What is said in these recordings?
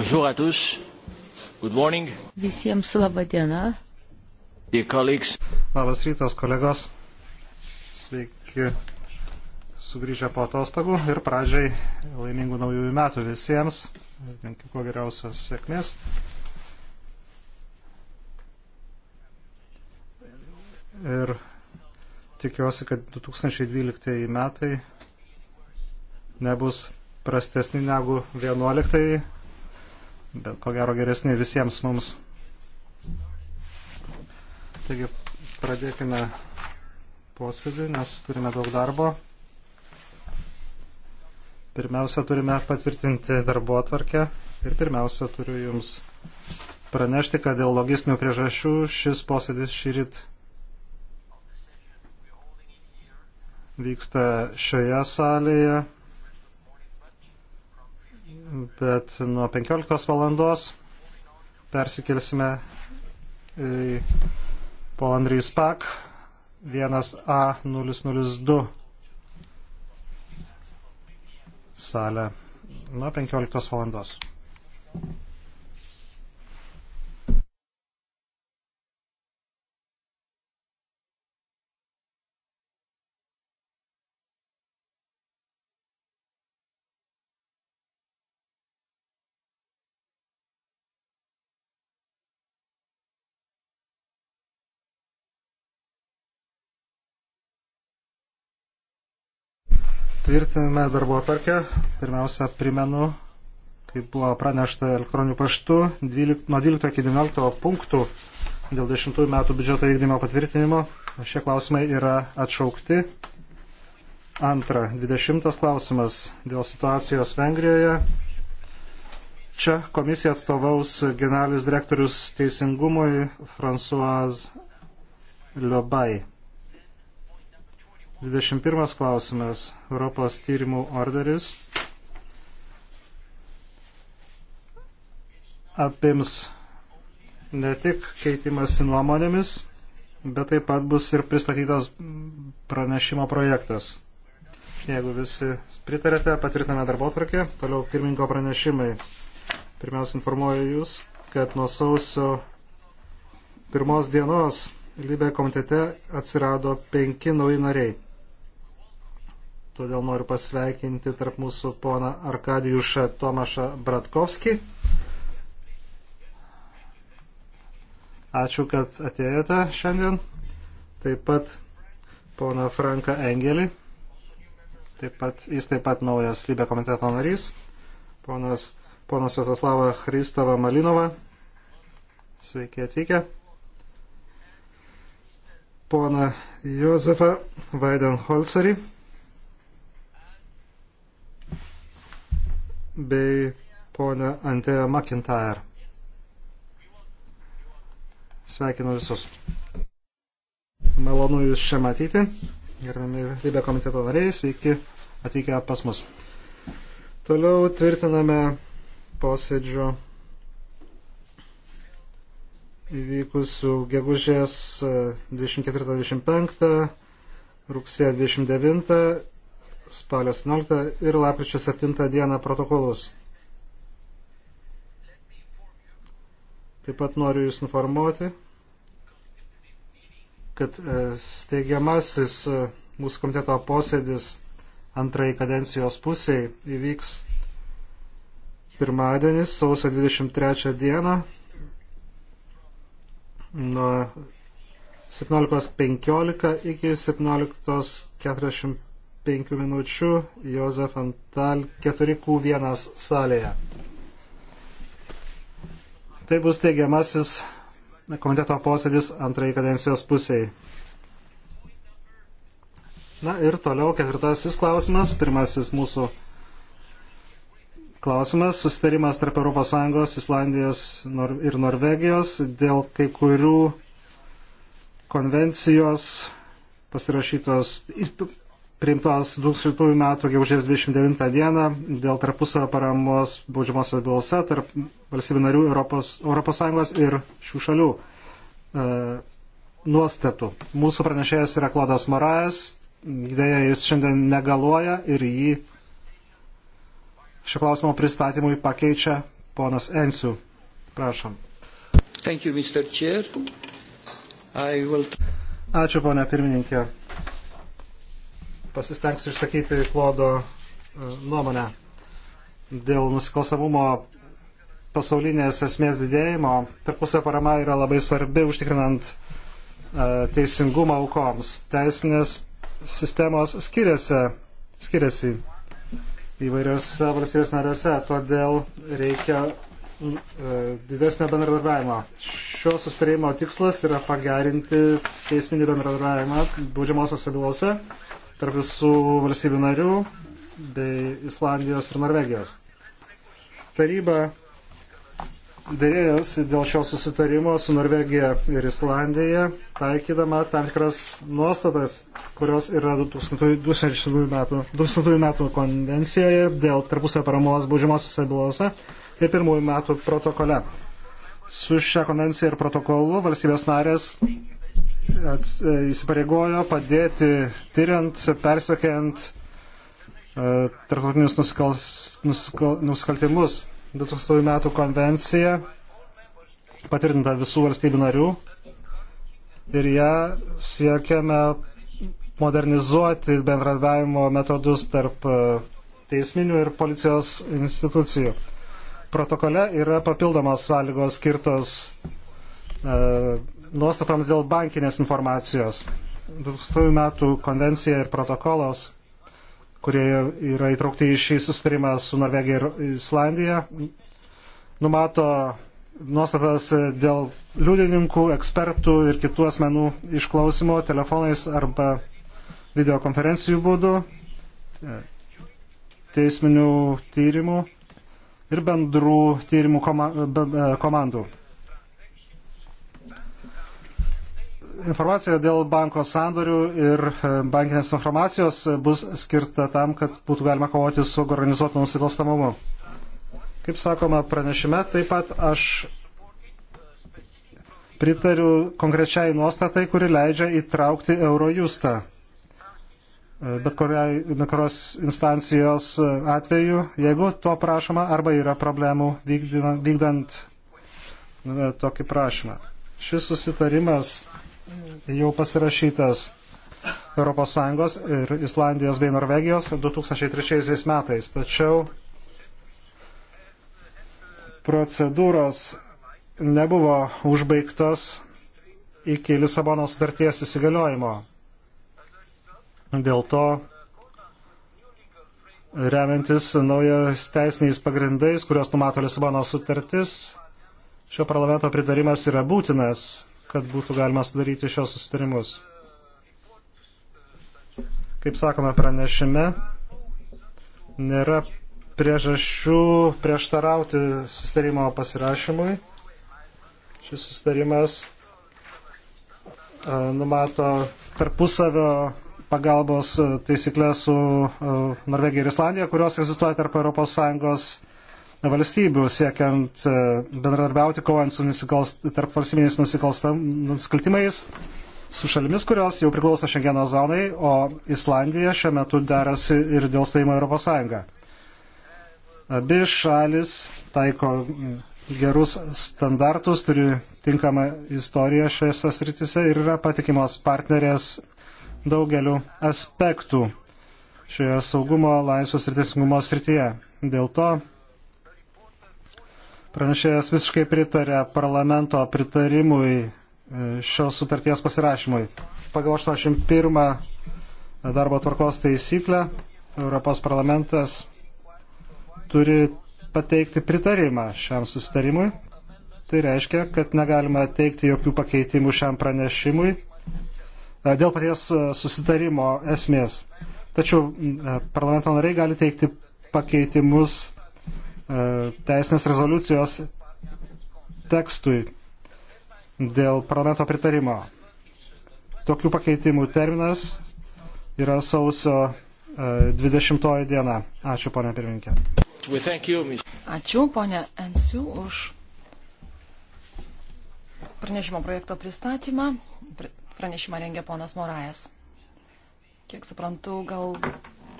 Bonjour à tous. Good morning. Visiems laba diena. Dear colleagues. Labas rytas, kolegos. Sveiki sugrįžę po atostogų ir pradžiai laimingų naujųjų metų visiems. Linkiu kuo geriausios sėkmės. Ir tikiuosi, kad 2012 metai nebus prastesni negu 2011 bet ko gero geresni visiems mums. Taigi pradėkime posėdį, nes turime daug darbo. Pirmiausia, turime patvirtinti darbo atvarkę ir pirmiausia, turiu Jums pranešti, kad dėl logistinių priežasčių šis posėdis šį ryt vyksta šioje salėje bet nuo 15 valandos persikelsime į Polandry Spak 1A002 salę nuo 15 valandos. Tvirtiname darbo atvarkę. Pirmiausia, primenu, kaip buvo pranešta elektroniniu paštu, 12, nuo 12 iki 19 punktų dėl 10 metų biudžeto vykdymo patvirtinimo. Šie klausimai yra atšaukti. Antra, 20 klausimas dėl situacijos Vengrijoje. Čia komisija atstovaus generalinis direktorius teisingumui François Liobai. 21 klausimas. Europos tyrimų orderis apims ne tik keitimasi nuomonėmis, bet taip pat bus ir pristatytas pranešimo projektas. Jeigu visi pritarėte, patvirtiname darbo tvarkę. Toliau pirmininko pranešimai. Pirmiausia, informuoju Jūs, kad nuo sausio pirmos dienos Libė komitete atsirado penki nauji nariai. Todėl noriu pasveikinti tarp mūsų poną Arkadijušą Tomašą Bratkovskį. Ačiū, kad atėjote šiandien. Taip pat poną Franką Engelį. Taip pat, jis taip pat naujas Lybė komiteto narys. Ponas, ponas Vietoslava Hristava Malinova. Sveiki atvykę. Pona Jozefą Vaidenholzerį. bei ponę Antėją McIntyre. Sveikinu visus. Malonu Jūs čia matyti. Gerbami Libė komiteto nariai, sveiki atvykę pas mus. Toliau tvirtiname posėdžio įvykusių gegužės 24-25, rugsėjo 29 spalio 17 ir lapkričio 7 dieną protokolus. Taip pat noriu Jūs informuoti, kad e, steigiamasis e, mūsų komiteto posėdis antrai kadencijos pusiai įvyks pirmadienį, sausio 23 dieną nuo 17.15 iki 17.45 penkių minučių Jozef Antal 4Q1 salėje. Tai bus teigiamasis komiteto posėdis antrai kadencijos pusiai. Na ir toliau ketvirtasis klausimas, pirmasis mūsų klausimas, susitarimas tarp ES, Islandijos ir Norvegijos dėl kai kurių konvencijos pasirašytos, priimtas 2000 metų gegužės 29 dieną dėl tarpusavio paramos baudžiamosios bylose tarp valstybių narių Europos, Europos Sąjungos ir šių šalių e, nuostatų. Mūsų pranešėjas yra Klodas Morajas, dėja jis šiandien negaluoja ir jį šio klausimo pristatymui pakeičia ponas Ensiu. Prašom. Thank you, Mr. Chair. I will... Ačiū, ponia pirmininkė pasistengsiu išsakyti Klodo e, nuomonę dėl nusikalstamumo pasaulinės esmės didėjimo. Tarpusio parama yra labai svarbi užtikrinant e, teisingumą aukoms. Teisinės sistemos skiriasi, skiriasi įvairiose valstybės narėse, todėl reikia e, didesnio bendradarbiavimo. Šio sustarimo tikslas yra pagerinti teisminį bendradarbiavimą baudžiamosiose bylose tarp visų valstybių narių bei Islandijos ir Norvegijos. Taryba dėrėjosi dėl šio susitarimo su Norvegija ir Islandija, taikydama tam tikras nuostatas, kurios yra 2000 metų, 2000 metų konvencijoje dėl tarpusio paramos baudžiamosiose bylose ir pirmųjų metų protokole. Su šia konvencija ir protokolu valstybės narės ats, e, įsipareigojo padėti tyriant, persekiant uh, tarptautinius nusikals, nusikal, nusikaltimus. 2000 metų konvencija patvirtinta visų valstybių narių ir ją siekiame modernizuoti bendradavimo metodus tarp e, teisminių ir policijos institucijų. Protokole yra papildomos sąlygos skirtos uh, nuostatams dėl bankinės informacijos. 2000 metų konvencija ir protokolas, kurie yra įtraukti į šį sustarimą su Norvegija ir Islandija, numato nuostatas dėl liudininkų, ekspertų ir kitų asmenų išklausimo telefonais arba videokonferencijų būdu, teisminių tyrimų ir bendrų tyrimų komandų. informacija dėl banko sandorių ir e, bankinės informacijos e, bus skirta tam, kad būtų galima kovoti su organizuotu nusikalstamumu. Kaip sakoma pranešime, taip pat aš pritariu konkrečiai nuostatai, kuri leidžia įtraukti Eurojustą. E, bet, kuriai, bet kurios instancijos atveju, jeigu to prašoma arba yra problemų vykdant, vykdant tokį prašymą. Šis susitarimas jau pasirašytas ES ir Islandijos bei Norvegijos 2003 metais. Tačiau procedūros nebuvo užbaigtos iki Lisabono sutarties įsigaliojimo. Dėl to remiantis naujas teisiniais pagrindais, kuriuos numato Lisabono sutartis, šio parlamento pritarimas yra būtinas kad būtų galima sudaryti šios sustarimus. Kaip sakome pranešime, nėra priežasčių prieštarauti sustarimo pasirašymui. Šis sustarimas e, numato tarpusavio pagalbos taisyklės su e, Norvegija ir Islandija, kurios egzistuoja tarp ES valstybių siekiant e, bendradarbiauti kovant su nusikalst, tarp valstybiniais nusikaltimais su šalimis, kurios jau priklauso Šengeno zonai, o Islandija šiuo metu derasi ir dėl stojimo Europos Sąjungą. Abi šalis taiko gerus standartus, turi tinkamą istoriją šiose sritise ir yra patikimos partnerės daugeliu aspektų šioje saugumo, laisvės ir teisingumo srityje. Dėl to Pranešėjas visiškai pritarė parlamento pritarimui e, šios sutarties pasirašymui. Pagal 81 darbo tvarkos taisyklę Europos parlamentas turi pateikti pritarimą šiam susitarimui. Tai reiškia, kad negalima teikti jokių pakeitimų šiam pranešimui e, dėl paties e, susitarimo esmės. Tačiau parlamento nariai gali teikti pakeitimus E, teisinės rezoliucijos tekstui dėl parlamento pritarimo. Tokių pakeitimų terminas yra sausio 20 e, diena. Ačiū, ponė pirminkė. Ačiū, ponė Ensiu, už pranešimo projekto pristatymą. Pranešimą rengia ponas Morajas. Kiek suprantu, gal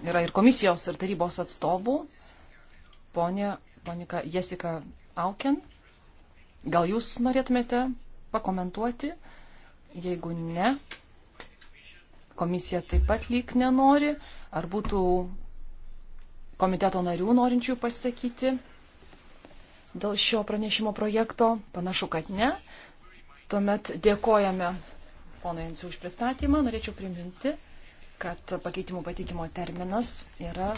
yra ir komisijos, ir tarybos atstovų ponė Monika Jessica Auken. Gal jūs norėtumėte pakomentuoti? Jeigu ne, komisija taip pat lyg nenori. Ar būtų komiteto narių norinčių pasakyti dėl šio pranešimo projekto? Panašu, kad ne. Tuomet dėkojame pono Jensiu už pristatymą. Norėčiau priminti, kad pakeitimų patikimo terminas yra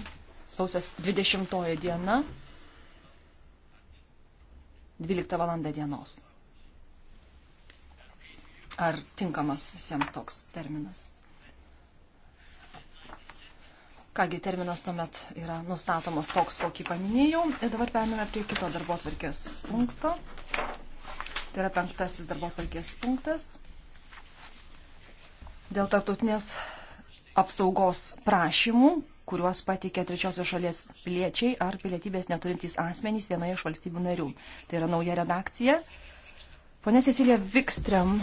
sausas 20 diena, 12 val. dienos. Ar tinkamas visiems toks terminas? Kągi, terminas tuomet yra nustatomas toks, kokį paminėjau. Ir dabar perėmėme prie kito darbo atvarkės punkto. Tai yra penktasis darbo atvarkės punktas. Dėl tarptautinės apsaugos prašymų kuriuos pateikia trečiosios šalies piliečiai ar pilietybės neturintys asmenys vienoje iš valstybių narių. Tai yra nauja redakcija. Pone Cecilija Vikstrem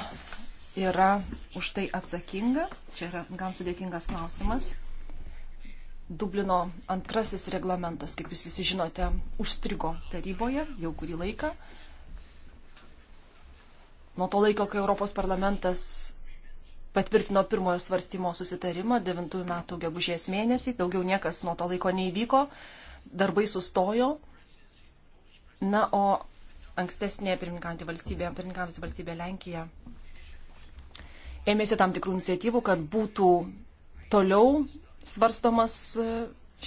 yra už tai atsakinga. Čia yra gan sudėtingas klausimas. Dublino antrasis reglamentas, kaip jūs visi žinote, užstrigo taryboje jau kurį laiką. Nuo to laiko, kai Europos parlamentas patvirtino pirmojo svarstymo susitarimą 9 metų gegužės mėnesį, daugiau niekas nuo to laiko neįvyko, darbai sustojo. Na, o ankstesnė pirmininkanti valstybė, pirmininkanti valstybė Lenkija ėmėsi tam tikrų iniciatyvų, kad būtų toliau svarstomas e,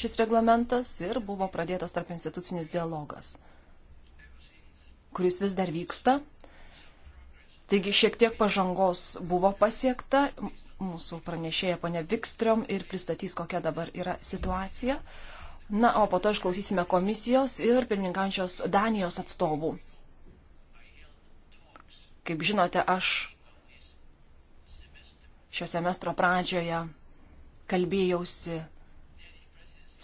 šis reglamentas ir buvo pradėtas tarp institucinis dialogas, kuris vis dar vyksta Taigi šiek tiek pažangos buvo pasiekta, mūsų pranešėja ponė Vikstrom ir pristatys, kokia dabar yra situacija. Na, o po to išklausysime komisijos ir pirmininkančios Danijos atstovų. Kaip žinote, aš šio semestro pradžioje kalbėjausi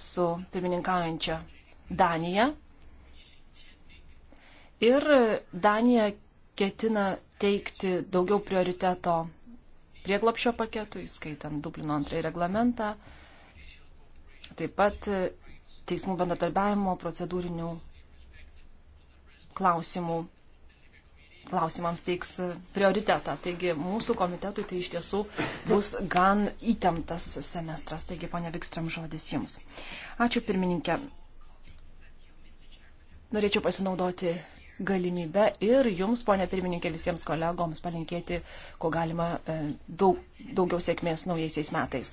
su pirmininkaujančia Danija. Ir Danija ketina teikti daugiau prioriteto prieglopšio paketui, skaitant Dublino antrąjį reglamentą, taip pat teismų bendradarbiavimo procedūrinių klausimų klausimams teiks prioritetą. Taigi mūsų komitetui tai iš tiesų bus gan įtemptas semestras. Taigi, ponia Vikstram, žodis jums. Ačiū pirmininkė. Norėčiau pasinaudoti galimybę ir jums, ponė pirmininkė, visiems kolegoms palinkėti, ko galima e, daug, daugiau sėkmės naujaisiais metais.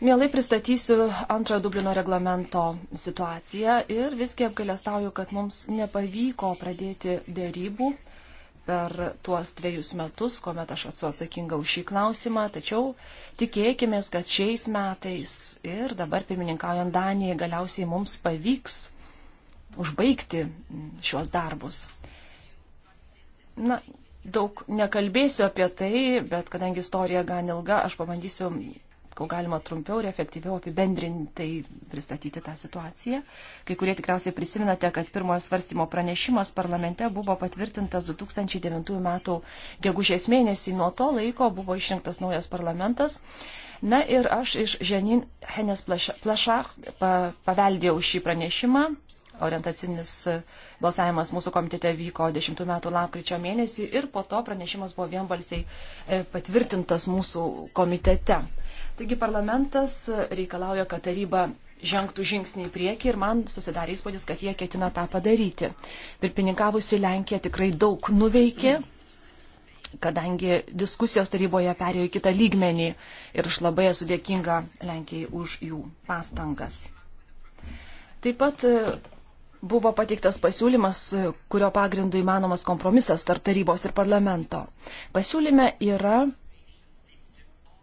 Mielai pristatysiu antrojo Dublino reglamento situaciją ir visgi apgalėstauju, kad mums nepavyko pradėti dėrybų per tuos dviejus metus, kuomet aš esu atsakinga už šį klausimą, tačiau tikėkime, kad šiais metais ir dabar pirmininkaujant Danijai galiausiai mums pavyks užbaigti šiuos darbus. Na, daug nekalbėsiu apie tai, bet kadangi istorija gan ilga, aš pabandysiu, kuo galima trumpiau ir efektyviau apibendrintai pristatyti tą situaciją. Kai kurie tikriausiai prisiminate, kad pirmojo svarstymo pranešimas parlamente buvo patvirtintas 2009 m. gegužės mėnesį. Nuo to laiko buvo išrinktas naujas parlamentas. Na ir aš iš Ženin Henės Plašach pa, paveldėjau šį pranešimą orientacinis e, balsavimas mūsų komitete vyko 10 metų lapkričio mėnesį ir po to pranešimas buvo vienbalsiai e, patvirtintas mūsų komitete. Taigi parlamentas e, reikalauja, kad taryba žengtų žingsnį į priekį ir man susidarė įspūdis, kad jie ketina tą padaryti. Pirpininkavusi Lenkija tikrai daug nuveikė. Mm kadangi diskusijos taryboje perėjo į kitą lygmenį ir aš labai esu dėkinga Lenkijai už jų pastangas. Taip pat buvo pateiktas pasiūlymas, kurio pagrindu įmanomas kompromisas tarp tarybos ir parlamento. Pasiūlyme yra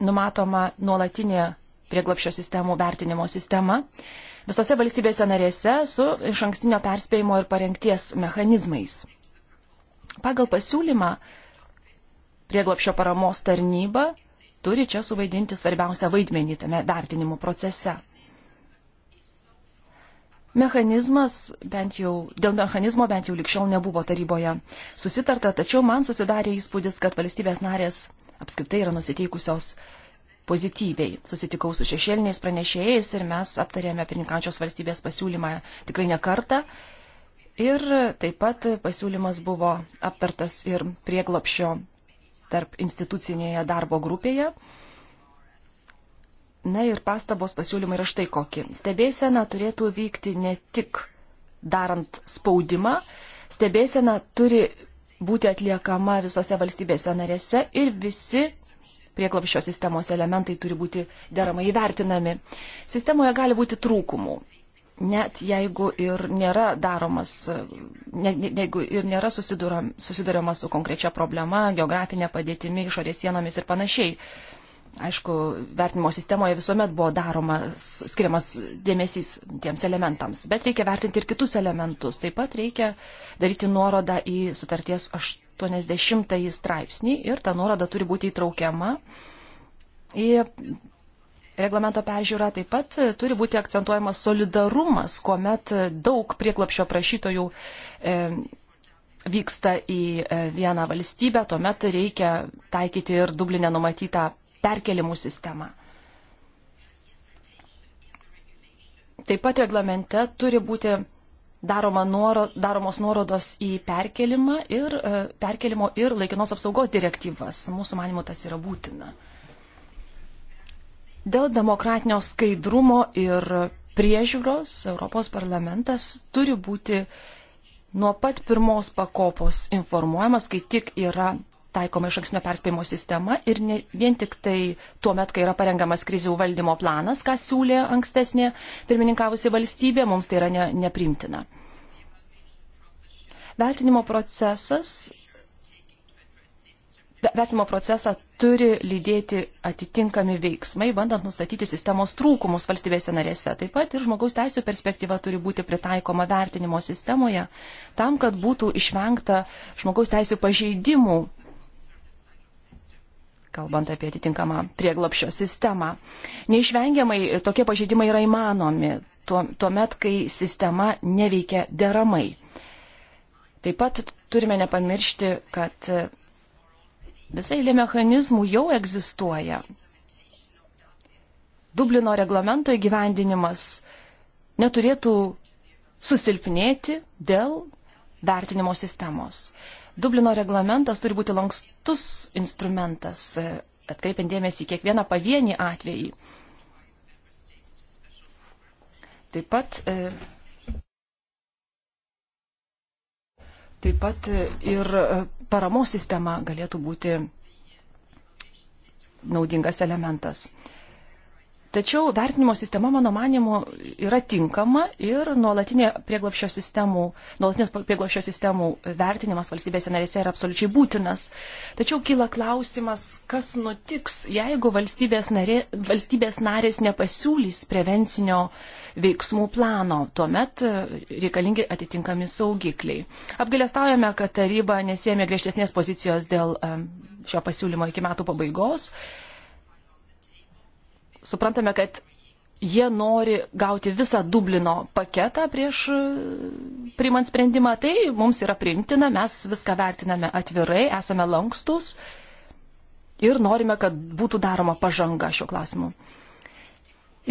numatoma nuolatinė prieglapšio sistemų vertinimo sistema visose valstybėse narėse su iš ankstinio perspėjimo ir parengties mechanizmais. Pagal pasiūlymą prieglapšio paramos tarnyba turi čia suvaidinti svarbiausią vaidmenį tame vertinimo procese. Mechanizmas, bent jau, dėl mechanizmo bent jau likščiau nebuvo taryboje susitarta, tačiau man susidarė įspūdis, kad valstybės narės apskritai yra nusiteikusios pozityviai. Susitikau su šešėliniais pranešėjais ir mes aptarėme pirmininkančios valstybės pasiūlymą tikrai ne kartą. Ir taip pat pasiūlymas buvo aptartas ir prieglopšio tarp institucinėje darbo grupėje. Na ir pastabos pasiūlymai yra štai kokie. Stebėsena turėtų vykti ne tik darant spaudimą, stebėsena turi būti atliekama visose valstybėse narėse ir visi prieklapščio sistemos elementai turi būti deramai įvertinami. Sistemoje gali būti trūkumų, net jeigu ir nėra daromas, ne, ne, jeigu ir nėra susidurama su konkrečia problema, geografinė padėtimi, išorės sienomis ir panašiai. Aišku, vertinimo sistemoje visuomet buvo daromas, skiriamas dėmesys tiems elementams, bet reikia vertinti ir kitus elementus. Taip pat reikia daryti nuorodą į sutarties 80 straipsnį ir ta nuoroda turi būti įtraukiama į reglamento peržiūrą taip pat turi būti akcentuojamas solidarumas, kuomet daug prieklapšio prašytojų e, vyksta į e, vieną valstybę, tuomet reikia taikyti ir Dublinė numatytą perkelimų sistemą. Taip pat reglamente turi būti daroma nuoro, daromos nuorodos į perkelimą ir e, perkelimo ir laikinos apsaugos direktyvas. Mūsų manimo tas yra būtina. Dėl demokratinio skaidrumo ir priežiūros Europos parlamentas turi būti nuo pat pirmos pakopos informuojamas, kai tik yra taikoma iš anksnio perspėjimo sistema ir ne vien tik tai tuo met, kai yra parengamas krizių valdymo planas, ką siūlė ankstesnė pirmininkavusi valstybė, mums tai yra ne, neprimtina. Vertinimo procesas. Vertinimo procesą turi lydėti atitinkami veiksmai, bandant nustatyti sistemos trūkumus valstybėse narėse. Taip pat ir žmogaus teisų perspektyva turi būti pritaikoma vertinimo sistemoje tam, kad būtų išvengta žmogaus teisų pažeidimų kalbant apie atitinkamą prieglapšio sistemą. Neišvengiamai tokie pažeidimai yra įmanomi tuo, tuomet, kai sistema neveikia deramai. Taip pat turime nepamiršti, kad visai lė mechanizmų jau egzistuoja. Dublino reglamento įgyvendinimas neturėtų susilpnėti dėl vertinimo sistemos. Dublino reglamentas turi būti lankstus instrumentas, e, atkreipiant dėmesį kiekvieną pavienį atvejį. Taip pat, e, taip pat e, ir paramos sistema galėtų būti naudingas elementas. Tačiau vertinimo sistema, mano manimu, yra tinkama ir nuolatinė prieglopščio sistemų, nuolatinės prieglopščio sistemų vertinimas valstybėse narėse yra absoliučiai būtinas. Tačiau kyla klausimas, kas nutiks, jeigu valstybės, narė, valstybės narės nepasiūlys prevencinio veiksmų plano, tuomet reikalingi atitinkami saugikliai. Apgalėstaujame, kad taryba nesėmė griežtesnės pozicijos dėl šio pasiūlymo iki metų pabaigos suprantame, kad jie nori gauti visą Dublino paketą prieš e, primant sprendimą, tai mums yra primtina, mes viską vertiname atvirai, esame lankstus ir norime, kad būtų daroma pažanga šiuo klausimu.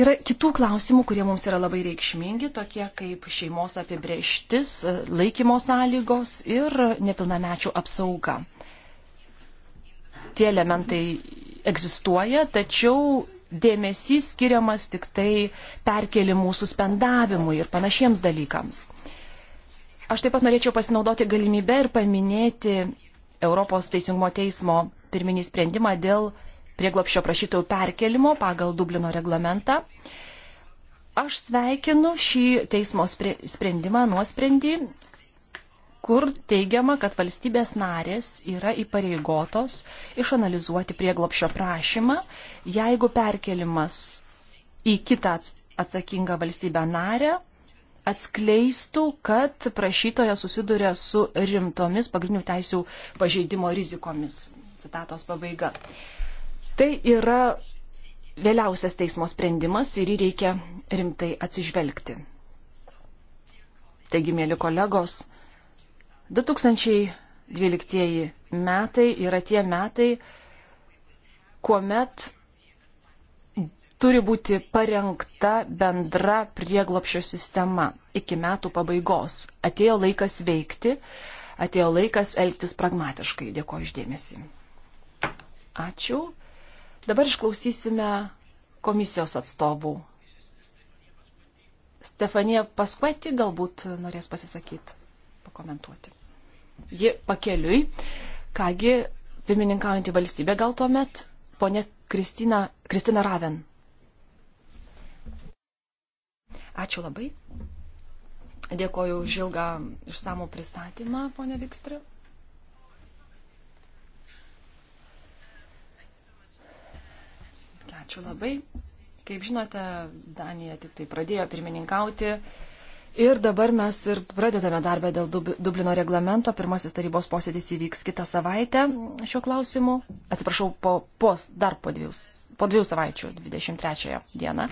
Yra kitų klausimų, kurie mums yra labai reikšmingi, tokie kaip šeimos apibrieštis, e, laikymo sąlygos ir nepilnamečių apsauga. Tie elementai egzistuoja, tačiau dėmesys skiriamas tik tai perkelimų suspendavimui ir panašiems dalykams. Aš taip pat norėčiau pasinaudoti galimybę ir paminėti Europos Teisingumo teismo pirminį sprendimą dėl prieglopščio prašytojų perkelimo pagal Dublino reglamentą. Aš sveikinu šį teismo sprendimą, nuosprendį kur teigiama, kad valstybės narės yra įpareigotos išanalizuoti prieglopšio prašymą, jeigu perkelimas į kitą atsakingą valstybę narę atskleistų, kad prašytoja susiduria su rimtomis pagrindinių teisių pažeidimo rizikomis. Citatos pabaiga. Tai yra vėliausias teismo sprendimas ir jį reikia rimtai atsižvelgti. Taigi, mėly kolegos, 2012 metai yra tie metai, kuomet turi būti parengta bendra prieglopšio sistema iki metų pabaigos. Atėjo laikas veikti, atėjo laikas elgtis pragmatiškai. Dėkuoju išdėmesi. Ačiū. Dabar išklausysime komisijos atstovų. Stefanija Paskueti galbūt norės pasisakyti, pakomentuoti ji pakeliui. Kągi, pirmininkaujantį valstybę gal tuomet, ponė Kristina, Kristina Raven. Ačiū labai. Dėkoju už ilgą išsamų pristatymą, ponė Vikstri. Ačiū labai. Kaip žinote, Danija tik tai pradėjo pirmininkauti. Ir dabar mes ir pradedame darbę dėl Dublino reglamento. Pirmasis tarybos posėdis įvyks kitą savaitę šiuo klausimu. Atsiprašau, po, pos, dar po dviejų, po dviejų savaičių, 23 dieną.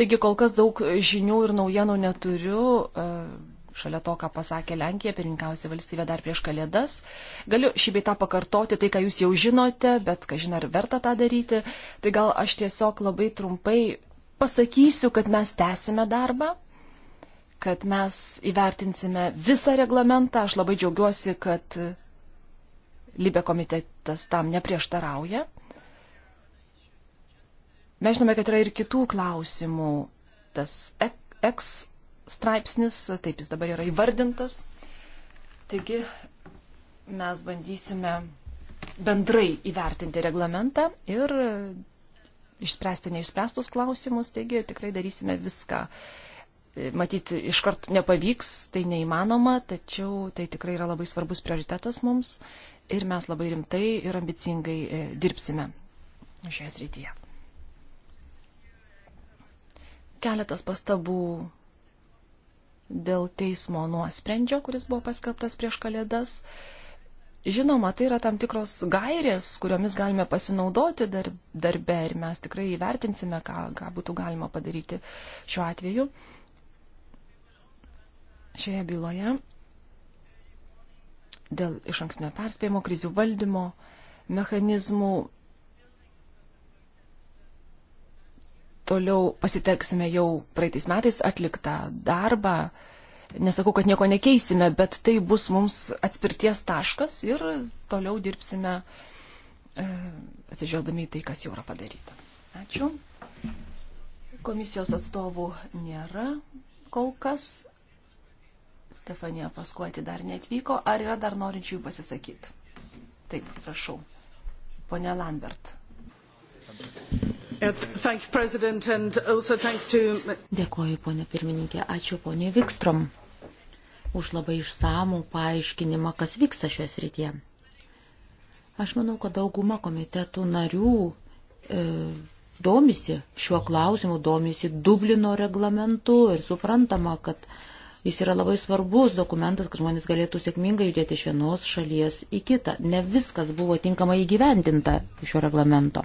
Taigi kol kas daug žinių ir naujienų neturiu. E, šalia to, ką pasakė Lenkija, pirmininkausi valstybė dar prieš kalėdas. Galiu šį beitą pakartoti, tai ką jūs jau žinote, bet kažin ar verta tą daryti. Tai gal aš tiesiog labai trumpai pasakysiu, kad mes tęsime darbą kad mes įvertinsime visą reglamentą. Aš labai džiaugiuosi, kad Libė komitetas tam neprieštarauja. Mes žinome, kad yra ir kitų klausimų. Tas X straipsnis, taip jis dabar yra įvardintas. Taigi mes bandysime bendrai įvertinti reglamentą ir išspręsti neišspręstus klausimus, taigi tikrai darysime viską, uh, matyti iškart nepavyks, tai neįmanoma, tačiau tai tikrai yra labai svarbus prioritetas mums ir mes labai rimtai ir ambicingai e, dirbsime šioje srityje. Keletas pastabų dėl teismo nuosprendžio, kuris buvo paskelbtas prieš kalėdas. Žinoma, tai yra tam tikros gairės, kuriomis galime pasinaudoti dar, darbe ir mes tikrai įvertinsime, ką, ką būtų galima padaryti šiuo atveju. Uh, šioje byloje dėl iš anksnio perspėjimo, krizių valdymo mechanizmų. Toliau pasiteksime jau praeitais metais atliktą darbą. Nesakau, kad nieko nekeisime, bet tai bus mums atspirties taškas ir toliau dirbsime e, atsižvelgdami į tai, kas jau yra padaryta. Ačiū. Komisijos atstovų nėra kol kas. Stefanija Paskuoti dar netvyko. Ar yra dar norinčių jų pasisakyti? Taip, prašau. Pone Lambert. Dėkuoju, ponė pirmininkė. Ačiū, ponė Vikstrom, už labai išsamų paaiškinimą, kas vyksta šioje srityje. Aš manau, kad dauguma komitetų narių e, domisi šiuo klausimu, domisi Dublino reglamentu ir suprantama, kad e, Jis yra labai svarbus dokumentas, kad žmonės galėtų sėkmingai judėti iš vienos šalies į kitą. Ne viskas buvo tinkamai įgyvendinta šio reglamento.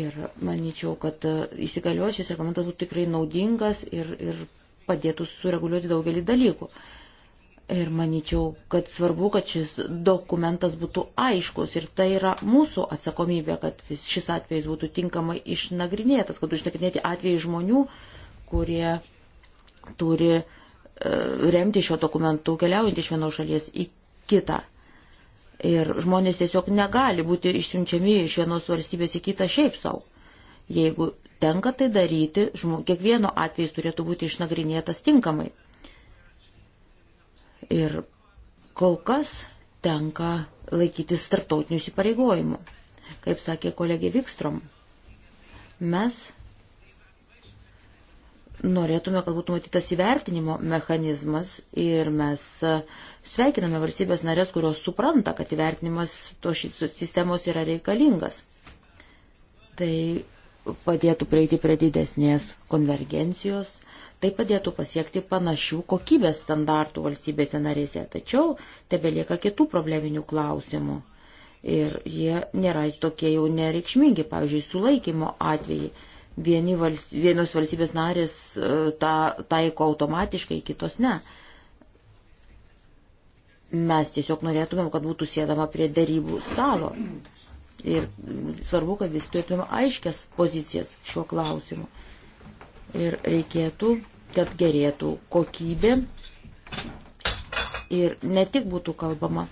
Ir manyčiau, kad e, įsigaliuoja šis reglamentas būtų tikrai naudingas ir, ir padėtų sureguliuoti daugelį dalykų. Ir manyčiau, kad svarbu, kad šis dokumentas būtų aiškus ir tai yra mūsų atsakomybė, kad šis atvejis būtų tinkamai išnagrinėtas, kad išnagrinėti atvejai žmonių, kurie turi uh, remti šio dokumentu, keliaujant iš vienos šalies į kitą. Ir žmonės tiesiog negali būti išsiunčiami iš vienos valstybės į kitą šiaip savo. Jeigu tenka tai daryti, žmog, kiekvieno atvejs turėtų būti išnagrinėtas tinkamai. Ir kol kas tenka laikytis tarptautinių įsipareigojimų. Kaip sakė kolegė Vikstrom, mes norėtume, kad būtų matytas įvertinimo mechanizmas ir mes e, sveikiname valstybės narės, kurios supranta, kad įvertinimas to sistemos yra reikalingas. Tai padėtų prieiti prie didesnės konvergencijos, tai padėtų pasiekti panašių kokybės standartų valstybėse narėse, tačiau tebelieka kitų probleminių klausimų. Ir jie nėra tokie jau nereikšmingi, pavyzdžiui, sulaikymo atvejai Vieni vals, vienos valstybės narės e, tą taiko automatiškai, kitos ne. Mes tiesiog norėtumėm, kad būtų sėdama prie darybų stalo. Ir svarbu, kad visi turėtume aiškias pozicijas šiuo klausimu. Ir reikėtų, kad gerėtų kokybė ir ne tik būtų kalbama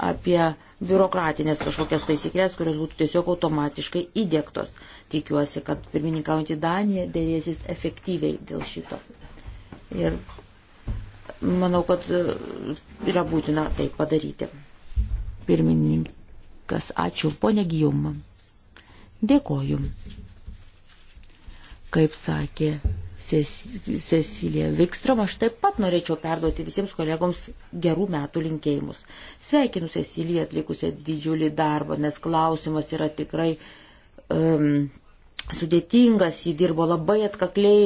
apie biurokratinės kažkokias taisyklės, kurios būtų tiesiog automatiškai įdėktos. Tikiuosi, kad pirmininkaujantį Daniją dėrėsis efektyviai dėl šito. Ir manau, kad e, yra būtina tai padaryti. Pirmininkas, ačiū, ponė Gijumą. Dėkoju. Kaip sakė Cecilija Vikstrom, aš taip pat norėčiau perduoti visiems kolegoms gerų metų linkėjimus. Sveikinu Ceciliją atlikusią didžiulį darbą, nes klausimas yra tikrai um, sudėtingas, jį dirbo labai atkakliai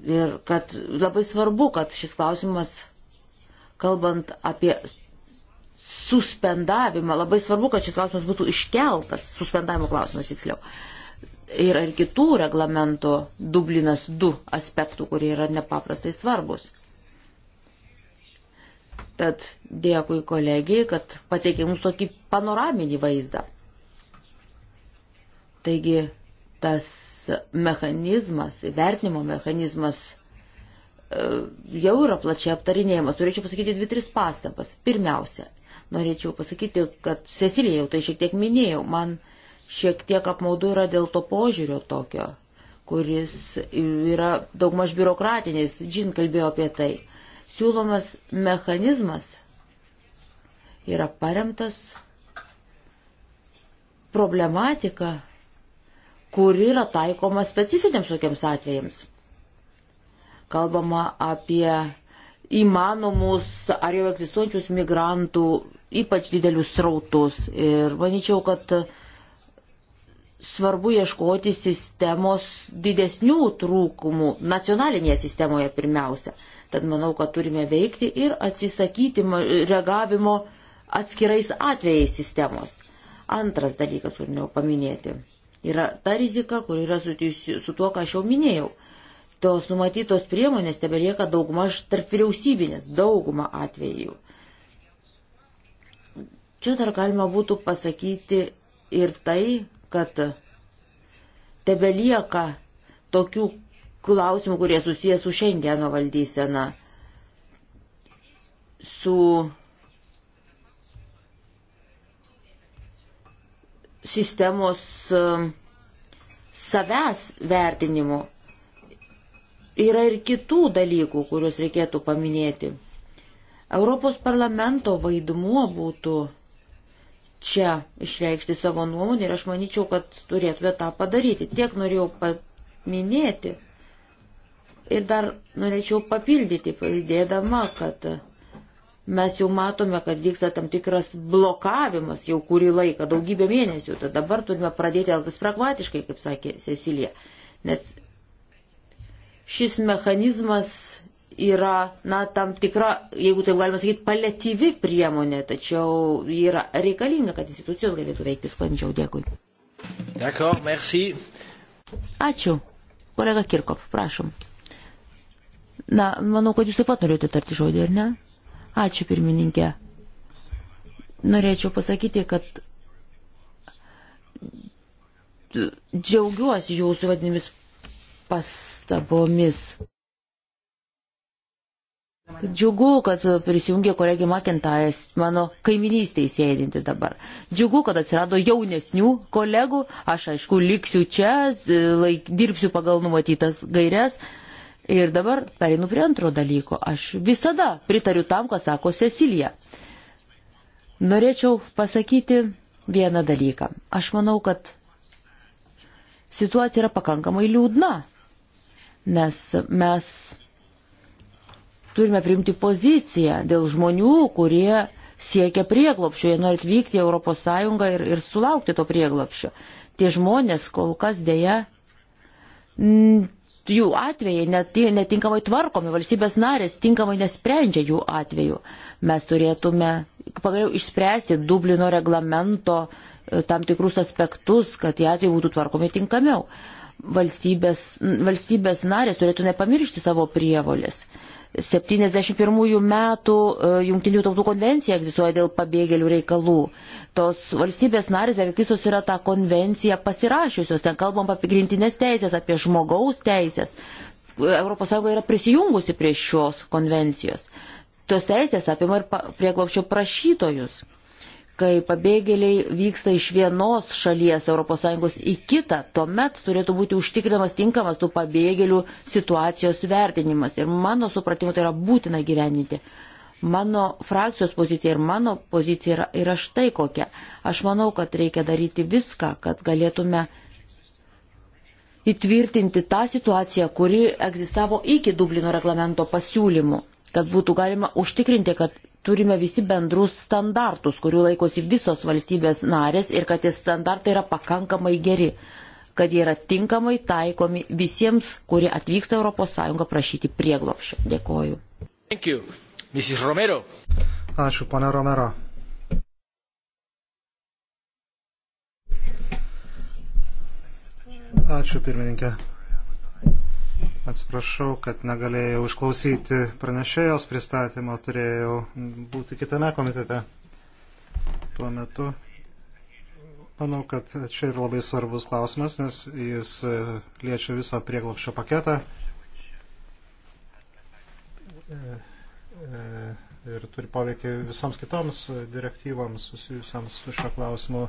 ir kad labai svarbu, kad šis klausimas, kalbant apie suspendavimą, labai svarbu, kad šis klausimas būtų iškeltas, suspendavimo klausimas tiksliau. Uh, yra ir kitų reglamento Dublinas 2 aspektų, kurie yra nepaprastai svarbus. Tad dėkui kolegijai, kad pateikė mums tokį panoraminį vaizdą. Taigi tas mechanizmas, vertinimo mechanizmas e, jau yra plačiai aptarinėjimas. Turėčiau pasakyti dvi, tris pastabas. Pirmiausia, norėčiau pasakyti, kad Cecilija jau tai šiek tiek minėjau, man uh, Šiek tiek apmaudu yra dėl to požiūrio tokio, kuris yra daugmaž biurokratinis. Džin kalbėjo apie tai. Siūlomas mechanizmas yra paremtas problematika, kuri yra taikoma specifiniams tokiems atvejams. Kalbama apie įmanomus ar jau egzistuojančius migrantų ypač didelius srautus. Ir manyčiau, kad svarbu ieškoti sistemos didesnių trūkumų, nacionalinėje sistemoje pirmiausia. Tad manau, kad turime veikti ir atsisakyti reagavimo atskirais atvejais sistemos. Antras dalykas, kurį norėjau paminėti, yra ta rizika, kur yra susijusi su tuo, ką aš jau minėjau. Tos numatytos priemonės tebelieka daugmaž tarp vyriausybinės, daugumą atvejų. Čia dar galima būtų pasakyti ir tai, kad tebelieka tokių klausimų, kurie susijęs su Šengeno valdysena, su sistemos um, savęs vertinimu. Yra ir kitų dalykų, kuriuos reikėtų paminėti. Europos parlamento vaidmuo būtų čia išreikšti savo nuomonę ir aš manyčiau, kad turėtume tą padaryti. Tiek norėjau paminėti. Ir dar norėčiau papildyti, pridėdama, kad mes jau matome, kad vyksta tam tikras blokavimas jau kurį laiką, daugybę mėnesių. Tad dabar turime pradėti elgtis pragmatiškai, kaip sakė Cecilija. Nes šis mechanizmas yra, na, tam tikra, jeigu taip galima sakyti, paliatyvi priemonė, tačiau yra reikalinga, kad institucijos galėtų veikti sklandžiau. Dėkui. D'accord, merci. Ačiū. Kolega Kirkov, prašom. Na, manau, kad jūs taip pat norėjote tarti žodį, ar ne? Ačiū, pirmininkė. Norėčiau pasakyti, kad džiaugiuosi jūsų vadinimis pastabomis. Džiugu, kad prisijungė kolegė Makintajas, mano kaiminystėje sėdinti dabar. Džiugu, kad atsirado jaunesnių kolegų, aš aišku liksiu čia, laik, dirbsiu pagal numatytas gairias. Ir dabar perinu prie antro dalyko. Aš visada pritariu tam, ką sako Cecilija. Norėčiau pasakyti vieną dalyką. Aš manau, kad situacija yra pakankamai liūdna, nes mes turime priimti poziciją dėl žmonių, kurie siekia prieglopščio, jie nori atvykti į ES ir, ir sulaukti to prieglopščio. Tie žmonės kol kas dėja, jų atvejai net, netinkamai tvarkomi, valstybės narės tinkamai nesprendžia jų atveju. Mes turėtume pagaliau išspręsti Dublino reglamento e, tam tikrus aspektus, kad tie atvejai būtų tvarkomi tinkamiau. Valstybės, valstybės narės turėtų nepamiršti savo prievolės. Uh, 71 metų e, Junktinių tautų konvencija egzistuoja dėl pabėgėlių reikalų. Tos valstybės narės beveik visos yra tą konvenciją pasirašiusios. Ten kalbam apie pagrindinės teisės, apie žmogaus teisės. ES yra prisijungusi prie šios konvencijos. Tos teisės apima ir prieglopščio prašytojus kai pabėgėliai vyksta iš vienos šalies ES į kitą, tuomet turėtų būti užtikrinamas tinkamas tų pabėgėlių situacijos vertinimas. Ir mano supratimu, tai yra būtina gyveninti. Mano frakcijos pozicija ir mano pozicija yra, yra štai kokia. Aš manau, kad reikia daryti viską, kad galėtume įtvirtinti tą situaciją, kuri egzistavo iki Dublino reglamento pasiūlymų, kad būtų galima užtikrinti, kad turime visi bendrus standartus, kurių laikosi visos valstybės narės ir kad tie standartai yra pakankamai geri, kad jie yra tinkamai taikomi visiems, kurie atvyksta ES prašyti prieglopšio. Dėkoju. Ačiū, ponė Romero. Ačiū, pirmininkė. Atsiprašau, kad negalėjau išklausyti pranešėjos pristatymo, turėjau būti kitame komitete tuo metu. Manau, kad čia ir labai svarbus klausimas, nes jis e, liečia visą prieglopščio paketą. E, e, ir turi poveikį visoms kitoms direktyvoms susijusiams su šio klausimu.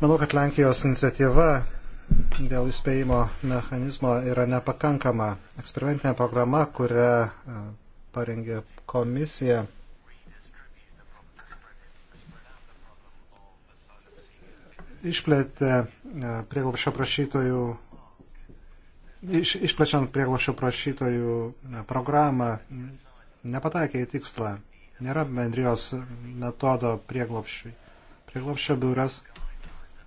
Manau, kad Lenkijos iniciatyva dėl įspėjimo mechanizmo yra nepakankama. Eksperimentinė programa, kurią e, parengė komisija, išplėtė e, prieglobšio prašytojų, iš, išplečiant prieglobšio prašytojų e, programą, nepataikė į tikslą. Nėra bendrijos metodo prieglobšiui. Prieglobšio biuras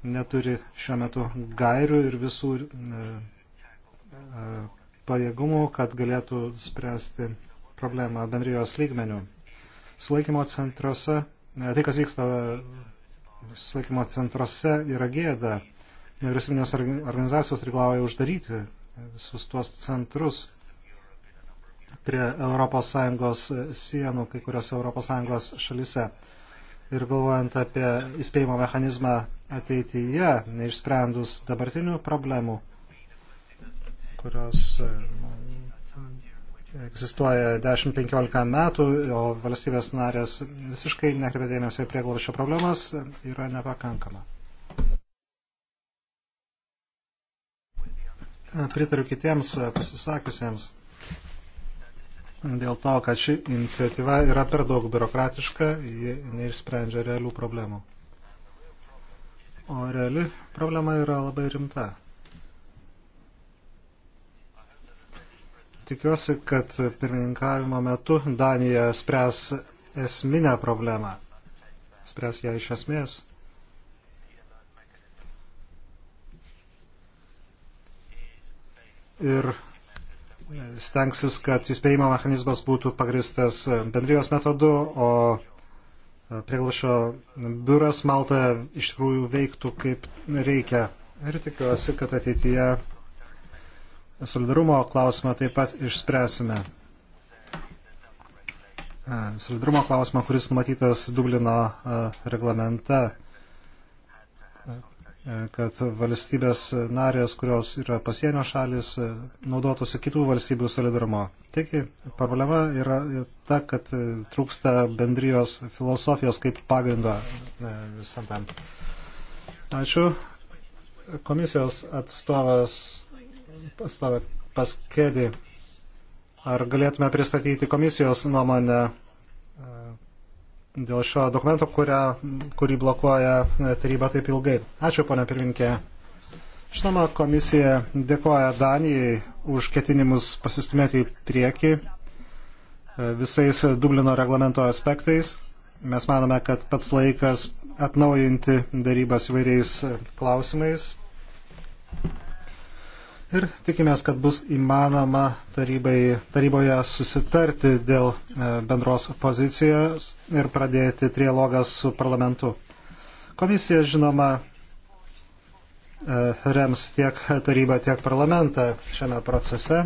neturi šiuo metu gairių ir visų e, e, pajėgumų, kad galėtų spręsti problemą bendrijos lygmenių. Sulaikymo centruose, e, tai kas vyksta sulaikymo centruose yra gėda. Nevyriausybinės organizacijos reikalauja uždaryti visus tuos centrus prie ES sienų kai kuriuose ES šalise ir galvojant apie įspėjimo mechanizmą ateityje, neišsprendus dabartinių problemų, kurios e, nu, egzistuoja 10-15 metų, o valstybės narės visiškai nekreipia dėmesio į prieglobščio problemas, yra nepakankama. Pritariu kitiems pasisakiusiems dėl to, kad ši iniciatyva yra per daug biurokratiška, ji neišsprendžia realių problemų. O reali problema yra labai rimta. Tikiuosi, kad pirmininkavimo metu Danija spręs esminę problemą. Spręs ją iš esmės. Ir stengsis, kad įspėjimo mechanizmas būtų pagristas bendrijos metodu, o prieglašio biuras Maltoje iš tikrųjų veiktų kaip reikia. Ir tikiuosi, kad ateityje solidarumo klausimą taip pat išspręsime. Solidarumo klausimą, kuris numatytas Dublino e, reglamente E, kad valstybės narės, kurios yra pasienio šalis, e, naudotųsi kitų valstybių solidarumo. Tik problema yra ta, kad e, trūksta bendrijos filosofijos kaip pagrindo visam tam. Ačiū. Komisijos atstovas, atstovė paskėdi. Ar galėtume pristatyti komisijos nuomonę dėl šio dokumento, kurią, kurį blokuoja taryba taip ilgai. Ačiū, ponia pirminkė. Žinoma, komisija dėkoja Danijai už ketinimus pasistumėti į priekį e, visais Dublino reglamento aspektais. Mes manome, kad pats laikas atnaujinti darybas įvairiais klausimais ir tikimės, kad bus įmanoma tarybai, taryboje susitarti dėl e, bendros pozicijos ir pradėti trialogą su parlamentu. Komisija, žinoma, e, rems tiek tarybą, tiek parlamentą šiame procese.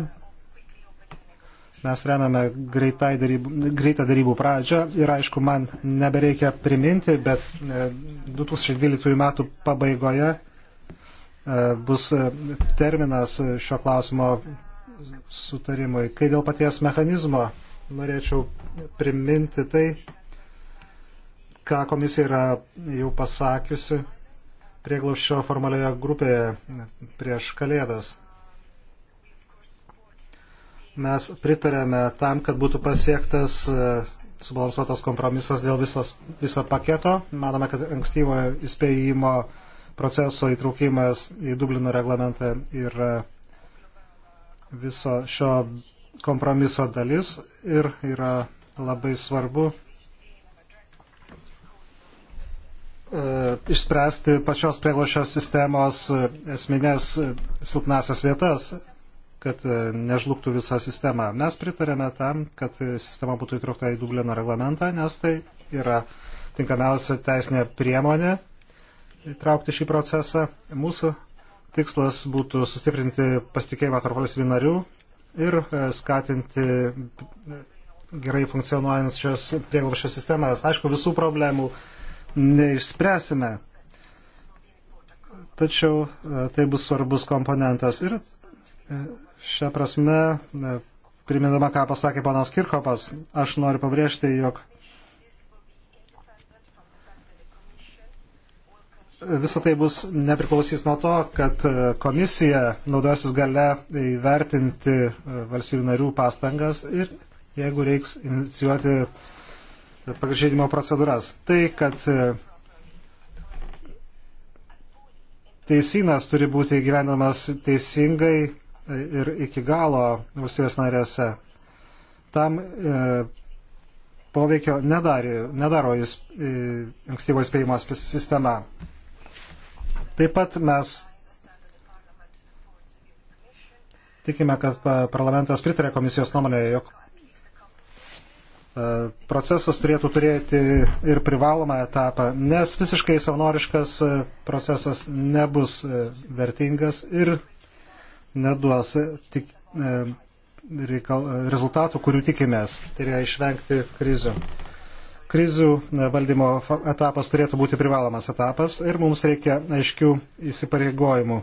Mes remiame darybų, greitą darybų pradžią ir aišku, man nebereikia priminti, bet 2012 e, m. pabaigoje bus terminas šio klausimo sutarimui. Kai dėl paties mechanizmo norėčiau priminti tai, ką komisija yra jau pasakiusi prieglaušio formalioje grupėje prieš kalėdas. Mes pritarėme tam, kad būtų pasiektas e, subalansuotas kompromisas dėl visos, viso paketo. Manome, kad ankstyvojo įspėjimo uh, proceso įtraukimas į Dublino reglamentą yra viso šio kompromiso dalis ir yra labai svarbu e, išspręsti pačios prieglošio sistemos e, esminės e, silpnasias vietas, kad nežlugtų visa sistema. Mes pritarėme tam, kad sistema būtų įtraukta į Dublino reglamentą, nes tai yra tinkamiausia teisinė priemonė įtraukti šį procesą. Mūsų tikslas būtų sustiprinti pasitikėjimą tarp valstybių narių ir e, skatinti e, gerai funkcionuojančias prieglobščio sistemas. Aišku, visų problemų neišspręsime, tačiau e, tai bus svarbus komponentas. Ir šią prasme, primindama, ką pasakė panas Kirkopas, aš noriu pabrėžti, jog visą tai bus nepriklausys nuo to, kad e, komisija naudosis gale įvertinti e, valstybių narių pastangas ir jeigu reiks inicijuoti e, pažeidimo procedūras. Tai, kad teisinas turi būti gyvenamas teisingai ir iki galo valstybės narėse. Tam e, poveikio nedarė, nedaro jis e, ankstyvo įspėjimo sistema. Taip pat mes tikime, kad parlamentas pritarė komisijos nuomonė, jog e, procesas turėtų turėti ir privalomą etapą, nes visiškai savanoriškas e, procesas nebus e, vertingas ir neduos tik, reikal, rezultatų, kurių tikimės, tai yra išvengti krizių. Krizių e, valdymo etapas turėtų būti privalomas etapas ir mums reikia aiškių įsipareigojimų.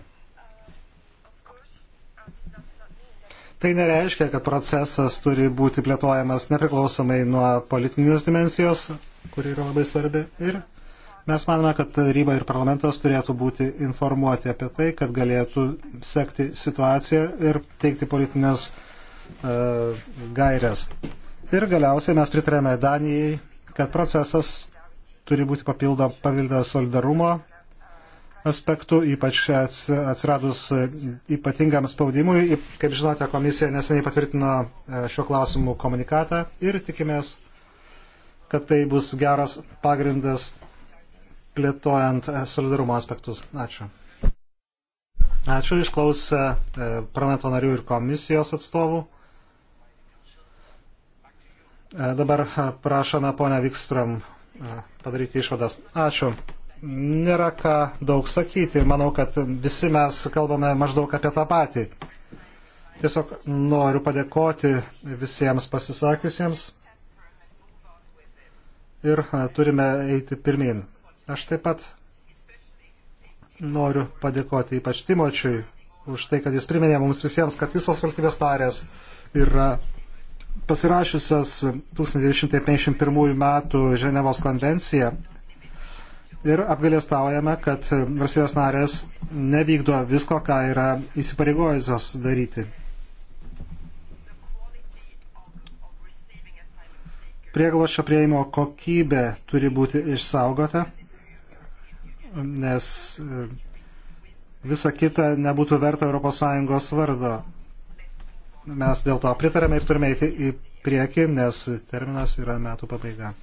Tai nereiškia, kad procesas turi būti plėtojamas nepriklausomai nuo politinės dimensijos, kuri yra labai svarbi. Ir mes manome, kad taryba ir parlamentas turėtų būti informuoti apie tai, kad galėtų sekti situaciją ir teikti politinės uh, gairias. Ir galiausiai mes pritarėme Danijai kad procesas turi būti papildytas solidarumo aspektų, ypač atsiradus ypatingam spaudimui. Kaip žinote, komisija neseniai patvirtino e, šiuo klausimu komunikatą ir tikimės, kad tai bus geras pagrindas plėtojant e, solidarumo aspektus. Ačiū. Ačiū išklausę e, parlamento narių ir komisijos atstovų. E, dabar e, prašome ponę Vikstrom e, padaryti išvadas. Ačiū. Nėra ką daug sakyti. Manau, kad visi mes kalbame maždaug apie tą patį. Tiesiog noriu padėkoti visiems pasisakiusiems ir turime eiti pirmin. Aš taip pat noriu padėkoti ypač Timočiui už tai, kad jis priminė mums visiems, kad visos valstybės narės yra pasirašiusios 1951 metų Ženevos konvenciją ir apgalėstaujame, kad valstybės narės nevykdo visko, ką yra įsipareigojusios daryti. Prieglošio prieimo kokybė turi būti išsaugota, nes e, visa kita nebūtų verta ES vardo mes dėl to pritarėme ir turime eiti į priekį, nes terminas yra metų pabaiga.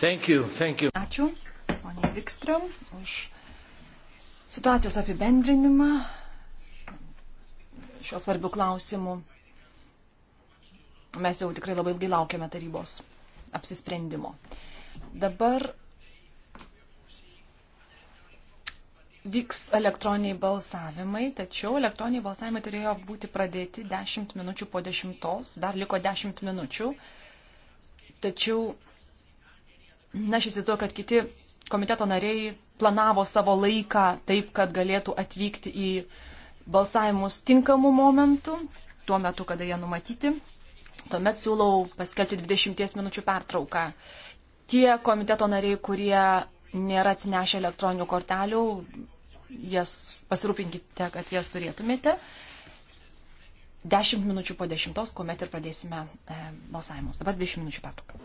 Thank you, thank you. Ačiū, ponė Vikstrom, už situacijos apibendrinimą šiuo svarbiu klausimu. Mes jau tikrai labai ilgai laukiame tarybos apsisprendimo. Dabar vyks elektroniniai balsavimai, tačiau elektroniniai balsavimai turėjo būti pradėti 10 minučių po 10, dar liko 10 minučių. Tačiau, na, aš įsivaizduoju, kad kiti komiteto nariai planavo savo laiką taip, kad galėtų atvykti į balsavimus tinkamų momentų, tuo metu, kada jie numatyti. Tuomet siūlau paskelbti 20 minučių pertrauką. Tie komiteto nariai, kurie nėra atsinešę elektroninių kortelių, jas pasirūpinkite, kad jas turėtumėte. 10 minučių po 10, kuomet ir pradėsime e, balsavimus. Dabar 20 minučių pertrauka.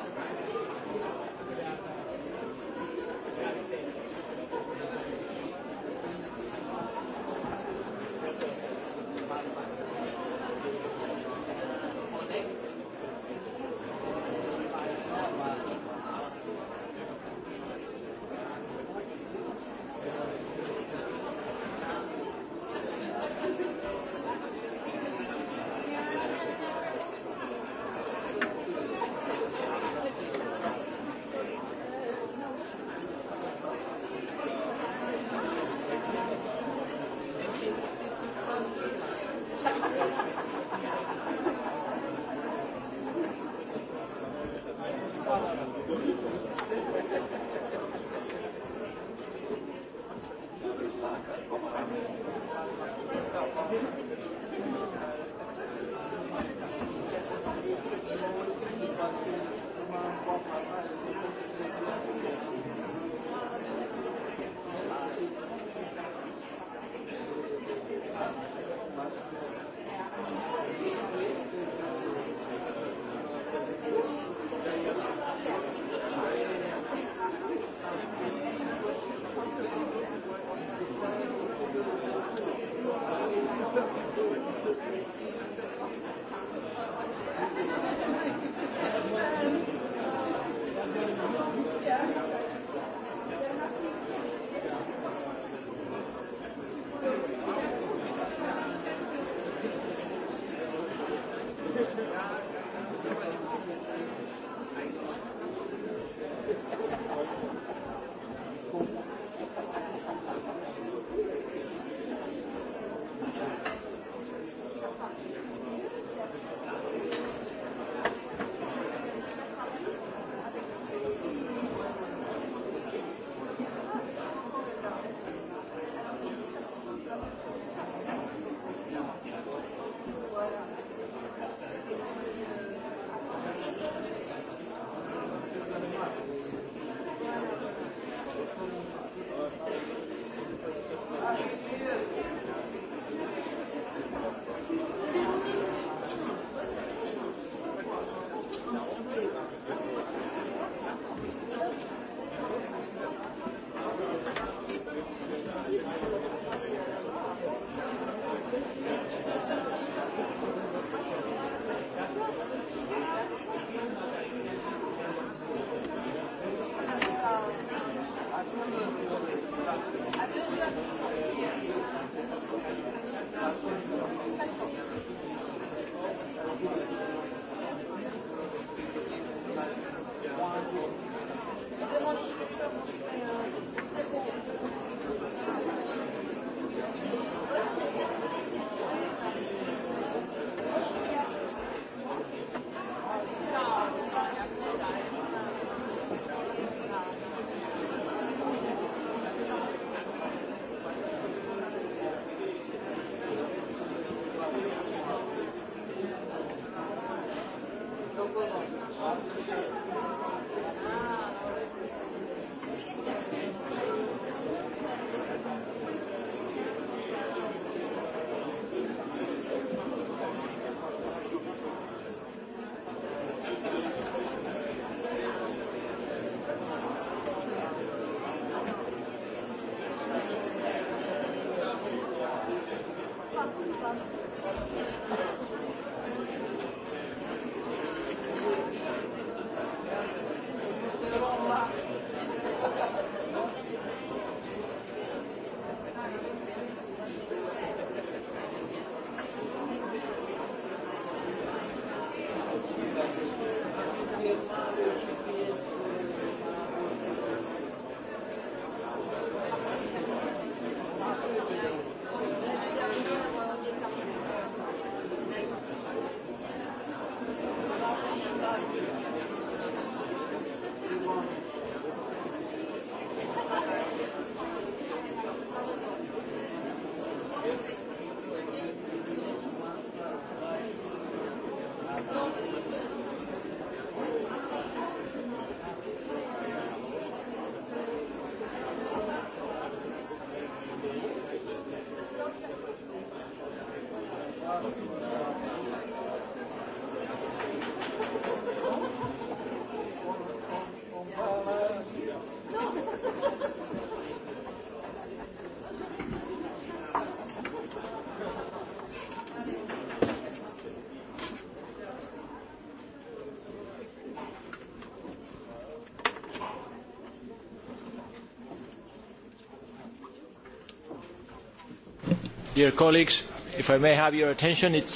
Dear colleagues, if I may have your attention, it's...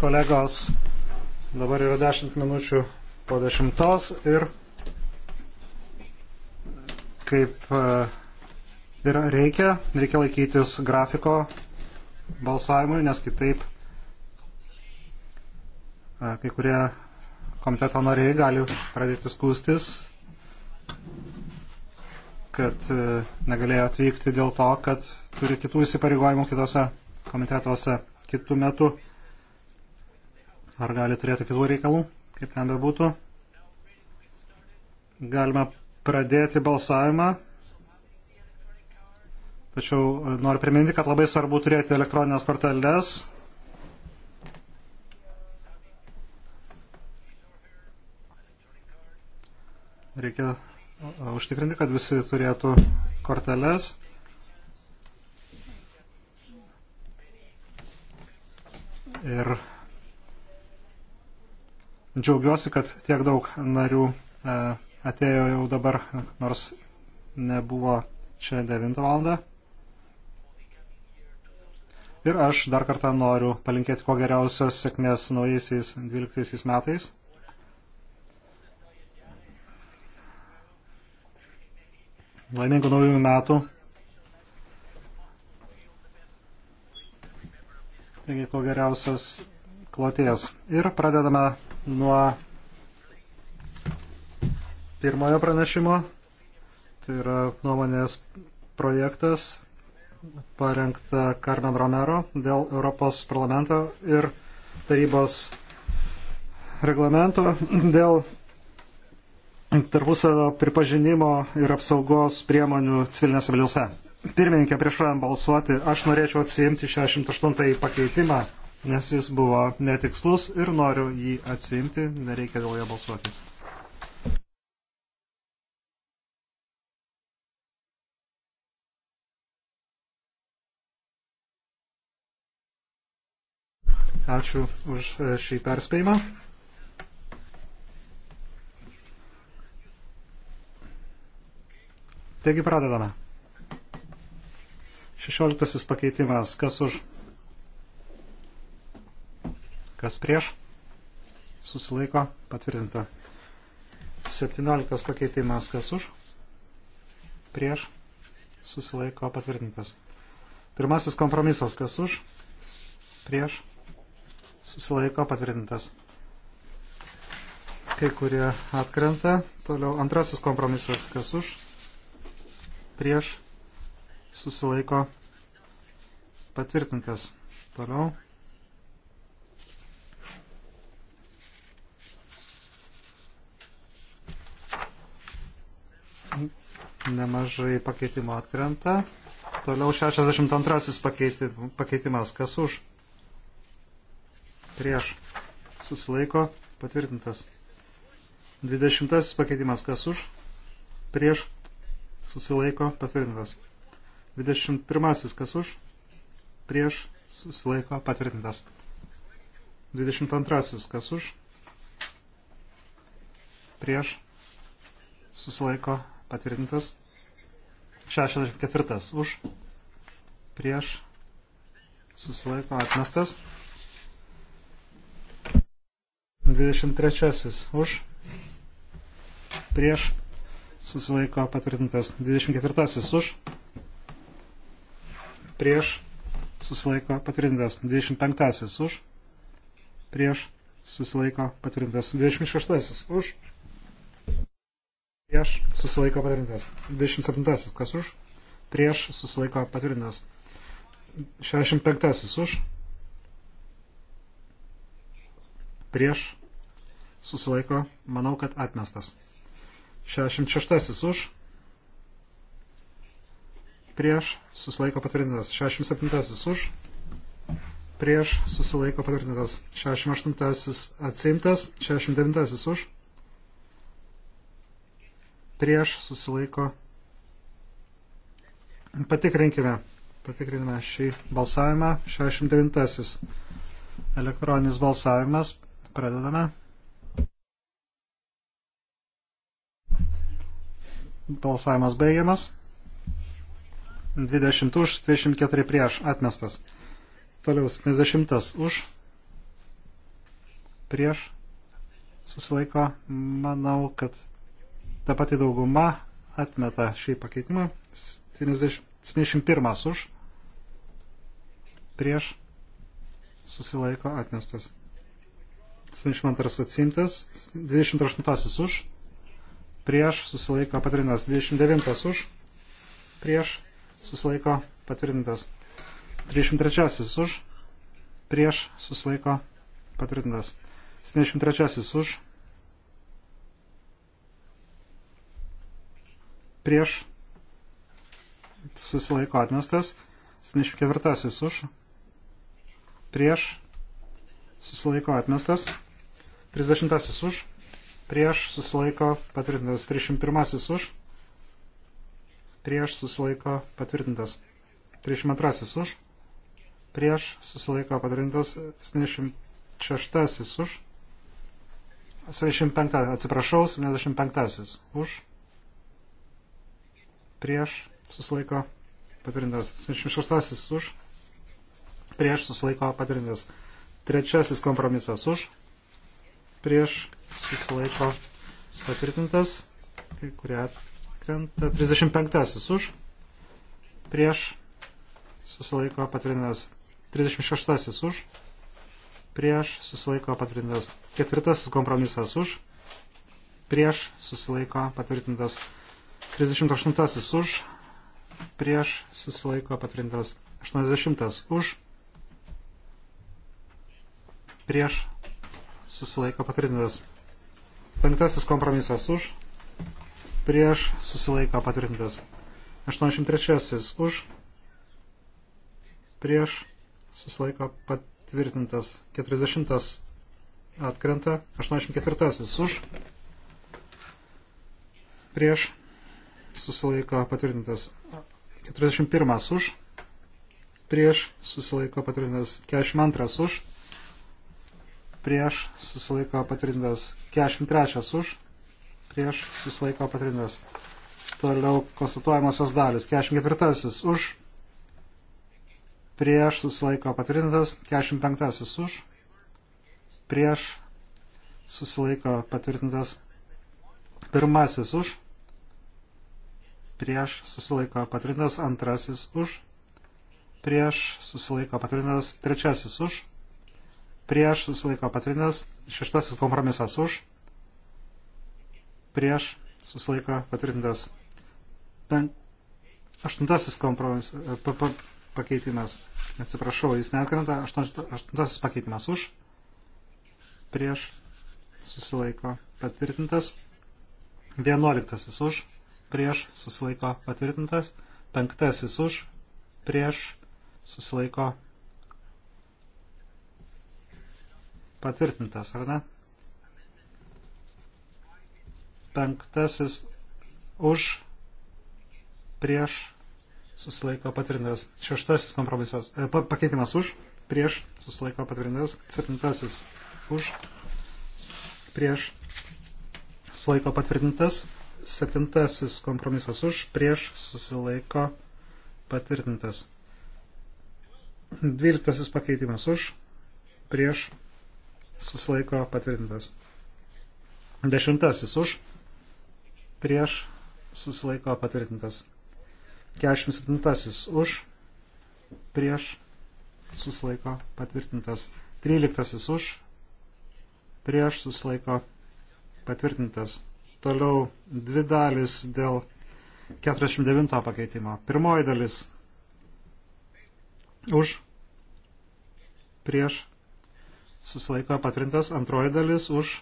Kolegos, dabar yra 10 minučių po 10 ir kaip e, ir reikia, reikia laikytis grafiko balsavimui, nes kitaip e, kai kurie komiteto nariai gali pradėti skūstis, kad e, negalėjo atvykti dėl to, kad turi kitų įsipareigojimų kitose komitetuose kitų metų, ar gali turėti kitų reikalų, kaip ten bebūtų. Galime pradėti balsavimą, tačiau e, noriu priminti, kad labai svarbu turėti elektroninės korteles. Reikia užtikrinti, kad visi turėtų korteles. ir džiaugiuosi, kad tiek daug narių e, atėjo jau dabar, nors nebuvo čia 9 valandą. Ir aš dar kartą noriu palinkėti kuo geriausios sėkmės naujaisiais 12 metais. Laimingų naujųjų metų Taigi, kuo geriausios kloties. Ir pradedame nuo pirmojo pranešimo. Tai yra nuomonės projektas parengta Carmen Romero dėl Europos parlamento ir tarybos reglamento dėl tarpusavio pripažinimo ir apsaugos priemonių civilinėse bylose pirmininkė prieš pradant balsuoti, aš norėčiau atsiimti 68 pakeitimą, nes jis buvo netikslus ir noriu jį atsiimti, nereikia dėl jo balsuoti. Ačiū už e, šį perspėjimą. Taigi pradedame. 16 pakeitimas. Kas už? Kas prieš? Susilaiko. Patvirtinta. 17 pakeitimas. Kas už? Prieš? Susilaiko. Patvirtintas. Pirmasis kompromisas. Kas už? Prieš? Susilaiko. Patvirtintas. Kai kurie atkrenta. Toliau antrasis kompromisas. Kas už? Prieš? susilaiko patvirtintas. Toliau. Nemažai pakeitimo atkrenta. Toliau 62 pakeiti, pakeitimas. Kas už? Prieš. Susilaiko. Patvirtintas. 20 pakeitimas. Kas už? Prieš. Susilaiko. Patvirtintas. 21 kas už, prieš, susilaiko, patvirtintas. 22 kas už, prieš, susilaiko, patvirtintas. 64 už, prieš, susilaiko, atmestas. 23 už, prieš, susilaiko, patvirtintas. 24 už, prieš susilaiko patvirtintas 25 už, prieš susilaiko patvirtintas 26 už, prieš susilaiko patvirtintas 27 kas už, prieš susilaiko patvirtintas 65 už, prieš susilaiko, manau, kad atmestas. 66 už, prieš susilaiko patvirtintas 67 už, prieš susilaiko patvirtintas 68 atsimtas, 69 už, prieš susilaiko. Patikrinkime, patikrinkime šį balsavimą, 69 elektroninis balsavimas, pradedame. Balsavimas baigiamas. 20 už, 24 prieš, atmestas. Toliau 70 už, prieš, susilaiko, manau, kad ta pati dauguma atmeta šį pakeitimą. 71 už, prieš, susilaiko, atmestas. 72 atsimtas, 28 už, prieš, susilaiko, patrinęs, 29 už, prieš, susilaiko patvirtintas. 33 už, prieš susilaiko patvirtintas. 73 už, prieš susilaiko atmestas. 74 už, prieš susilaiko atmestas. 30 už, prieš susilaiko patvirtintas. 301 už prieš susilaiko patvirtintas. 32 už, prieš susilaiko patvirtintas. 76 už, 75, atsiprašau, 75 už, prieš susilaiko patvirtintas. 76 už, prieš susilaiko patvirtintas. Trečiasis kompromisas už, prieš susilaiko patvirtintas, kai kurie atkrenta 35 už, prieš, susilaiko patvirtintas 36 už, prieš, susilaiko patvirtintas 4 kompromisas už, prieš, susilaiko patvirtintas 38 už, prieš, susilaiko patvirtintas 80 už, prieš, susilaiko patvirtintas 5 kompromisas už, prieš susilaiko patvirtintas. 83 už prieš susilaiko patvirtintas. 40 atkrenta. 84 už prieš susilaiko patvirtintas. 41 už prieš susilaiko patvirtintas. 42 už prieš susilaiko patvirtintas. 43 už prieš susilaiko patvirtintas. Toliau konstatuojamosios dalis. 44 už, prieš susilaiko patvirtintas. 45 už, prieš susilaiko patvirtintas. Pirmasis už, prieš susilaiko patvirtintas. Antrasis už, prieš susilaiko patvirtintas. Trečiasis už, prieš susilaiko patvirtintas. Šeštasis kompromisas už prieš susilaiko patvirtintas. Pen... Aštuntasis kompromis, e, pa, pa, pakeitimas, atsiprašau, jis netkrenta, aštuntasis pakeitimas už, prieš susilaiko patvirtintas, vienuoliktasis už, prieš susilaiko patvirtintas, penktasis už, prieš susilaiko patvirtintas, ar ne? penktasis už, prieš, susilaiko patvirtintas. Šeštasis kompromisas, e, pakeitimas už, prieš, susilaiko patvirtintas. Septintasis už, prieš, susilaiko patvirtintas. Septintasis kompromisas už, prieš, susilaiko patvirtintas. Dvyliktasis pakeitimas už, prieš, susilaiko patvirtintas. Dešimtasis už, prieš susilaiko patvirtintas. 47 už prieš susilaiko patvirtintas. 13 už prieš susilaiko patvirtintas. Toliau dvi dalis dėl 49 pakeitimo. Pirmoji dalis už prieš susilaiko patvirtintas. Antroji dalis už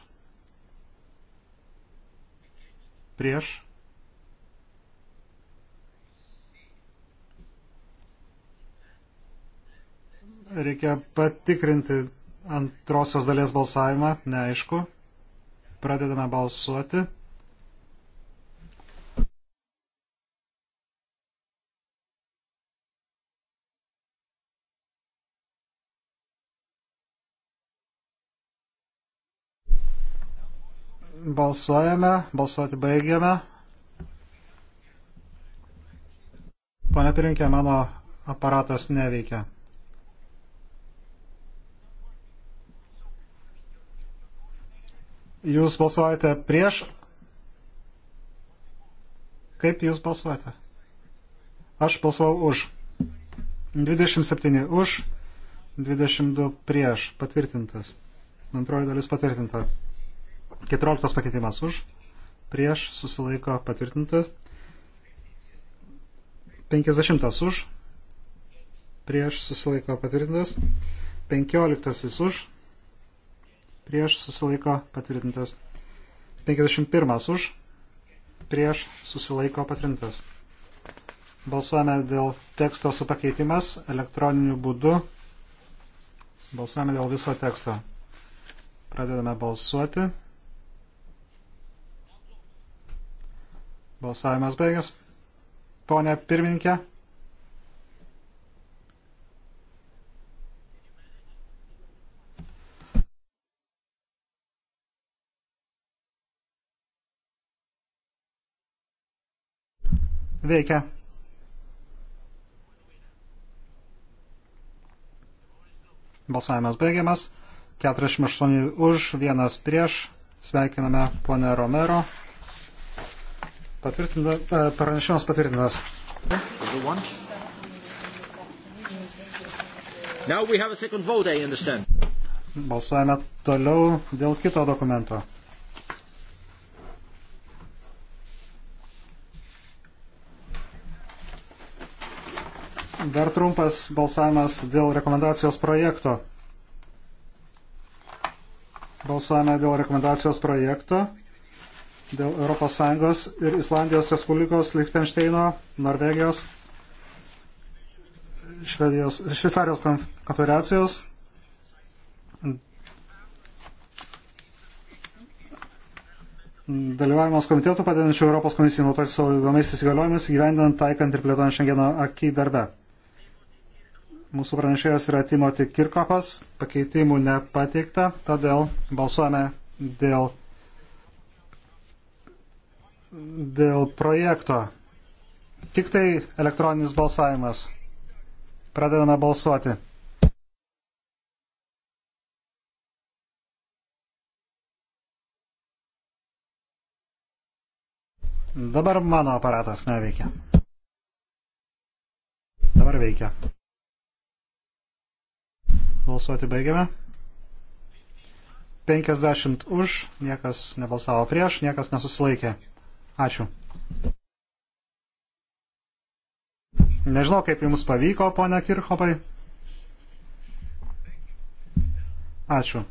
prieš. Reikia patikrinti antrosios dalies balsavimą, neaišku. Pradedame balsuoti. Balsuojame, balsuoti baigiame. Pane pirinkė, mano aparatas neveikia. Jūs balsuojate prieš? Kaip jūs balsuojate? Aš balsuoju už. 27 už, 22 prieš. Patvirtintas. Antroji dalis patvirtinta. 14 pakeitimas už, prieš susilaiko patvirtinti. 50 už, prieš susilaiko patvirtintas. 15 už, prieš susilaiko patvirtintas. 51 už, prieš susilaiko patvirtintas. Balsuojame dėl teksto su pakeitimas elektroniniu būdu. Balsuojame dėl viso teksto. Pradedame balsuoti. Balsavimas baigęs. Pone pirmininkė. Veikia. Balsavimas baigiamas. 48 už, 1 prieš. Sveikiname ponę Romero. Patvirtina, pranešimas patvirtinas. Vote, Balsuojame toliau dėl kito dokumento. Dar trumpas balsavimas dėl rekomendacijos projekto. Balsuojame dėl rekomendacijos projekto dėl ES ir Islandijos Respublikos, Liechtensteino, Norvegijos, Švedijos, Šveicarijos konfederacijos. Dalyvavimas komitetų padedančių Europos komisijai naudoti savo įdomiais įsigaliojimus, gyvendant, taikant ir plėtojant šiandieną akį darbę. Mūsų pranešėjas yra Timoti Kirkopas, pakeitimų nepateikta, todėl balsuojame dėl dėl projekto. Tik tai elektroninis balsavimas. Pradedame balsuoti. Dabar mano aparatas neveikia. Dabar veikia. Balsuoti baigiame. 50 už, niekas nebalsavo prieš, niekas nesusilaikė. Ačiū. Nežinau, kaip jums pavyko, ponia Kirchopai. Ačiū.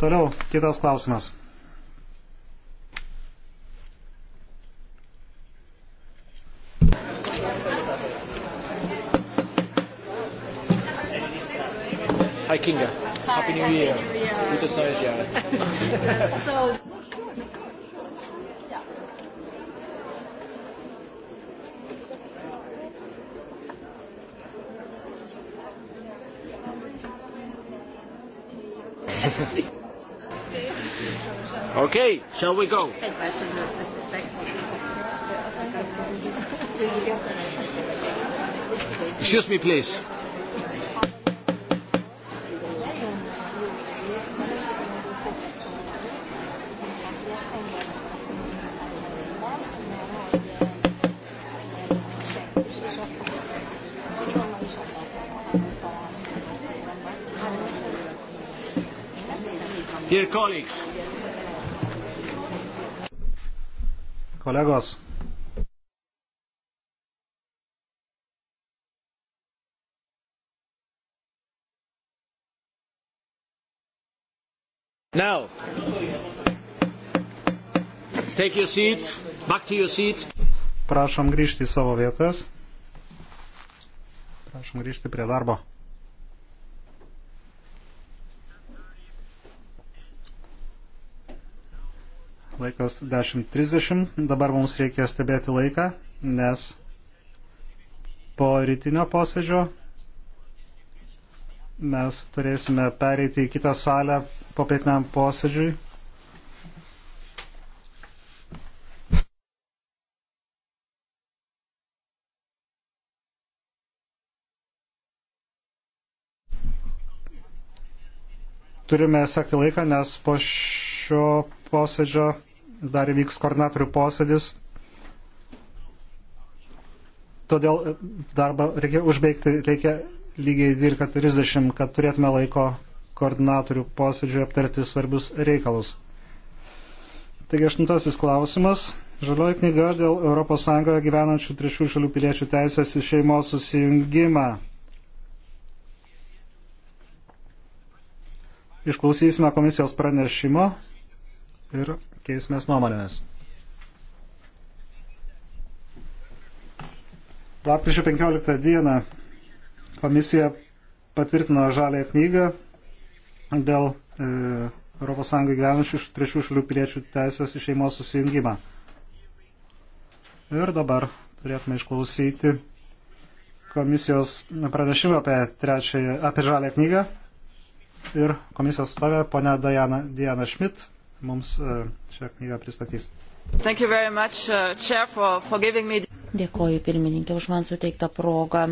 Toliau kitas klausimas. Happy New Year. Happy New Year. Gutes neues Jahr. so, okay, shall we go? Excuse me, please. Dear colleagues. Kolegos. Now. Take your seats. Back to your seats. Prašom grįžti į savo vietas. Prašom grįžti prie darbo. Laikas 10.30. Dabar mums reikia stebėti laiką, nes po rytinio posėdžio mes turėsime pereiti į kitą salę po pietiniam posėdžiui. Turime sekti laiką, nes po šio posėdžio dar įvyks koordinatorių posėdis. Todėl e, darbą reikia užbaigti, reikia lygiai 12.30, kad turėtume laiko koordinatorių posėdžiui aptarti svarbius reikalus. Taigi aštuntasis klausimas. Žalioji knyga dėl ES gyvenančių trečių šalių piliečių teisės į šeimos susijungimą. Išklausysime komisijos pranešimo ir keismės nuomonėmis. Lapkričio 15 dieną komisija patvirtino žalę knygą dėl e, ES gyvenančių trečių šalių piliečių teisės į šeimos susijungimą. Ir dabar turėtume išklausyti komisijos pranešimą apie, trečiąją, apie žalę knygą ir komisijos stovę ponia Diana, Diana Schmidt mums e, šią knygą pristatys. Much, uh, Chair, for, for me... Dėkoju pirmininkė už man suteiktą progą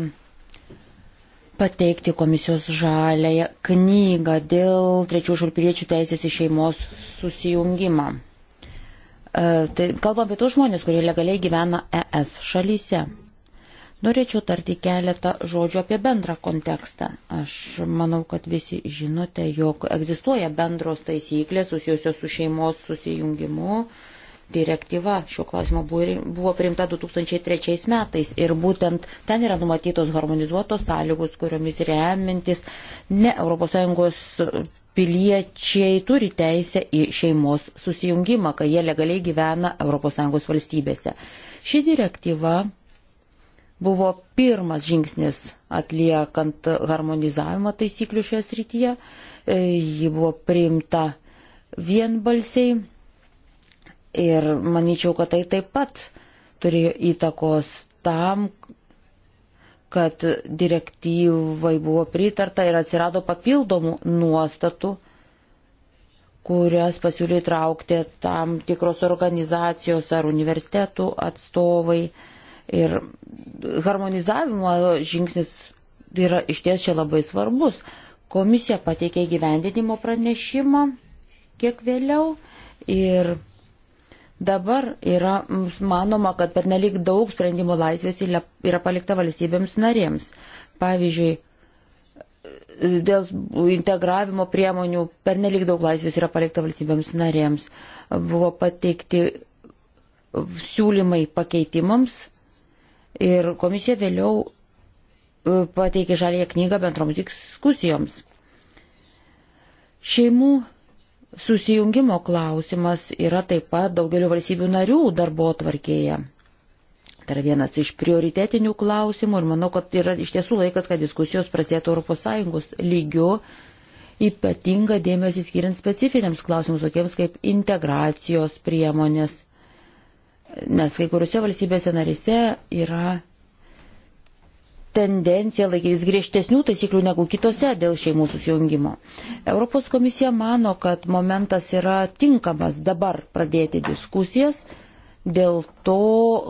pateikti komisijos žalėje knygą dėl trečių šalpiliečių teisės į šeimos susijungimą. E, tai kalbam apie tos žmonės, kurie legaliai gyvena ES šalyse. Norėčiau tarti keletą žodžių apie bendrą kontekstą. Aš manau, kad visi žinote, jog egzistuoja bendros taisyklės susijusios su šeimos susijungimu. Direktyva šio klausimo buvo priimta 2003 metais ir būtent ten yra numatytos harmonizuotos sąlygos, kuriomis remintis ne ES piliečiai turi teisę į šeimos susijungimą, kai jie legaliai gyvena ES valstybėse. Ši direktyva buvo pirmas žingsnis atliekant harmonizavimą taisyklių šioje srityje. E, ji buvo priimta vienbalsiai ir manyčiau, kad tai taip pat turėjo įtakos tam, kad direktyvai buvo pritarta ir atsirado papildomų nuostatų kurias pasiūlė įtraukti tam tikros organizacijos ar universitetų atstovai, uh, Ir harmonizavimo žingsnis yra iš ties čia labai svarbus. Komisija pateikė gyvendinimo pranešimą kiek vėliau ir dabar yra manoma, kad per nelik daug sprendimų laisvės yra palikta valstybėms narėms. Pavyzdžiui, dėl integravimo priemonių per nelik daug laisvės yra palikta valstybėms narėms. Buvo pateikti siūlymai pakeitimams Ir komisija vėliau e, pateikė žalėje knygą bendroms diskusijoms. Šeimų susijungimo klausimas yra taip pat daugeliu valstybių narių darbo tvarkėje. Tai yra vienas iš prioritetinių klausimų ir manau, kad yra iš tiesų laikas, kad diskusijos prasidėtų ES lygiu, ypatinga dėmesį skiriant specifiniams klausimus, tokiems kaip integracijos priemonės nes kai kuriuose valstybėse narise yra tendencija laikytis griežtesnių taisyklių negu kitose dėl šeimų susijungimo. Europos komisija mano, kad momentas yra tinkamas dabar pradėti diskusijas dėl to,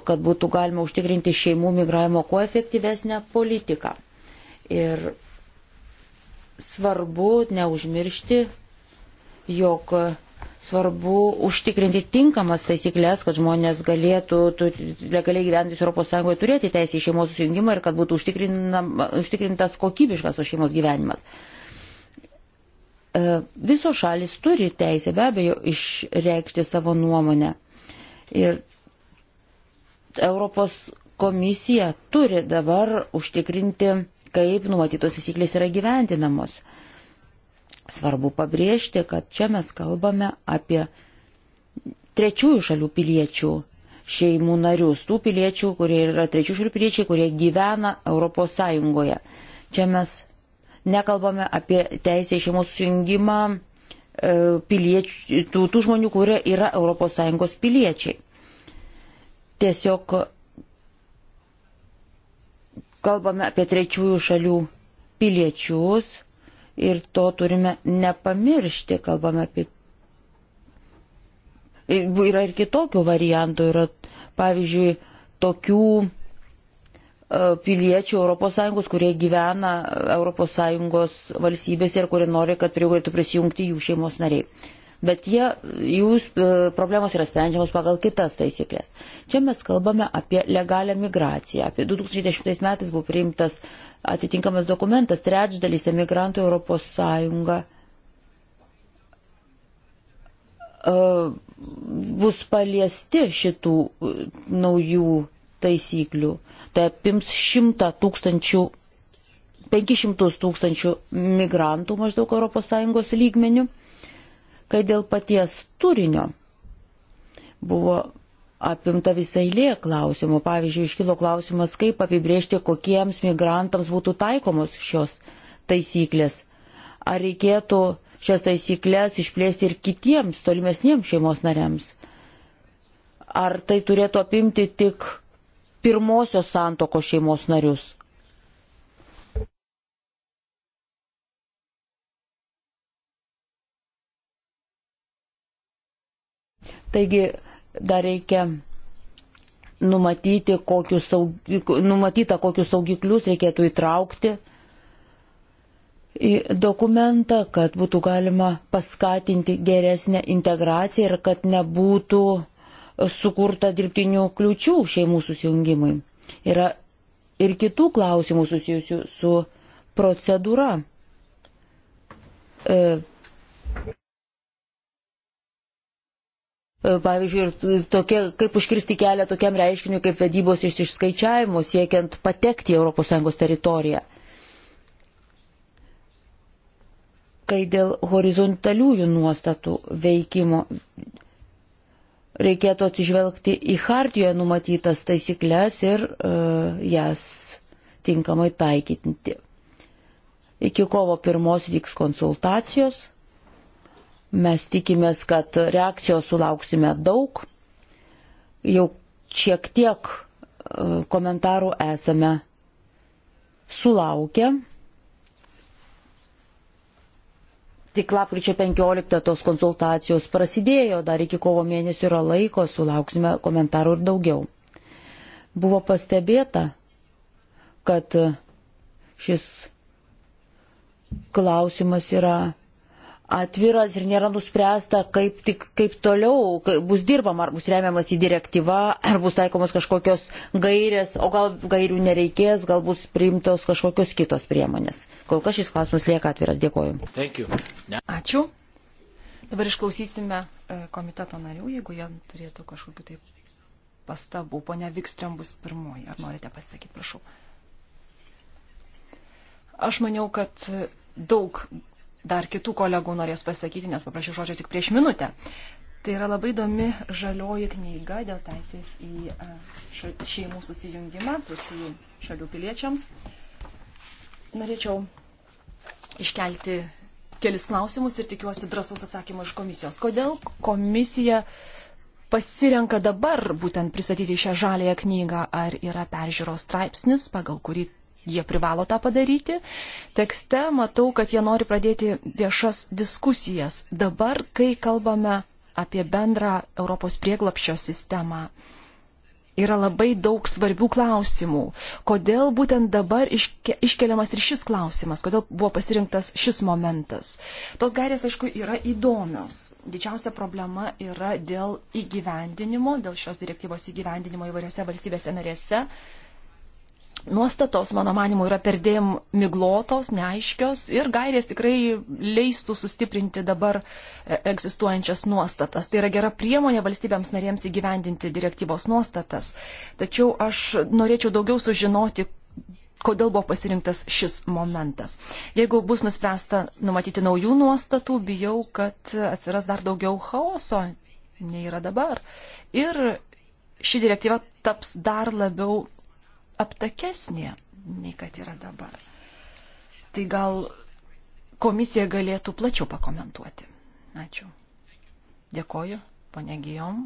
kad būtų galima užtikrinti šeimų migravimo kuo efektyvesnę politiką. Ir svarbu neužmiršti, jog Svarbu užtikrinti tinkamas taisyklės, kad žmonės galėtų legaliai gyventis ES turėti teisę į šeimos susijungimą ir kad būtų užtikrintas kokybiškas tos šeimos gyvenimas. E, visos šalis turi teisę be abejo išreikšti savo nuomonę. Ir Europos komisija turi dabar užtikrinti, kaip numatytos įsiklės yra gyventinamos. Uh, Svarbu pabrėžti, kad čia mes kalbame apie trečiųjų šalių piliečių šeimų narius, tų piliečių, kurie yra trečių šalių piliečiai, kurie gyvena ES. Čia mes nekalbame apie teisę į šeimos susijungimą e, piliečių, tų, tų žmonių, kurie yra ES piliečiai. Tiesiog kalbame apie trečiųjų šalių piliečius, ir to turime nepamiršti, kalbame apie. Yra ir kitokių variantų, yra pavyzdžiui tokių e, piliečių ES, kurie gyvena e, ES valstybėse ir kurie nori, kad prie galėtų prisijungti jų šeimos nariai bet jie, jų e, problemos yra sprendžiamos pagal kitas taisyklės. Čia mes kalbame apie legalią migraciją. Apie 2010 metais buvo priimtas atitinkamas dokumentas, trečdalis emigrantų Europos Sąjunga e, bus paliesti šitų e, naujų taisyklių. Tai apims 100 tūkstančių 500 tūkstančių migrantų maždaug ES lygmenių kai dėl paties turinio buvo apimta visai lė klausimų. Pavyzdžiui, iškilo klausimas, kaip apibriežti, kokiems migrantams būtų taikomos šios taisyklės. Ar reikėtų šias taisyklės išplėsti ir kitiems tolimesniems šeimos nariams? Ar tai turėtų apimti tik pirmosios santoko šeimos narius? Taigi dar reikia numatyti, kokius saugik, numatyta, kokius saugiklius reikėtų įtraukti į dokumentą, kad būtų galima paskatinti geresnę integraciją ir kad nebūtų sukurta dirbtinių kliučių šeimų susijungimui. Yra ir kitų klausimų susijusių su procedūra. E, E, pavyzdžiui, ir tokie, kaip užkirsti kelią tokiam reiškiniui kaip vedybos iš išskaičiavimų siekiant patekti į ES teritoriją. Kai dėl horizontaliųjų nuostatų veikimo reikėtų atsižvelgti į hartijoje numatytas taisyklės ir uh, jas tinkamai taikytinti. Iki kovo pirmos vyks konsultacijos Mes tikimės, kad reakcijos sulauksime daug. Jau šiek tiek e, komentarų esame sulaukę. Tik lapkričio 15 tos konsultacijos prasidėjo, dar iki kovo mėnesio yra laiko, sulauksime komentarų ir daugiau. Buvo pastebėta, kad šis klausimas yra atviras ir nėra nuspręsta, kaip, tik, kaip toliau kaip bus dirbama, ar bus remiamas į direktyvą, ar bus taikomas kažkokios gairės, o gal gairių nereikės, gal bus priimtos kažkokios kitos priemonės. Kol kas šis klausimas lieka atviras. Dėkoju. Ačiū. Dabar išklausysime e, komiteto narių, jeigu jie turėtų kažkokiu tai pastabų. Pone Vikstriam bus pirmoji. Ar norite pasakyti, prašau? Aš maniau, kad daug dar kitų kolegų norės pasakyti, nes paprašiau žodžio tik prieš minutę. Tai yra labai įdomi žalioji knyga dėl teisės į šeimų susijungimą trečiųjų šalių piliečiams. Norėčiau iškelti kelis klausimus ir tikiuosi drąsaus atsakymo iš komisijos. Kodėl komisija pasirenka dabar būtent pristatyti šią žalėją knygą? Ar yra peržiūros straipsnis, pagal kurį jie privalo tą padaryti. Tekste matau, kad jie nori pradėti viešas diskusijas. Dabar, kai kalbame apie bendrą Europos prieglapščio sistemą, yra labai daug svarbių klausimų. Kodėl būtent dabar iškeliamas ir šis klausimas, kodėl buvo pasirinktas šis momentas. Tos gairės, aišku, yra įdomios. Didžiausia problema yra dėl įgyvendinimo, dėl šios direktyvos įgyvendinimo įvairiose valstybėse narėse. Uh, nuostatos, mano manimu, yra perdėm miglotos, neaiškios ir gairės tikrai leistų sustiprinti dabar e, egzistuojančias nuostatas. Tai yra gera priemonė valstybėms narėms įgyvendinti direktyvos nuostatas. Tačiau aš norėčiau daugiau sužinoti, kodėl buvo pasirinktas šis momentas. Jeigu bus nuspręsta numatyti naujų nuostatų, bijau, kad atsiras dar daugiau chaoso nei yra dabar. Ir ši direktyva taps dar labiau aptakesnė nei kad yra dabar. Tai gal komisija galėtų plačiau pakomentuoti. Ačiū. Dėkoju, ponė Gijom.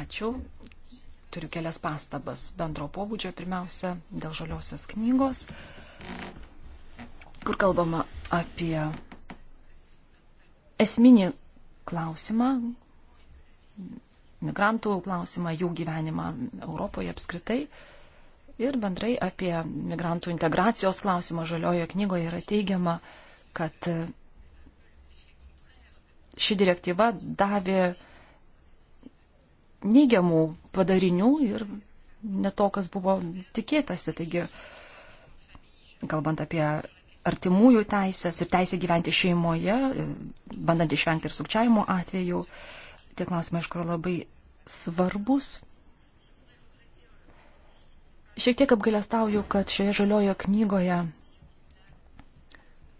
Ačiū. Turiu kelias pastabas bendro pobūdžio, pirmiausia, dėl žaliosios knygos, kur kalbama apie esminį klausimą migrantų klausimą, jų gyvenimą Europoje apskritai. Ir bendrai apie migrantų integracijos klausimą žaliojoje knygoje yra teigiama, kad e, ši direktyva davė neigiamų padarinių ir ne to, kas buvo tikėtasi. Taigi, kalbant apie artimųjų teisės ir teisę gyventi šeimoje, e, bandant išvengti ir sukčiavimo atveju, Tie klausimai, aišku, yra labai svarbus. Šiek tiek apgailestauju, kad šioje žaliojo knygoje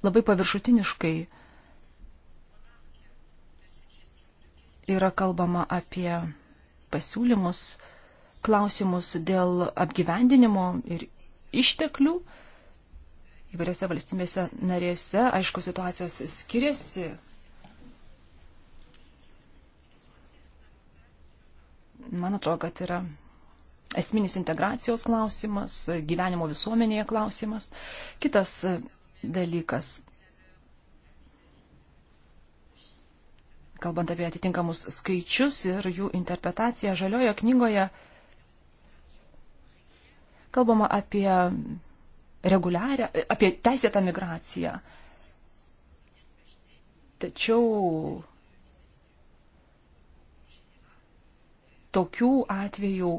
labai paviršutiniškai yra kalbama apie pasiūlymus, klausimus dėl apgyvendinimo ir išteklių įvairiose valstybėse narėse. Aišku, situacijos skiriasi man atrodo, kad yra esminis integracijos klausimas, gyvenimo visuomenėje klausimas. Kitas dalykas, kalbant apie atitinkamus skaičius ir jų interpretaciją, žaliojo knygoje kalbama apie reguliarią, apie teisėtą migraciją. Tačiau tokių atvejų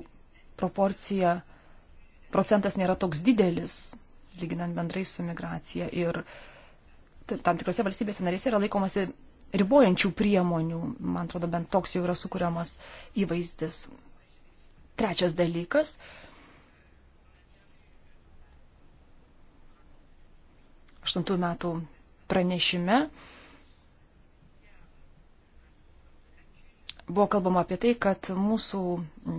proporcija, procentas nėra toks didelis, lyginant bendrai su migracija. Ir tam tikrose valstybėse narėse yra laikomasi ribojančių priemonių. Man atrodo, bent toks jau yra sukūriamas įvaizdis. Trečias dalykas. Aštuntųjų metų pranešime buvo kalbama apie tai, kad mūsų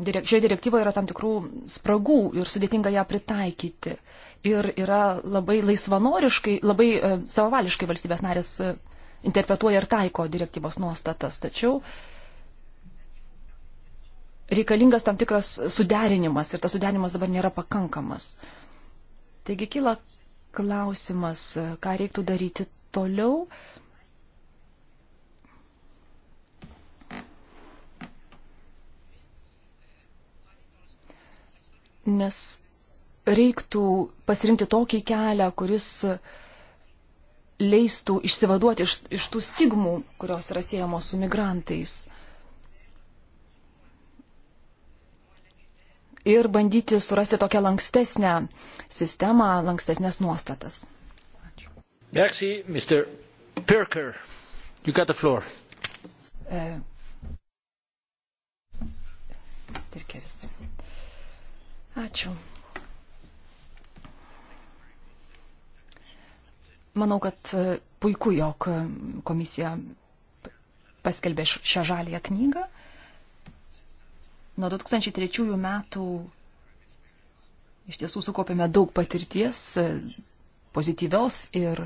direk, šioje direktyvoje yra tam tikrų spragų ir sudėtinga ją pritaikyti. Ir yra labai laisvanoriškai, labai e, savavališkai valstybės narės e, interpretuoja ir taiko direktyvos nuostatas. Tačiau reikalingas tam tikras suderinimas ir tas suderinimas dabar nėra pakankamas. Taigi kyla klausimas, e, ką reiktų daryti toliau. E, nes reiktų pasirinkti tokį kelią, kuris leistų išsivaduoti iš, iš tų stigmų, kurios yra siejamos su migrantais. Ir bandyti surasti tokią lankstesnę sistemą, lankstesnės nuostatas. Ačiū. Merci, Mr. Pirker. You got the floor. E... Tirkeris. Ačiū. Manau, kad e, puiku, jog e, komisija paskelbė šią žalėją knygą. Nuo 2003 metų iš tiesų sukopėme daug patirties, e, pozityvios ir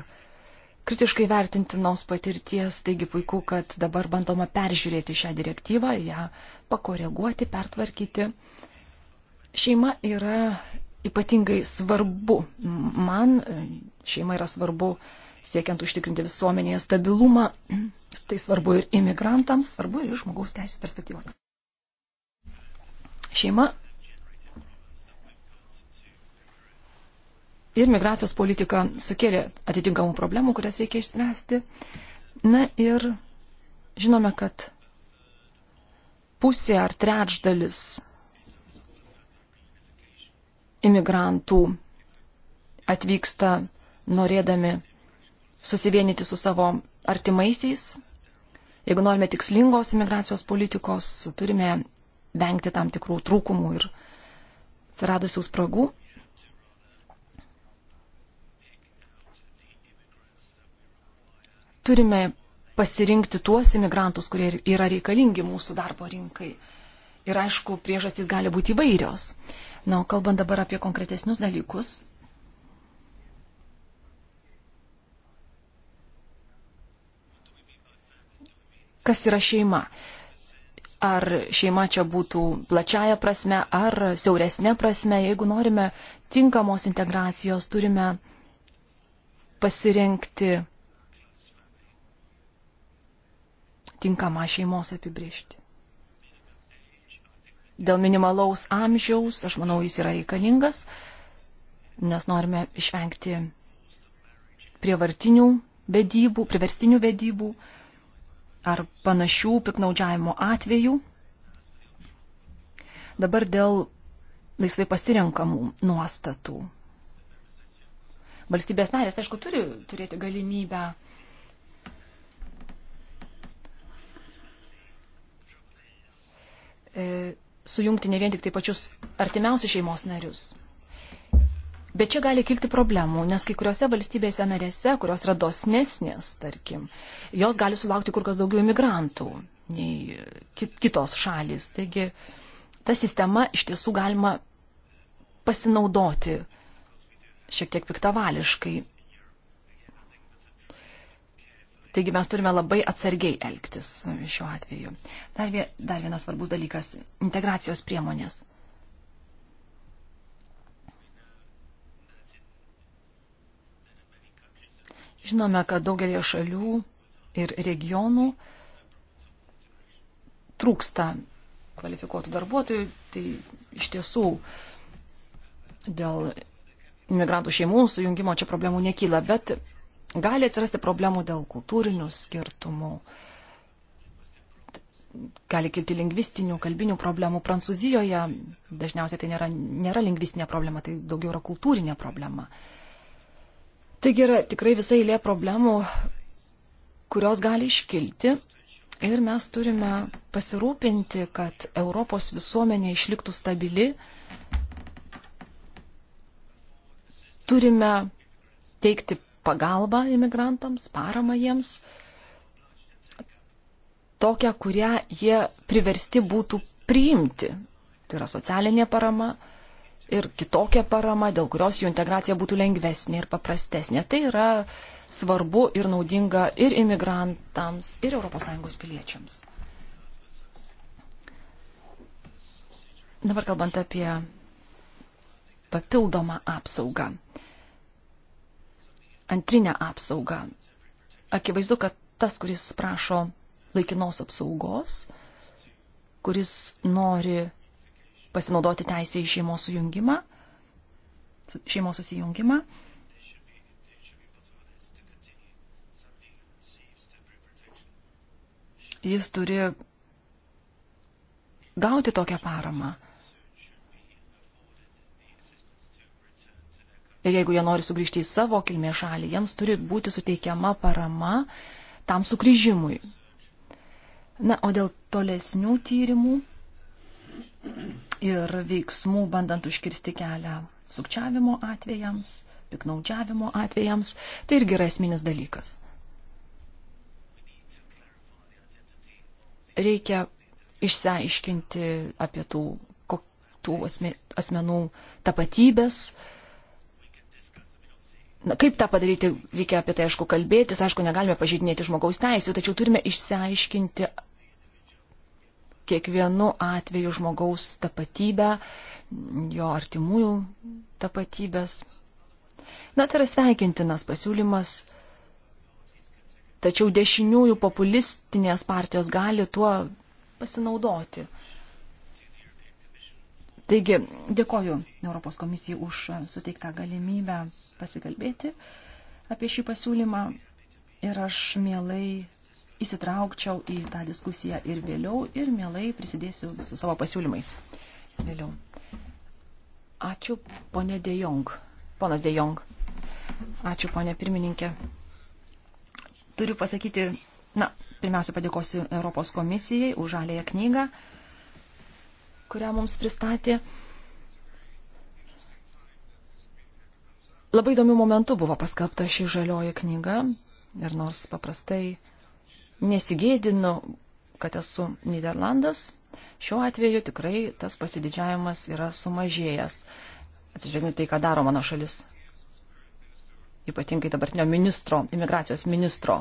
kritiškai vertintinos patirties, taigi puiku, kad dabar bandoma peržiūrėti šią direktyvą, ją pakoreguoti, pertvarkyti. Šeima yra ypatingai svarbu. Man e, šeima yra svarbu siekiant užtikrinti visuomenėje stabilumą. Tai svarbu ir imigrantams, svarbu ir iš žmogaus teisų perspektyvos. Šeima ir migracijos politika sukėlė atitinkamų problemų, kurias reikia išspręsti. Na ir žinome, kad pusė ar trečdalis imigrantų atvyksta norėdami susivienyti su savo artimaisiais. Jeigu norime tikslingos imigracijos politikos, turime vengti tam tikrų trūkumų ir atsiradusių spragų. Turime pasirinkti tuos imigrantus, kurie yra reikalingi mūsų darbo rinkai. Ir aišku, priežastys gali būti įvairios. Na, o kalbant dabar apie konkretesnius dalykus. Kas yra šeima? Ar šeima čia būtų plačiaja prasme, ar siauresnė prasme, jeigu norime tinkamos integracijos, turime pasirinkti tinkamą šeimos apibriežtį dėl minimalaus amžiaus, aš manau, jis yra reikalingas, nes norime išvengti prievartinių vedybų, priverstinių vedybų ar panašių piknaudžiavimo atvejų. Dabar dėl laisvai pasirenkamų nuostatų. Valstybės narės, aišku, turi turėti galimybę e, sujungti ne vien tik tai pačius artimiausius šeimos narius. Bet čia gali kilti problemų, nes kai kuriuose valstybėse narėse, kurios yra dosnesnės, tarkim, jos gali sulaukti kur kas daugiau imigrantų nei kitos šalis. Taigi ta sistema iš tiesų galima pasinaudoti šiek tiek piktavališkai. Taigi mes turime labai atsargiai elgtis šiuo atveju. Dar, vie, dar vienas svarbus dalykas - integracijos priemonės. Žinome, kad daugelį šalių ir regionų trūksta kvalifikuotų darbuotojų, tai iš tiesų dėl imigrantų šeimų sujungimo čia problemų nekyla, bet gali atsirasti problemų dėl kultūrinių skirtumų, gali kilti lingvistinių, kalbinių problemų. Prancūzijoje dažniausiai tai nėra, nėra lingvistinė problema, tai daugiau yra kultūrinė problema. Taigi yra tikrai visai lė problemų, kurios gali iškilti ir mes turime pasirūpinti, kad Europos visuomenė išliktų stabili. Turime teikti pagalbą imigrantams, paramą jiems, tokią, kurią jie priversti būtų priimti. Tai yra socialinė parama ir kitokia parama, dėl kurios jų integracija būtų lengvesnė ir paprastesnė. Tai yra svarbu ir naudinga ir imigrantams, ir ES piliečiams. Dabar kalbant apie papildomą apsaugą antrinę apsaugą. Akivaizdu, kad tas, kuris prašo laikinos apsaugos, kuris nori pasinaudoti teisę į šeimos sujungimą, šeimos susijungimą, jis turi gauti tokią paramą. Ir jeigu jie nori sugrįžti į savo kilmės šalį, jiems turi būti suteikiama parama tam sugrįžimui. Na, o dėl tolesnių tyrimų ir veiksmų, bandant užkirsti kelią sukčiavimo atvejams, piknaudžiavimo atvejams, tai irgi yra esminis dalykas. Reikia išsiaiškinti apie tų, tų asmenų tapatybės, uh, Na, kaip tą padaryti, reikia apie tai, aišku, kalbėtis, aišku, negalime pažydinėti žmogaus teisų, tačiau turime išsiaiškinti kiekvienu atveju žmogaus tapatybę, jo artimųjų tapatybės. Na, tai yra sveikintinas pasiūlymas, tačiau dešiniųjų populistinės partijos gali tuo pasinaudoti. Taigi, dėkoju Europos komisijai už suteiktą galimybę pasikalbėti apie šį pasiūlymą ir aš mielai įsitraukčiau į tą diskusiją ir vėliau ir mielai prisidėsiu su savo pasiūlymais vėliau. Ačiū, ponė Dejong. Ponas Dejong. Ačiū, ponė pirmininkė. Turiu pasakyti, na, pirmiausia, padėkosiu Europos komisijai už žalėją knygą. Uh, kurią mums pristatė. Labai įdomių momentų buvo paskelbta ši žalioji knyga ir nors paprastai nesigėdinu, kad esu Niderlandas, šiuo atveju tikrai tas pasididžiavimas yra sumažėjęs. Atsižvelgiant tai, ką daro mano šalis, ypatingai dabartinio ministro, imigracijos ministro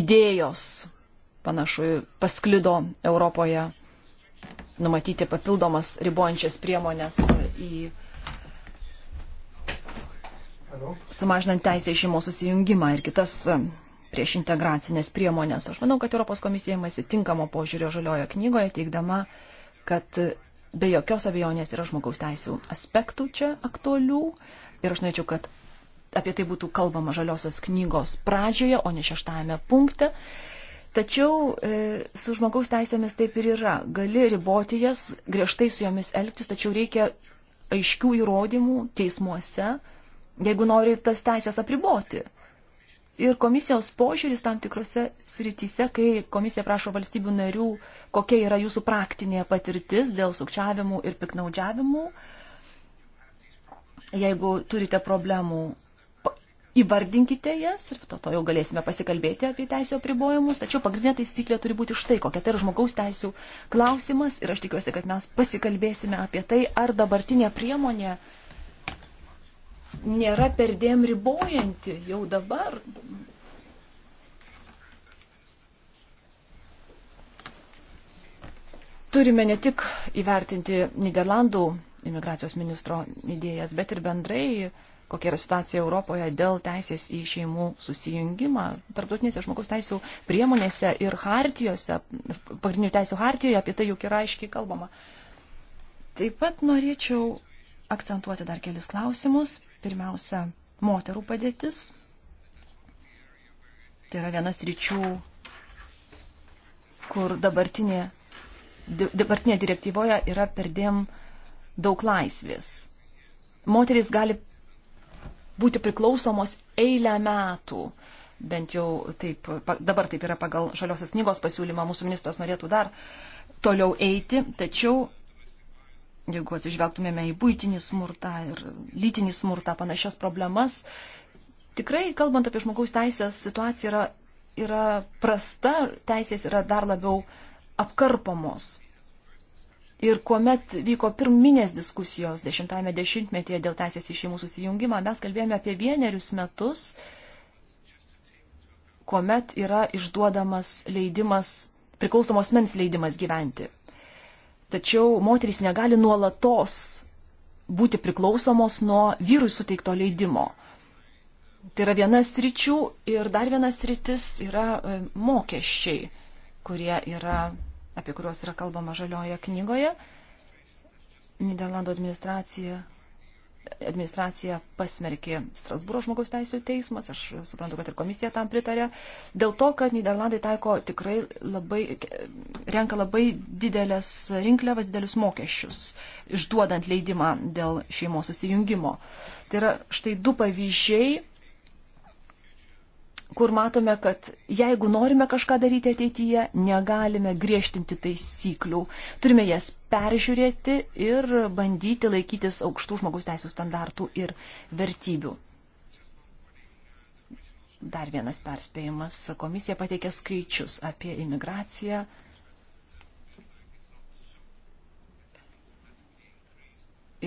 idėjos panašu pasklido Europoje numatyti papildomas ribojančias priemonės į sumažinant teisę į šeimos susijungimą ir kitas e, prieš integracinės priemonės. Aš manau, kad Europos komisija imasi tinkamo požiūrio žaliojo knygoje, teikdama, kad be jokios abejonės yra žmogaus teisų aspektų čia aktualių ir aš norėčiau, kad apie tai būtų kalbama žaliosios knygos pradžioje, o ne šeštame punkte. Tačiau e, su žmogaus teisėmis taip ir yra. Gali riboti jas, griežtai su jomis elgtis, tačiau reikia aiškių įrodymų teismuose, jeigu nori tas teisės apriboti. Ir komisijos požiūris tam tikrose srityse, kai komisija prašo valstybių narių, kokia yra jūsų praktinė patirtis dėl sukčiavimų ir piknaudžiavimų, jeigu turite problemų įvardinkite jas ir to, to jau galėsime pasikalbėti apie teisų apribojimus, tačiau pagrindinė taisyklė turi būti štai kokia. Tai yra žmogaus teisų klausimas ir aš tikiuosi, kad mes pasikalbėsime apie tai, ar dabartinė priemonė nėra perdėm ribojanti jau dabar. Turime ne tik įvertinti Niderlandų imigracijos ministro idėjas, bet ir bendrai uh, kokia yra situacija Europoje dėl teisės į šeimų susijungimą. Tarptautinėse žmogaus teisų priemonėse ir hartijose, pagrindinių teisų hartijoje apie tai juk yra aiškiai kalbama. Taip pat norėčiau akcentuoti dar kelis klausimus. Pirmiausia, moterų padėtis. Tai yra vienas ryčių, kur dabartinė, dabartinė direktyvoje yra perdėm daug laisvės moterys gali būti priklausomos eilę metų. Bent jau taip, dabar taip yra pagal žaliosios knygos pasiūlymą, mūsų ministras norėtų dar toliau eiti, tačiau jeigu atsižvelgtumėme į būtinį smurtą ir lytinį smurtą, panašias problemas, tikrai, kalbant apie žmogaus teisės, situacija yra, yra prasta, teisės yra dar labiau apkarpomos. Ir kuomet vyko pirminės diskusijos 10-ame dešimtmetyje dėl teisės į šeimų susijungimą, mes kalbėjome apie vienerius metus, kuomet yra išduodamas leidimas, priklausomos mens leidimas gyventi. Tačiau moterys negali nuolatos būti priklausomos nuo vyrui suteikto leidimo. Tai yra vienas ryčių ir dar vienas rytis yra e, mokesčiai, kurie yra apie kuriuos yra kalbama žalioje knygoje. Niderlandų administracija, administracija pasmerkė Strasbūro žmogaus teisų teismas, aš suprantu, kad ir komisija tam pritarė, dėl to, kad Niderlandai taiko tikrai labai, renka labai didelės rinkliavas, didelius mokesčius, išduodant leidimą dėl šeimos susijungimo. Tai yra štai du pavyzdžiai kur matome, kad jeigu norime kažką daryti ateityje, negalime griežtinti taisyklių. Turime jas peržiūrėti ir bandyti laikytis aukštų žmogus teisų standartų ir vertybių. Dar vienas perspėjimas. Komisija pateikė skaičius apie imigraciją.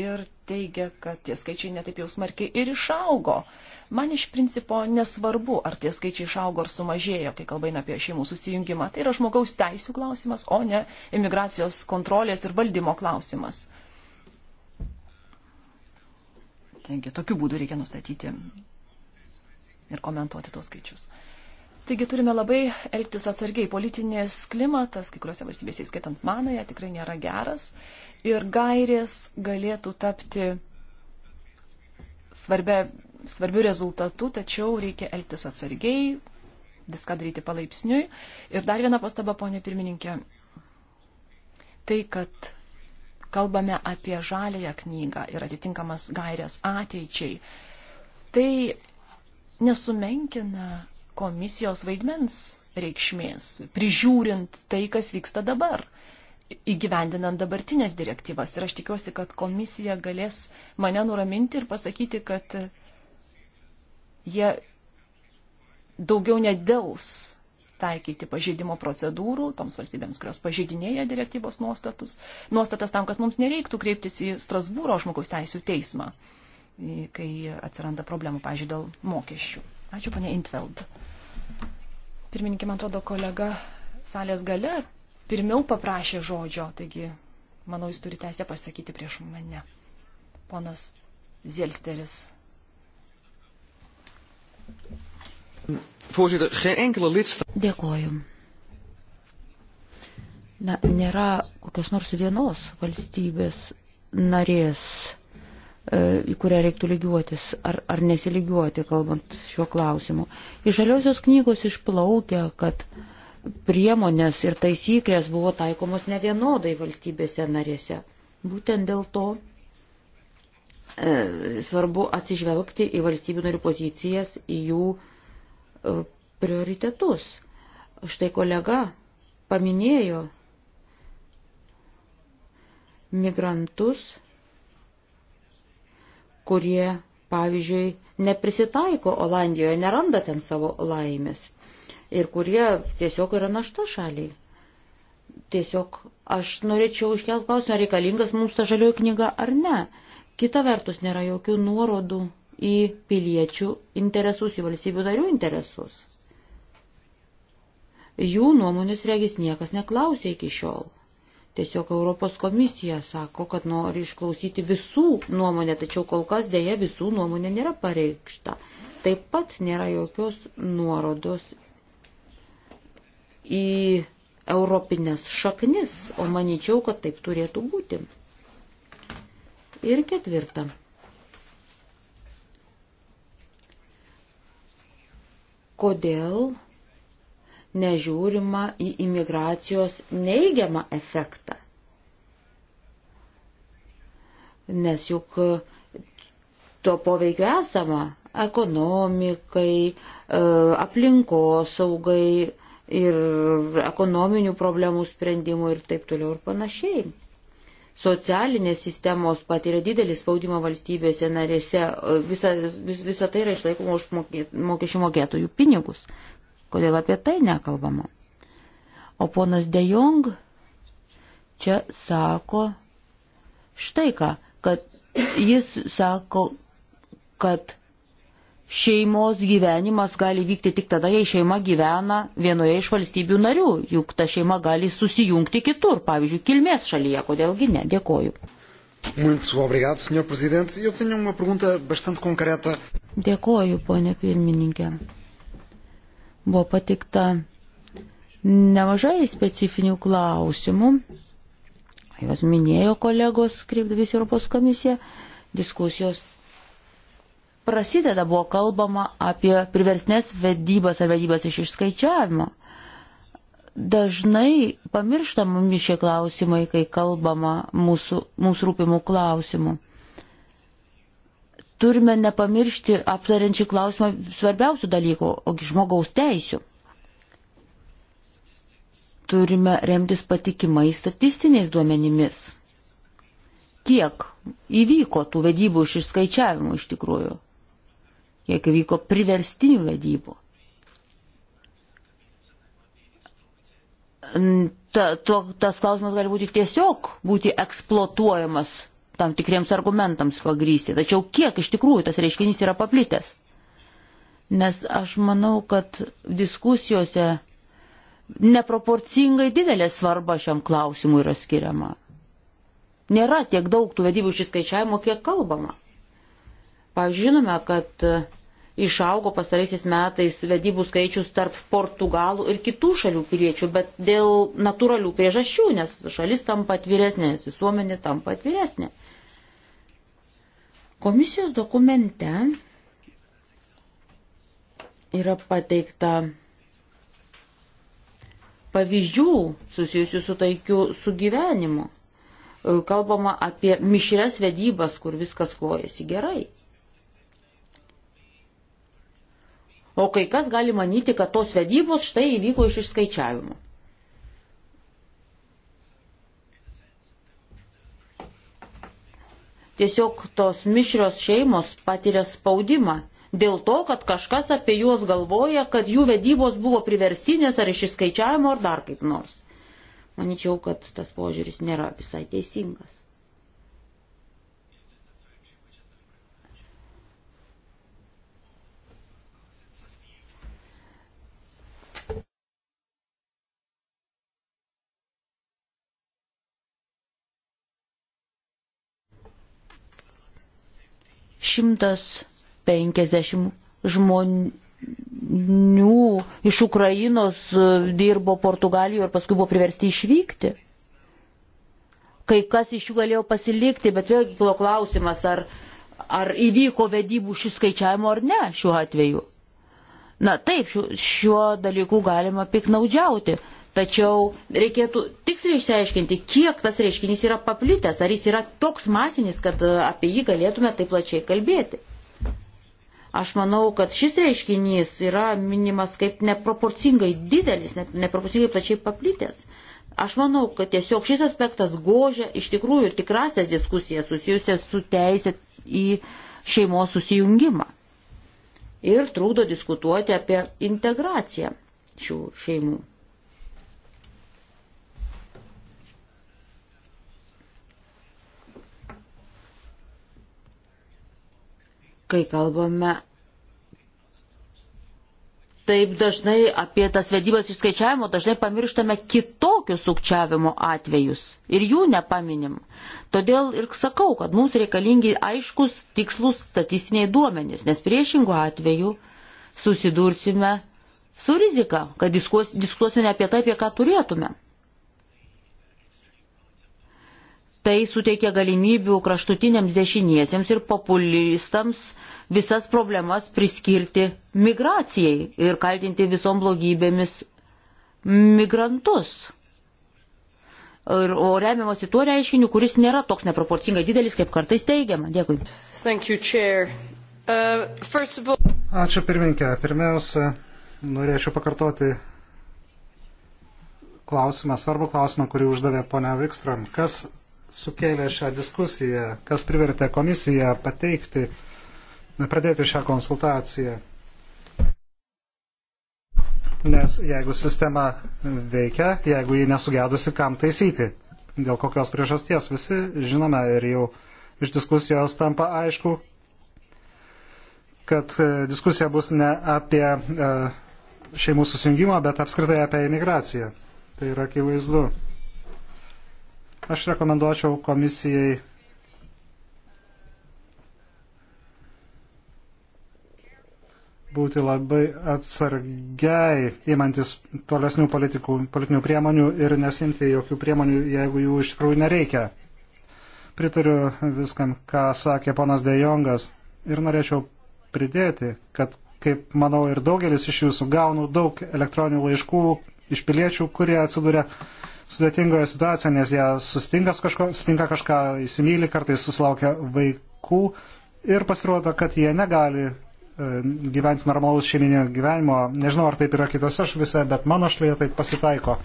Ir teigia, kad tie skaičiai netaip jau smarkiai ir išaugo. Uh, Man iš principo nesvarbu, ar tie skaičiai išaugo ar sumažėjo, kai kalbame apie šeimų susijungimą. Tai yra žmogaus teisų klausimas, o ne imigracijos kontrolės ir valdymo klausimas. Taigi, tokiu būdu reikia nustatyti ir komentuoti tos skaičius. Taigi turime labai elgtis atsargiai. Politinės klimatas, kai kuriuose valstybėse, įskaitant manąją, tikrai nėra geras. Ir gairės galėtų tapti svarbia svarbių rezultatų, tačiau reikia elgtis atsargiai, viską daryti palaipsniui. Ir dar viena pastaba, ponė pirmininkė. Tai, kad kalbame apie žalėją knygą ir atitinkamas gairias ateičiai, tai nesumenkina komisijos vaidmens reikšmės, prižiūrint tai, kas vyksta dabar, įgyvendinant dabartinės direktyvas. Ir aš tikiuosi, kad komisija galės mane nuraminti ir pasakyti, kad jie daugiau nedėls taikyti pažeidimo procedūrų toms valstybėms, kurios pažeidinėja direktyvos nuostatus, nuostatas tam, kad mums nereiktų kreiptis į Strasbūro žmogaus teisų teismą, kai atsiranda problemų, pažiūrėjau, dėl mokesčių. Ačiū, ponė Intveld. Pirmininkė, man atrodo, kolega salės gale pirmiau paprašė žodžio, taigi, manau, jis turi teisę pasakyti prieš mane. Ponas Zielsteris Dėkoju. Na, nėra kokios nors vienos valstybės narės, e, į kurią reiktų lygiuotis ar, ar nesilygiuoti, kalbant šiuo klausimu. Iš žaliosios knygos išplaukia, kad priemonės ir taisyklės buvo taikomos ne vienodai valstybėse narėse. Būtent dėl to E, svarbu atsižvelgti į valstybių narių pozicijas, į jų e, prioritetus. Štai kolega paminėjo migrantus, kurie, pavyzdžiui, neprisitaiko Olandijoje, neranda ten savo laimės ir kurie tiesiog yra našta šaliai. Tiesiog aš norėčiau iškelti klausimą, reikalingas mums ta žalioji knyga ar ne. Kita vertus nėra jokių nuorodų į piliečių interesus, į valstybių narių interesus. Jų nuomonės regis niekas neklausė iki šiol. Tiesiog Europos komisija sako, kad nori išklausyti visų nuomonę, tačiau kol kas dėja visų nuomonė nėra pareikšta. Taip pat nėra jokios nuorodos į europinės šaknis, o manyčiau, kad taip turėtų būti. Ir ketvirta. Kodėl nežiūrima į imigracijos neigiamą efektą? Nes juk to poveikio esama ekonomikai, e, aplinkosaugai ir ekonominių problemų sprendimų ir taip toliau ir panašiai socialinės sistemos patiria didelį spaudimą valstybėse narėse, visa, vis, visa tai yra išlaikoma už mokesčių mokėtojų pinigus. Kodėl apie tai nekalbama? O ponas De Jong čia sako štai ką, kad jis sako, kad šeimos gyvenimas gali vykti tik tada, jei šeima gyvena vienoje iš valstybių narių, juk ta šeima gali susijungti kitur, pavyzdžiui, kilmės šalyje, kodėlgi ne, dėkoju. Muito obrigado, senhor presidente. Eu tenho uma pergunta bastante concreta. Dėkoju, ponė pirmininkė. Buvo patikta nemažai specifinių klausimų. Jos minėjo kolegos, kreipdavys Europos komisiją. Diskusijos prasideda buvo kalbama apie priversnės vedybas ar vedybas iš išskaičiavimo. Dažnai pamirštami šie klausimai, kai kalbama mūsų, mūsų rūpimų klausimų. Turime nepamiršti aptariant šį klausimą svarbiausių dalykų, ogi žmogaus teisių. Turime remtis patikimais statistiniais duomenimis kiek įvyko tų vedybų iš išskaičiavimų iš tikrųjų jeigu vyko priverstinių vedybų. Ta, to, tas klausimas gali būti tiesiog būti eksploatuojamas tam tikriems argumentams pagrysti. Tačiau kiek iš tikrųjų tas reiškinys yra paplitęs? Nes aš manau, kad diskusijose neproporcingai didelė svarba šiam klausimui yra skiriama. Nėra tiek daug tų vedybų iš įskaičiavimo, kiek kalbama. Pažinome, kad e, išaugo pastaraisiais metais vedybų skaičius tarp Portugalų ir kitų šalių piliečių, bet dėl natūralių priežasčių, nes šalis tampa atviresnė, nes visuomenė tampa atviresnė. Komisijos dokumente yra pateikta pavyzdžių susijusių su taikiu sugyvenimu. E, kalbama apie mišres vedybas, kur viskas klojasi gerai. O kai kas gali manyti, kad tos vedybos štai įvyko iš išskaičiavimo. Tiesiog tos mišrios šeimos patiria spaudimą dėl to, kad kažkas apie juos galvoja, kad jų vedybos buvo priverstinės ar iš išskaičiavimo ar dar kaip nors. Maničiau, kad tas požiūris nėra visai teisingas. 150 žmonių iš Ukrainos e, dirbo Portugalijoje ir paskui buvo priversti išvykti. Kai kas iš jų galėjo pasilikti, bet vėlgi kilo klausimas, ar, ar įvyko vedybų šis skaičiavimo ar ne šiuo atveju. Na taip, šiuo, šiuo dalyku galima piknaudžiauti. Tačiau reikėtų tiksliai išsiaiškinti, kiek tas reiškinys yra paplitęs, ar jis yra toks masinis, kad e, apie jį galėtume taip plačiai kalbėti. Aš manau, kad šis reiškinys yra minimas kaip neproporcingai didelis, neproporcingai plačiai paplitęs. Aš manau, kad tiesiog šis aspektas gožia iš tikrųjų tikrasias diskusijas susijusias su teisė į šeimos susijungimą ir trukdo diskutuoti apie integraciją šių šeimų. kai kalbame taip dažnai apie tas vedybas išskaičiavimo, dažnai pamirštame kitokius sukčiavimo atvejus ir jų nepaminim. Todėl ir sakau, kad mums reikalingi aiškus, tikslus statistiniai duomenys, nes priešingų atveju susidursime su rizika, kad diskuos, diskuosime apie tai, apie ką turėtume. Tai suteikia galimybių kraštutiniams dešiniesiems ir populistams visas problemas priskirti migracijai ir kaltinti visom blogybėmis migrantus. Ir, o remiamasi tuo reiškiniu, kuris nėra toks neproporcingai didelis, kaip kartais teigiama. Dėkui. You, uh, all... Ačiū pirmininkė. Pirmiausia, norėčiau pakartoti klausimą, svarbų klausimą, kurį uždavė ponia Vikstram. Kas sukėlė šią diskusiją, kas privertė komisiją pateikti pradėti šią konsultaciją. Nes jeigu sistema veikia, jeigu ji nesugedusi, kam taisyti, dėl kokios priežasties visi žinome ir jau iš diskusijos tampa aišku, kad e, diskusija bus ne apie e, šeimų susijungimą, bet apskritai apie imigraciją. Tai yra akivaizdu. Aš rekomenduočiau komisijai būti labai atsargiai įmantis tolesnių politikų, politinių priemonių ir nesimti jokių priemonių, jeigu jų iš tikrųjų nereikia. Pritariu viskam, ką sakė ponas Dejongas ir norėčiau pridėti, kad, kaip manau ir daugelis iš jūsų, gaunu daug elektroninių laiškų iš piliečių, kurie atsiduria sudėtingoje situacijoje, nes jie sustinka kažko, sustinka kažką, įsimylį, kartais susilaukia vaikų ir pasirodo, kad jie negali E, gyventi normalaus šeiminio gyvenimo. Nežinau, ar taip yra kitose šalise, bet mano šalyje taip pasitaiko.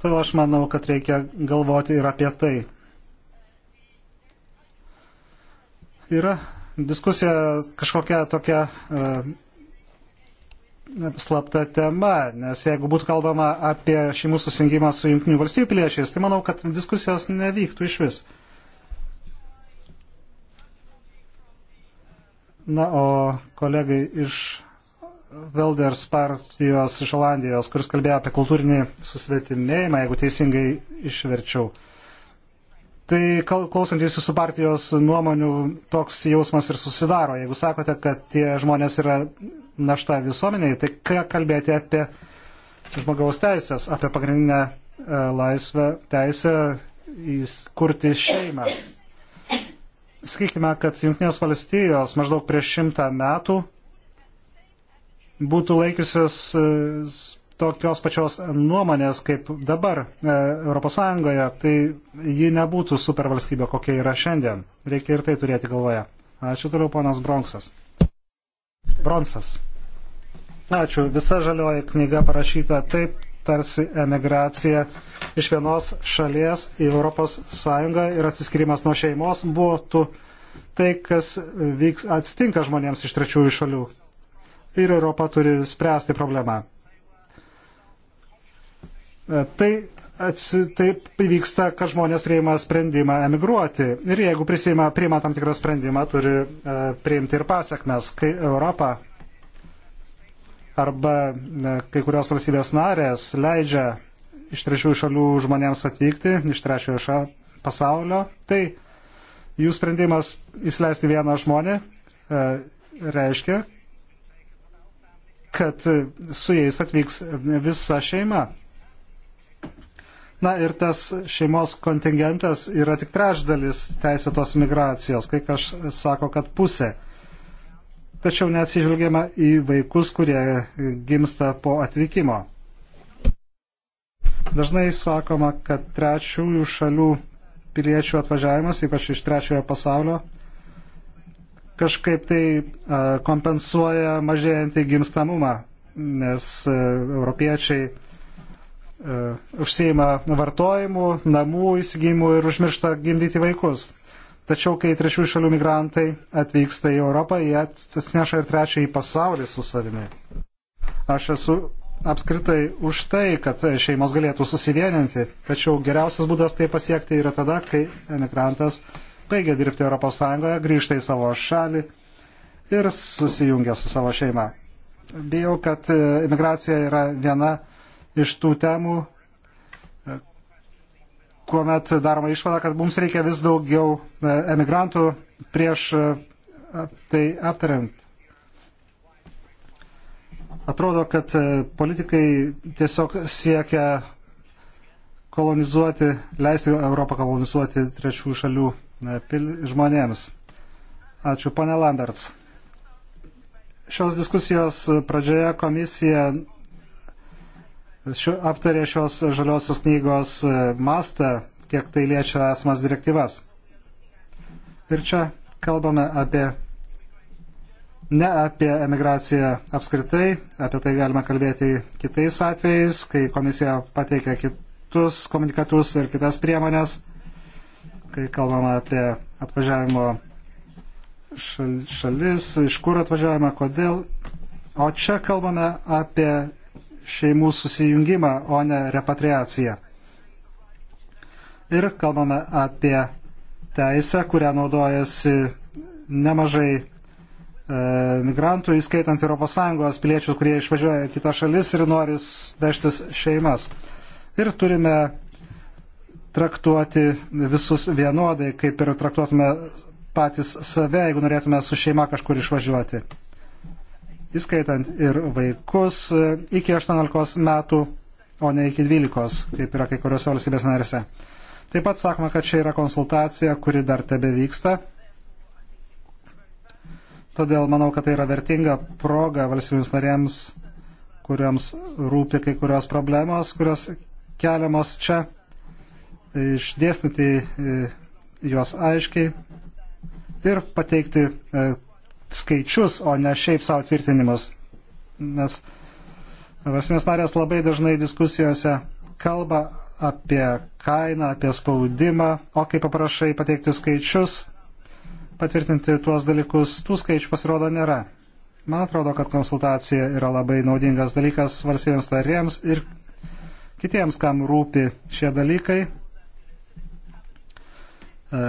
Todėl aš manau, kad reikia galvoti ir apie tai. Yra diskusija kažkokia tokia e, slapta tema, nes jeigu būtų kalbama apie šeimų susijungimą su jungtinių valstybių piliečiais, tai manau, kad diskusijos nevyktų iš vis. Uh, Na, o kolegai iš Velders partijos iš Olandijos, kuris kalbėjo apie kultūrinį susvetimėjimą, jeigu teisingai išverčiau. Tai klausant jūsų partijos nuomonių, toks jausmas ir susidaro. Jeigu sakote, kad tie žmonės yra našta visuomeniai, tai ką kalbėti apie žmogaus teisės, apie pagrindinę e, laisvę teisę įkurti šeimą sakykime, kad Junktinės valstijos maždaug prieš šimtą metų būtų laikiusios e, tokios pačios nuomonės kaip dabar ES, tai ji nebūtų supervalstybė, kokia yra šiandien. Reikia ir tai turėti galvoje. Ačiū toliau, ponas Bronksas. Bronsas. Ačiū. Visa žalioji knyga parašyta taip, tarsi emigracija iš vienos šalies į ES ir atsiskirimas nuo šeimos būtų tai, kas vyks, atsitinka žmonėms iš trečiųjų šalių. Ir Europa turi spręsti problemą. E, tai atsi, taip įvyksta, kad žmonės priima sprendimą emigruoti. Ir jeigu prisima, priima tam tikrą sprendimą, turi e, priimti ir pasiekmes, kai Europa arba kai kurios valstybės narės leidžia iš trečiųjų šalių žmonėms atvykti, iš trečiojo ša, pasaulio, tai jų sprendimas įsileisti vieną žmonę e, reiškia, kad su jais atvyks visa šeima. Na ir tas šeimos kontingentas yra tik trečdalis teisėtos migracijos, kai kažkas sako, kad pusė tačiau neatsižvelgiama į vaikus, kurie gimsta po atvykimo. Dažnai sakoma, kad trečiųjų šalių piliečių atvažiavimas, ypač iš trečiojo pasaulio, kažkaip tai kompensuoja mažėjantį gimstamumą, nes europiečiai užsieima vartojimu, namų įsigijimu ir užmiršta gimdyti vaikus. Tačiau, kai trečių šalių migrantai atvyksta į Europą, jie atsineša ir trečiąjį pasaulį su savimi. Aš esu apskritai už tai, kad šeimos galėtų susivieninti, tačiau geriausias būdas tai pasiekti yra tada, kai emigrantas baigia dirbti ES, grįžta į savo šalį ir susijungia su savo šeima. Bijau, kad e, imigracija yra viena iš tų temų, kuomet daroma išvada, kad mums reikia vis daugiau e, emigrantų prieš e, tai aptariant. Atrodo, kad e, politikai tiesiog siekia kolonizuoti, leisti Europą kolonizuoti trečių šalių žmonėms. Ačiū, pane Lamberts. Šios diskusijos pradžioje komisija šio, aptarė šios žaliosios knygos e, mastą, kiek tai liečia esamas direktyvas. Ir čia kalbame apie ne apie emigraciją apskritai, apie tai galima kalbėti kitais atvejais, kai komisija pateikia kitus komunikatus ir kitas priemonės, kai kalbama apie atvažiavimo šalis, iš kur atvažiavama, kodėl. O čia kalbame apie šeimų susijungimą, o ne repatriaciją. Ir kalbame apie teisę, kurią naudojasi nemažai e, migrantų, įskaitant ES piliečių, kurie išvažiuoja į kitas šalis ir nori vežtis šeimas. Ir turime traktuoti visus vienodai, kaip ir traktuotume patys save, jeigu norėtume su šeima kažkur išvažiuoti įskaitant ir vaikus e, iki 18 metų, o ne iki 12, kaip yra kai kuriuose valstybės narėse. Taip pat sakoma, kad čia yra konsultacija, kuri dar tebe vyksta. Todėl manau, kad tai yra vertinga proga valstybėms narėms, kuriams rūpi kai kurios problemos, kurios keliamos čia, išdėstyti e, juos aiškiai ir pateikti e, skaičius, o ne šiaip savo tvirtinimus. Nes valstybės narės labai dažnai diskusijose kalba apie kainą, apie spaudimą, o kai paprašai pateikti skaičius, patvirtinti tuos dalykus, tų skaičių pasirodo nėra. Man atrodo, kad konsultacija yra labai naudingas dalykas valstybėms narėms ir kitiems, kam rūpi šie dalykai, e,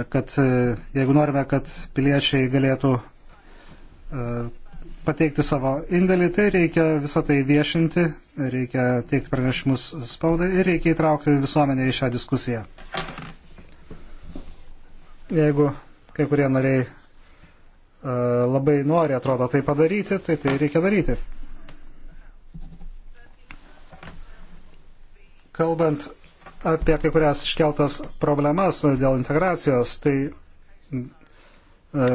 kad e, jeigu norime, kad piliečiai galėtų E, pateikti savo indėlį, tai reikia visą tai viešinti, reikia teikti pranešimus spaudai ir reikia įtraukti visuomenę į šią diskusiją. Jeigu kai kurie nariai e, labai nori, atrodo, tai padaryti, tai tai reikia daryti. Kalbant apie kai kurias iškeltas problemas dėl integracijos, tai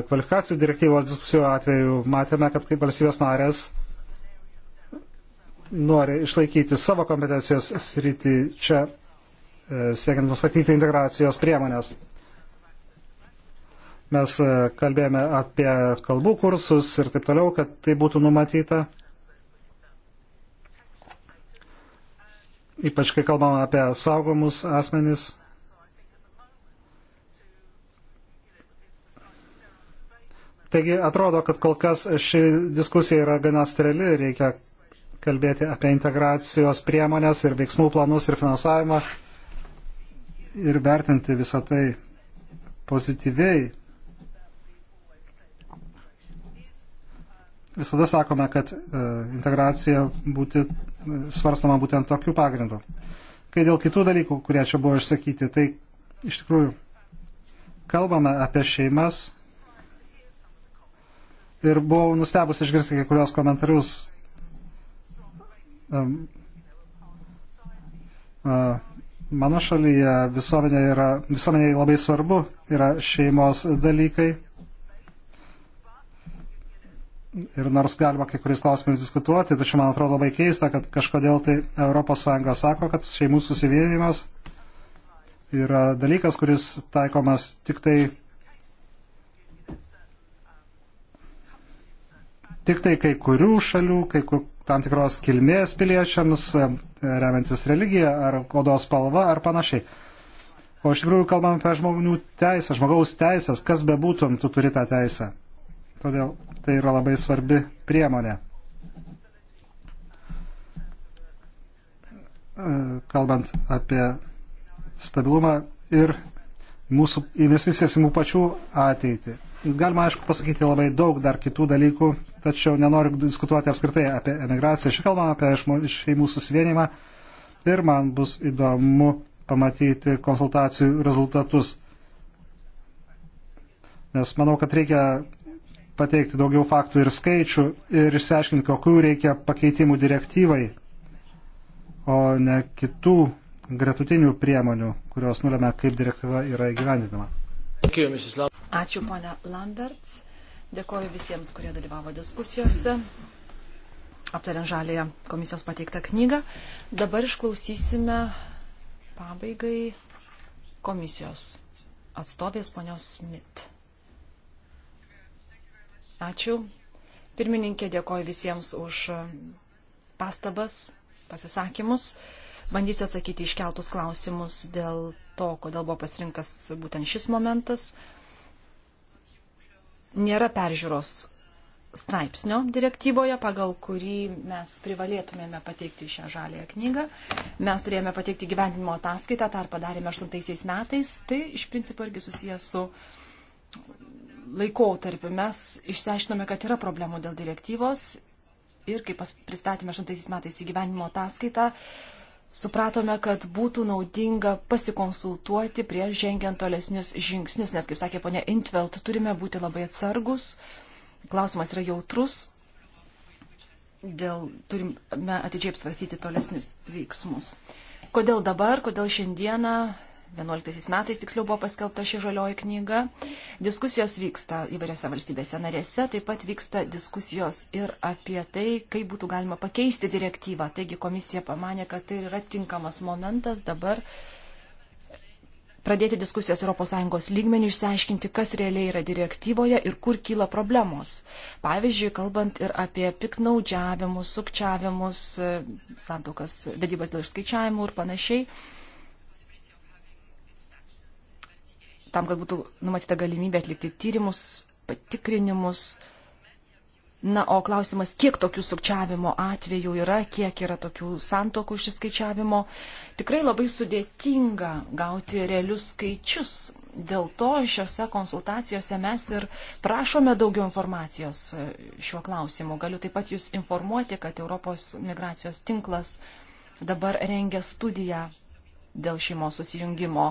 kvalifikacijų direktyvos diskusijų atveju matėme, kad kaip valstybės narės nori išlaikyti savo kompetencijos sritį čia, e, siekiant nustatyti integracijos priemonės. Mes e, kalbėjome apie kalbų kursus ir taip toliau, kad tai būtų numatyta. Ypač kai kalbame apie saugomus asmenis Taigi atrodo, kad kol kas ši diskusija yra gana streli, reikia kalbėti apie integracijos priemonės ir veiksmų planus ir finansavimą ir vertinti visą tai pozityviai. Visada sakome, kad e, integracija būti svarstama būtent tokiu pagrindu. Kai dėl kitų dalykų, kurie čia buvo išsakyti, tai iš tikrųjų kalbame apie šeimas, ir buvau nustebus išgirsti kai kurios komentarus. Mano šalyje visuomenė yra, visuomenė labai svarbu yra šeimos dalykai. Ir nors galima kai kuriais klausimais diskutuoti, tačiau man atrodo labai keista, kad kažkodėl tai ES sako, kad šeimų susivėjimas yra dalykas, kuris taikomas tik tai tik tai kai kurių šalių, kai kur, tam tikros kilmės piliečiams, e, remiantis religiją ar kodos spalva ar panašiai. O iš tikrųjų kalbam apie žmonių teisę, žmogaus teisės, kas bebūtum, tu turi tą teisę. Todėl tai yra labai svarbi priemonė. E, kalbant apie stabilumą ir mūsų investicijas į mūsų pačių ateitį. Galima, aišku, pasakyti labai daug dar kitų dalykų, tačiau nenoriu diskutuoti apskritai apie emigraciją. Šį kalbam apie šeimų susivienimą ir man bus įdomu pamatyti konsultacijų rezultatus. Nes manau, kad reikia pateikti daugiau faktų ir skaičių ir išsiaiškinti, kokių reikia pakeitimų direktyvai, o ne kitų gretutinių priemonių, kurios nulėmė, kaip direktyva yra įgyvendinama. Ačiū, ponia Lamberts. Dėkoju visiems, kurie dalyvavo diskusijose, aptariant žalėje komisijos pateiktą knygą. Dabar išklausysime pabaigai komisijos atstovės ponios Smith. Ačiū. Pirmininkė, dėkoju visiems už pastabas, pasisakymus. Bandysiu atsakyti iškeltus klausimus dėl to, kodėl buvo pasirinktas būtent šis momentas nėra peržiūros straipsnio direktyvoje, pagal kurį mes privalėtumėme pateikti šią žalėją knygą. Mes turėjome pateikti gyvenimo ataskaitą, tą ir padarėme 8 metais. Tai iš principo irgi susijęs su laikotarpiu. Mes išsiaiškinome, kad yra problemų dėl direktyvos ir kaip pristatėme 8 metais įgyvenimo ataskaitą, supratome, kad būtų naudinga pasikonsultuoti prieš žengiant tolesnius žingsnius, nes, kaip sakė ponė Intvelt, turime būti labai atsargus. Klausimas yra jautrus, dėl turime atidžiai apsvarstyti tolesnius veiksmus. Kodėl dabar, kodėl šiandieną 2011 metais tiksliau buvo paskelbta ši žalioji knyga. Diskusijos vyksta įvairiose valstybėse narėse, taip pat vyksta diskusijos ir apie tai, kaip būtų galima pakeisti direktyvą. Taigi komisija pamanė, kad tai yra tinkamas momentas dabar pradėti diskusijas ES lygmenį, išsiaiškinti, kas realiai yra direktyvoje ir kur kyla problemos. Pavyzdžiui, kalbant ir apie piknaudžiavimus, sukčiavimus, santokas, vedybas dėl išskaičiavimų ir panašiai. tam, kad būtų numatyta galimybė atlikti tyrimus, patikrinimus. Na, o klausimas, kiek tokių sukčiavimo atvejų yra, kiek yra tokių santokų išsiskaičiavimo, tikrai labai sudėtinga gauti realius skaičius. Dėl to šiuose konsultacijose mes ir prašome daugiau informacijos e, šiuo klausimu. Galiu taip pat jūs informuoti, kad Europos migracijos tinklas dabar rengia studiją dėl šeimos susijungimo.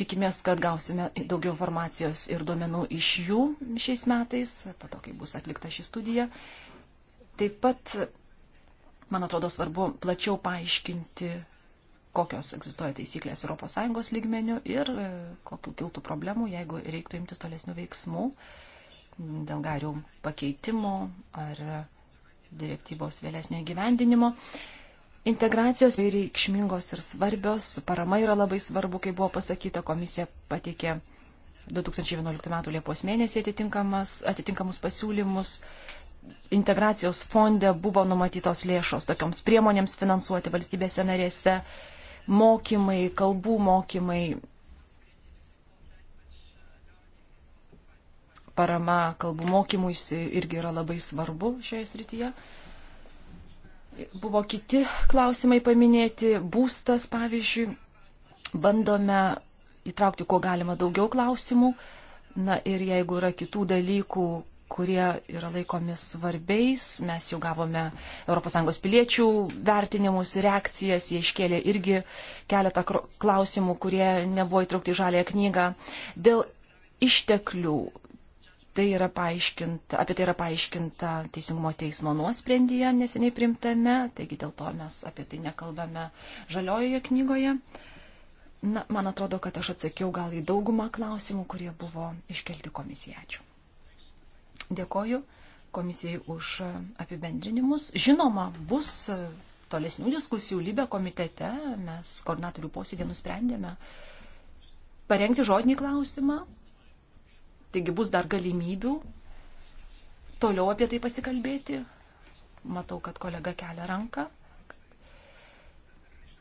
Tikimės, kad gausime daugiau informacijos ir duomenų iš jų šiais metais, po to, kai bus atlikta ši studija. Taip pat, man atrodo, svarbu plačiau paaiškinti, kokios egzistuoja taisyklės ES lygmenių ir e, kokiu kiltų problemų, jeigu reiktų imtis tolesnių veiksmų dėl garių pakeitimo ar direktyvos vėlesnio įgyvendinimo. Integracijos reikšmingos ir svarbios, parama yra labai svarbu, kaip buvo pasakyta, komisija pateikė 2011 m. Liepos mėnesį atitinkamus pasiūlymus. Integracijos fonde buvo numatytos lėšos tokioms priemonėms finansuoti valstybėse narėse, mokymai, kalbų mokymai, parama kalbų mokymuisi irgi yra labai svarbu šioje srityje. Buvo kiti klausimai paminėti, būstas, pavyzdžiui, bandome įtraukti kuo galima daugiau klausimų. Na ir jeigu yra kitų dalykų, kurie yra laikomi svarbiais, mes jau gavome ES piliečių vertinimus, reakcijas, jie iškėlė irgi keletą klausimų, kurie nebuvo įtraukti į žalę knygą. Dėl išteklių Tai yra paaiškinta, apie tai yra paaiškinta Teisingumo teismo nuosprendyje neseniai primtame, taigi dėl to mes apie tai nekalbame žaliojoje knygoje. Na, man atrodo, kad aš atsakiau gal į daugumą klausimų, kurie buvo iškelti komisijai. Ačiū. Dėkoju komisijai už apibendrinimus. Žinoma, bus tolesnių diskusijų lybė komitete. Mes koordinatorių posėdį nusprendėme parengti žodinį klausimą Taigi bus dar galimybių toliau apie tai pasikalbėti. Matau, kad kolega kelia ranką.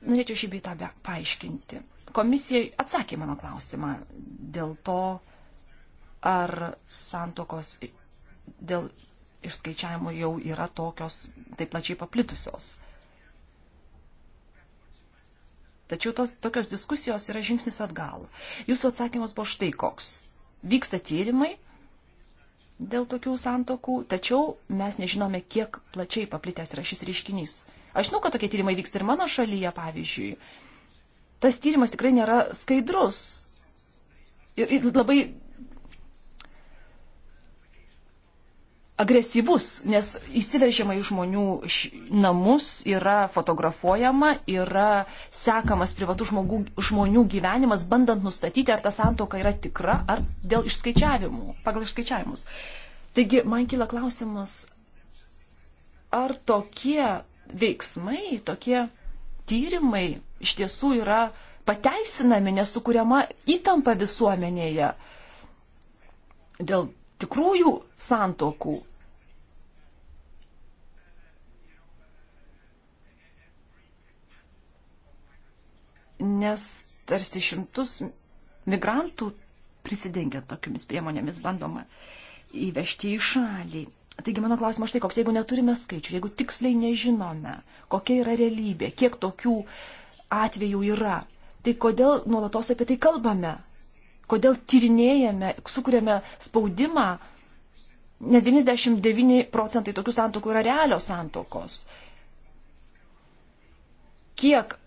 Norėčiau šį beitą paaiškinti. Komisija atsakė mano klausimą dėl to, ar santokos dėl išskaičiavimo jau yra tokios taip plačiai paplitusios. Tačiau tos, tokios diskusijos yra žingsnis atgal. Jūsų atsakymas buvo štai koks vyksta tyrimai dėl tokių santokų, tačiau mes nežinome, kiek plačiai paplitęs yra šis reiškinys. Aš žinau, kad tokie tyrimai vyksta ir mano šalyje, pavyzdžiui. Tas tyrimas tikrai nėra skaidrus. Ir, ir labai agresyvus, nes įsiveržiama į žmonių namus, yra fotografuojama, yra sekamas privatus žmogų, žmonių gyvenimas, bandant nustatyti, ar ta santoka yra tikra, ar dėl išskaičiavimų, pagal išskaičiavimus. Taigi, man kyla klausimas, ar tokie veiksmai, tokie tyrimai iš tiesų yra pateisinami, nesukuriama įtampa visuomenėje dėl tikrųjų santokų. Nes tarsi šimtus migrantų prisidengiant tokiamis priemonėmis bandoma įvežti į šalį. Taigi mano klausimas štai koks, jeigu neturime skaičių, jeigu tiksliai nežinome, kokia yra realybė, kiek tokių atvejų yra, tai kodėl nuolatos apie tai kalbame? kodėl tyrinėjame, sukūrėme spaudimą, nes 99 procentai tokių santokų yra realios santokos. Kiek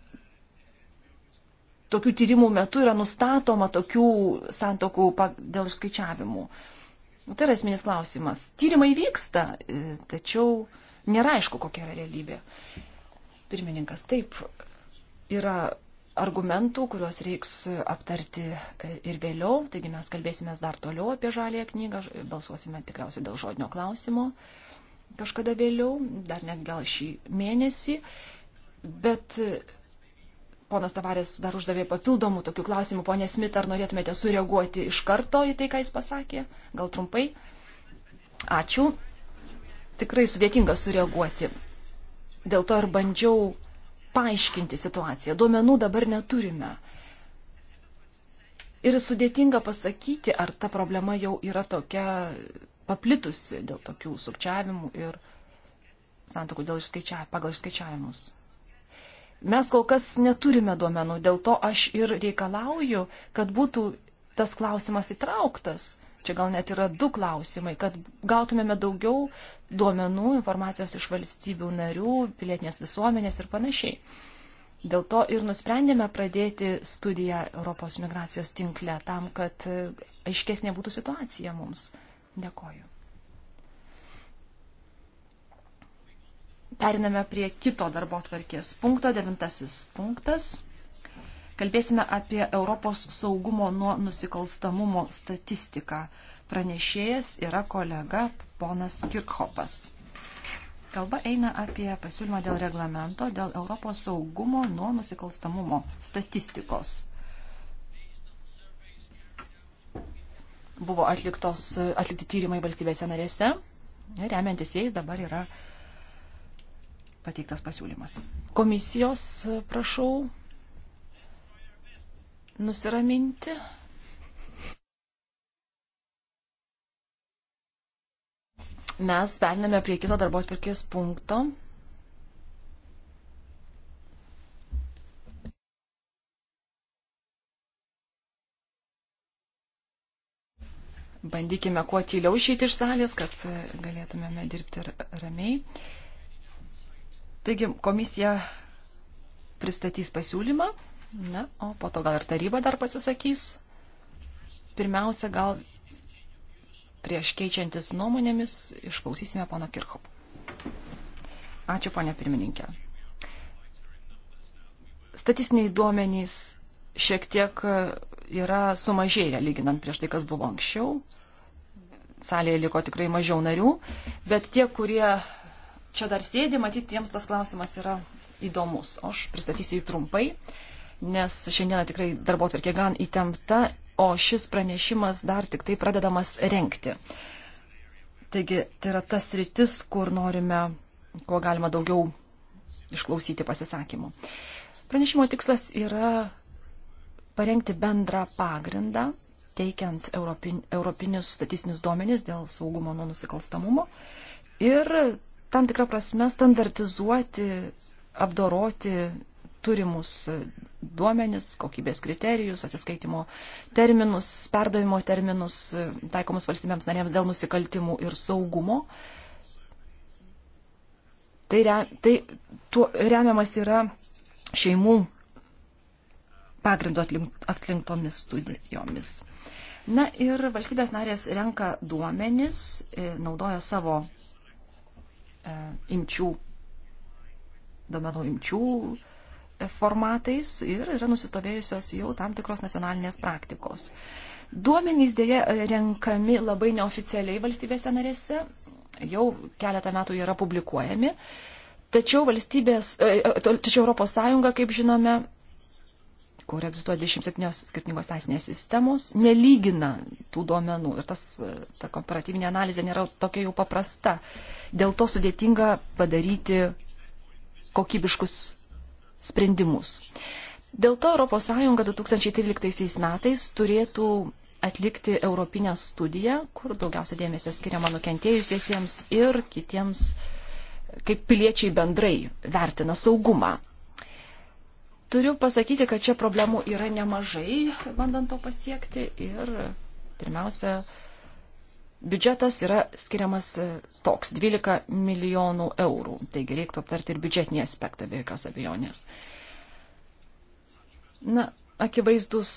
tokių tyrimų metu yra nustatoma tokių santokų dėl išskaičiavimų? Nu, tai yra esminis klausimas. Tyrimai vyksta, e, tačiau nėra aišku, kokia yra realybė. Pirmininkas, taip, yra argumentų, kuriuos reiks aptarti ir vėliau. Taigi mes kalbėsime dar toliau apie žalėją knygą, balsuosime tikriausiai dėl žodinio klausimo kažkada vėliau, dar net gal šį mėnesį. Bet e, ponas Tavarės dar uždavė papildomų tokių klausimų. Pone Smith, ar norėtumėte sureaguoti iš karto į tai, ką jis pasakė? Gal trumpai? Ačiū. Tikrai sudėtinga sureaguoti. Dėl to ir bandžiau paaiškinti situaciją. Duomenų dabar neturime. Ir sudėtinga pasakyti, ar ta problema jau yra tokia paplitusi dėl tokių sukčiavimų ir santokų dėl išskaičia, pagal išskaičiavimus. Mes kol kas neturime duomenų, dėl to aš ir reikalauju, kad būtų tas klausimas įtrauktas čia gal net yra du klausimai, kad gautumėme daugiau duomenų, informacijos iš valstybių narių, pilietinės visuomenės ir panašiai. Dėl to ir nusprendėme pradėti studiją Europos migracijos tinkle, tam, kad aiškesnė būtų situacija mums. Dėkoju. Periname prie kito darbo tvarkės punkto, devintasis punktas. Kalbėsime apie Europos saugumo nuo nusikalstamumo statistiką. Pranešėjas yra kolega ponas Kirkhopas. Kalba eina apie pasiūlymą dėl reglamento, dėl Europos saugumo nuo nusikalstamumo statistikos. Buvo atliktos, atlikti tyrimai valstybėse narėse, remiantis jais dabar yra pateiktas pasiūlymas. Komisijos, prašau, nusiraminti. Mes periname prie kito darbo atvirkės punkto. Bandykime kuo tyliau išėti iš salės, kad galėtumėme dirbti ramiai. Taigi komisija pristatys pasiūlymą. Na, o po to gal ir taryba dar pasisakys. Pirmiausia, gal prieš keičiantis nuomonėmis išklausysime pono Kirchop. Ačiū, ponė pirmininkė. Statistiniai duomenys šiek tiek yra sumažėję, lyginant prieš tai, kas buvo anksčiau. Salėje liko tikrai mažiau narių, bet tie, kurie čia dar sėdi, matyt, jiems tas klausimas yra įdomus. O aš pristatysiu jį trumpai nes šiandieną tikrai darbo tvarkė gan įtempta, o šis pranešimas dar tik tai pradedamas renkti. Taigi tai yra tas rytis, kur norime, kuo galima daugiau išklausyti pasisakymų. Pranešimo tikslas yra parengti bendrą pagrindą, teikiant europin, europinius statistinius duomenys dėl saugumo nuo nusikalstamumo ir tam tikrą prasme standartizuoti, apdoroti turimus duomenis, kokybės kriterijus, atsiskaitimo terminus, perdavimo terminus e, taikomus valstybėms narėms dėl nusikaltimų ir saugumo. Tai, re, tai tuo, remiamas yra šeimų pagrindu atlink, atlinktomis studijomis. Na ir valstybės narės renka duomenis, e, naudoja savo e, imčių, duomenų imčių, formatais ir yra nusistovėjusios jau tam tikros nacionalinės praktikos. Duomenys dėje renkami labai neoficialiai valstybėse narėse, jau keletą metų yra publikuojami, tačiau, e, e, tačiau ES, kaip žinome, kur egzistuoja 27 skirtingos teisinės sistemos, nelygina tų duomenų ir tas, e, ta komparatyvinė analizė nėra tokia jau paprasta. Dėl to sudėtinga padaryti kokybiškus sprendimus. Dėl to ES 2013 metais turėtų atlikti Europinę studiją, kur daugiausia dėmesio skiriama nukentėjusiesiems ir kitiems, kaip piliečiai bendrai vertina saugumą. Turiu pasakyti, kad čia problemų yra nemažai, bandant to pasiekti ir pirmiausia, Biudžetas yra skiriamas e, toks - 12 milijonų eurų. Taigi reiktų aptarti ir biudžetinį aspektą, be jokios abejonės. Na, akivaizdus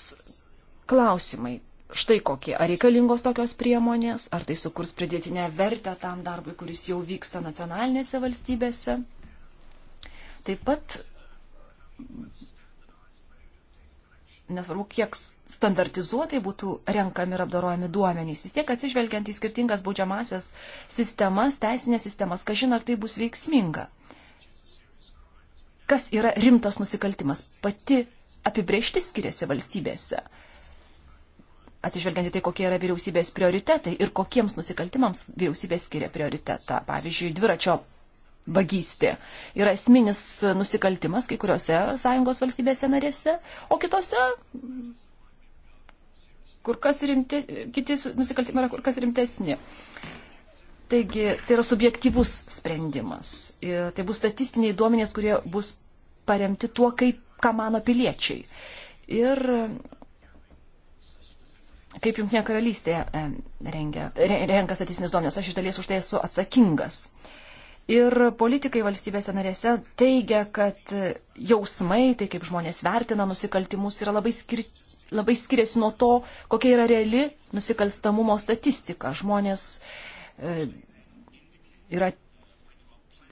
klausimai. Štai kokie. Ar reikalingos tokios priemonės, ar tai sukurs pridėtinę vertę tam darbui, kuris jau vyksta nacionalinėse valstybėse. Taip pat nesvarbu, kiek standartizuotai būtų renkami ir apdorojami duomenys, vis tiek atsižvelgiant į skirtingas baudžiamasias sistemas, teisinės sistemas, kažin ar tai bus veiksminga. Kas yra rimtas nusikaltimas? Pati apibriešti skiriasi valstybėse. Atsižvelgiant į tai, kokie yra vyriausybės prioritetai ir kokiems nusikaltimams vyriausybė skiria prioritetą. Pavyzdžiui, dviračio vagystė yra esminis nusikaltimas kai kuriuose sąjungos valstybėse narėse, o kitose kur kas rimti, kiti nusikaltimai yra kur kas rimtesni. Taigi tai yra subjektyvus sprendimas. Ir tai bus statistiniai duomenės, kurie bus paremti tuo, kaip, ką mano piliečiai. Ir kaip Junktinė karalystė rengia, renka statistinius duomenės, aš iš dalies už tai esu atsakingas. Uh, Ir politikai valstybėse narėse teigia, kad jausmai, tai kaip žmonės vertina nusikaltimus, yra labai, skir... labai skiriasi nuo to, kokia yra reali nusikalstamumo statistika. Žmonės e, yra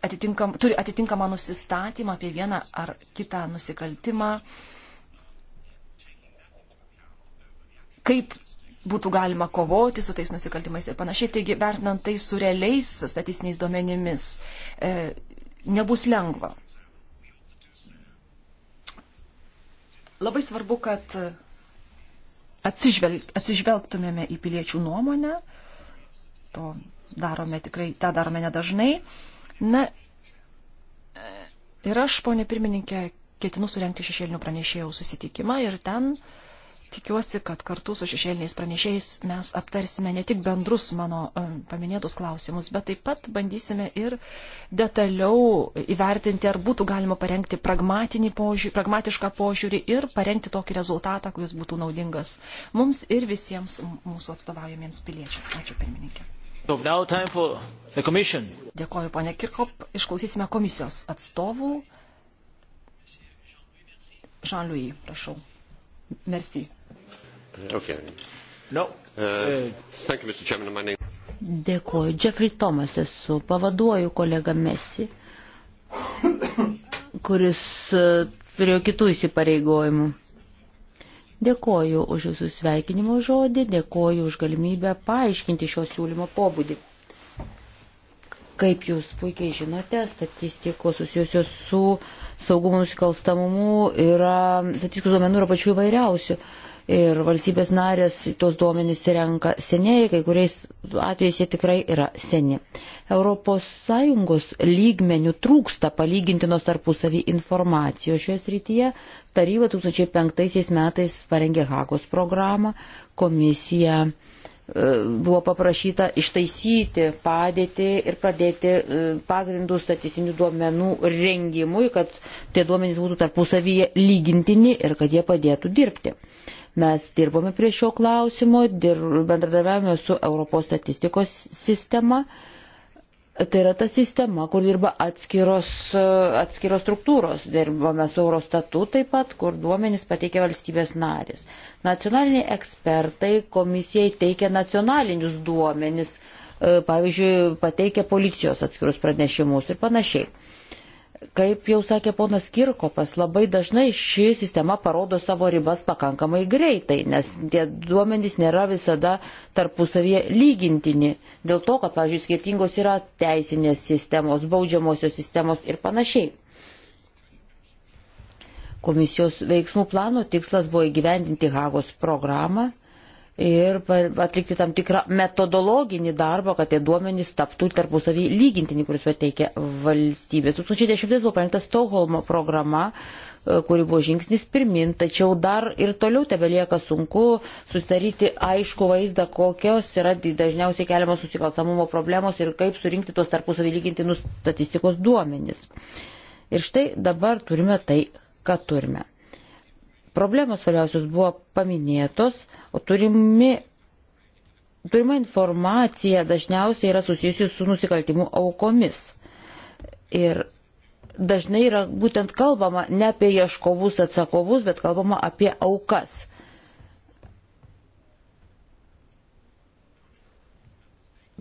atitinkam, turi atitinkamą nusistatymą apie vieną ar kitą nusikaltimą. Kaip būtų galima kovoti su tais nusikaltimais ir panašiai. Taigi, vertinant tai su realiais statistiniais duomenimis, e, nebus lengva. Labai svarbu, kad atsižvelg, atsižvelgtumėme į piliečių nuomonę. To darome tikrai, tą darome nedažnai. Na, e, ir aš, ponė pirmininkė, ketinu surenkti šešėlinių pranešėjų susitikimą ir ten uh, Tikiuosi, kad kartu su šešėliniais pranešėjais mes aptarsime ne tik bendrus mano e, paminėtus klausimus, bet taip pat bandysime ir detaliau įvertinti, ar būtų galima parengti požiūrį, pragmatišką požiūrį ir parengti tokį rezultatą, kuris būtų naudingas mums ir visiems mūsų atstovaujamiems piliečiams. Ačiū pirmininkė. Dėkoju, ponė Kirkop. Išklausysime komisijos atstovų. Jean-Louis, prašau. Merci. Okay. No. Uh, thank you, Mr. Chairman. My name... Dėkuoju. Jeffrey Thomas esu. Pavaduoju kolegą Messi, kuris uh, turėjo kitų įsipareigojimų. Dėkoju už jūsų sveikinimo žodį, dėkoju už galimybę paaiškinti šio siūlymo pobūdį. Kaip jūs puikiai žinote, statistikos susijusios su saugumo nusikalstamumu yra, statistikos duomenų yra pačių įvairiausių. Uh, ir valstybės narės tuos duomenys renka seniai, kai kuriais atvejais jie tikrai yra seni. ES lygmenių trūksta palygintinos tarpusavį informacijos šioje srityje. Taryba 2005 metais parengė Hagos programą, komisija e, buvo paprašyta ištaisyti padėtį ir pradėti e, pagrindų statistinių duomenų rengimui, kad tie duomenys būtų tarpusavyje lygintini ir kad jie padėtų dirbti. Mes dirbome prie šio klausimo, bendradarbiavome su Europos statistikos sistema. Tai yra ta sistema, kur dirba atskiros, atskiros struktūros. Dirbame su Eurostatu taip pat, kur duomenys pateikia valstybės narės. Nacionaliniai ekspertai komisijai teikia nacionalinius duomenys, e, pavyzdžiui, pateikia policijos atskirus pranešimus ir panašiai. Kaip jau sakė ponas Kirkopas, labai dažnai ši sistema parodo savo ribas pakankamai greitai, nes tie duomenys nėra visada tarpusavie lygintini. Dėl to, kad, pavyzdžiui, skirtingos yra teisinės sistemos, baudžiamosios sistemos ir panašiai. Komisijos veiksmų plano tikslas buvo įgyvendinti Hagos programą ir atlikti tam tikrą metodologinį darbą, kad tie duomenys taptų tarpusavį lygintinį, kuris pateikia valstybės. 2010 buvo parengta Stokholmo programa, e, kuri buvo žingsnis pirmin, tačiau dar ir toliau tebelieka sunku sustaryti aišku vaizdą, kokios yra dažniausiai keliamos susikaltamumo problemos ir kaip surinkti tuos tarpusavį lygintinus statistikos duomenys. Ir štai dabar turime tai, ką turime. Problemos svarbiausios buvo paminėtos O turimi, turima informacija dažniausiai yra susijusi su nusikaltimų aukomis. Ir dažnai yra būtent kalbama ne apie ieškovus atsakovus, bet kalbama apie aukas.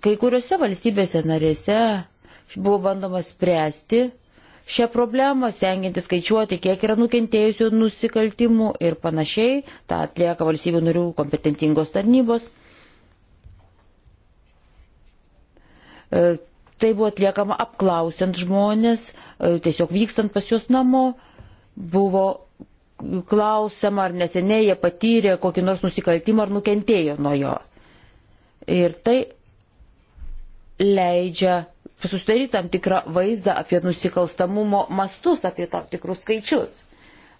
Kai kuriuose valstybėse narėse buvo bandoma spręsti šią problemą, stengiantis skaičiuoti, kiek yra nukentėjusių nusikaltimų ir panašiai. Ta atlieka valstybių narių kompetentingos tarnybos. E, tai buvo atliekama apklausiant žmonės, e, tiesiog vykstant pas juos namo, buvo klausiama, ar neseniai jie patyrė kokį nors nusikaltimą ar nukentėjo nuo jo. Ir tai leidžia susidaryti tam tikrą vaizdą apie nusikalstamumo mastus, apie tam tikrus skaičius.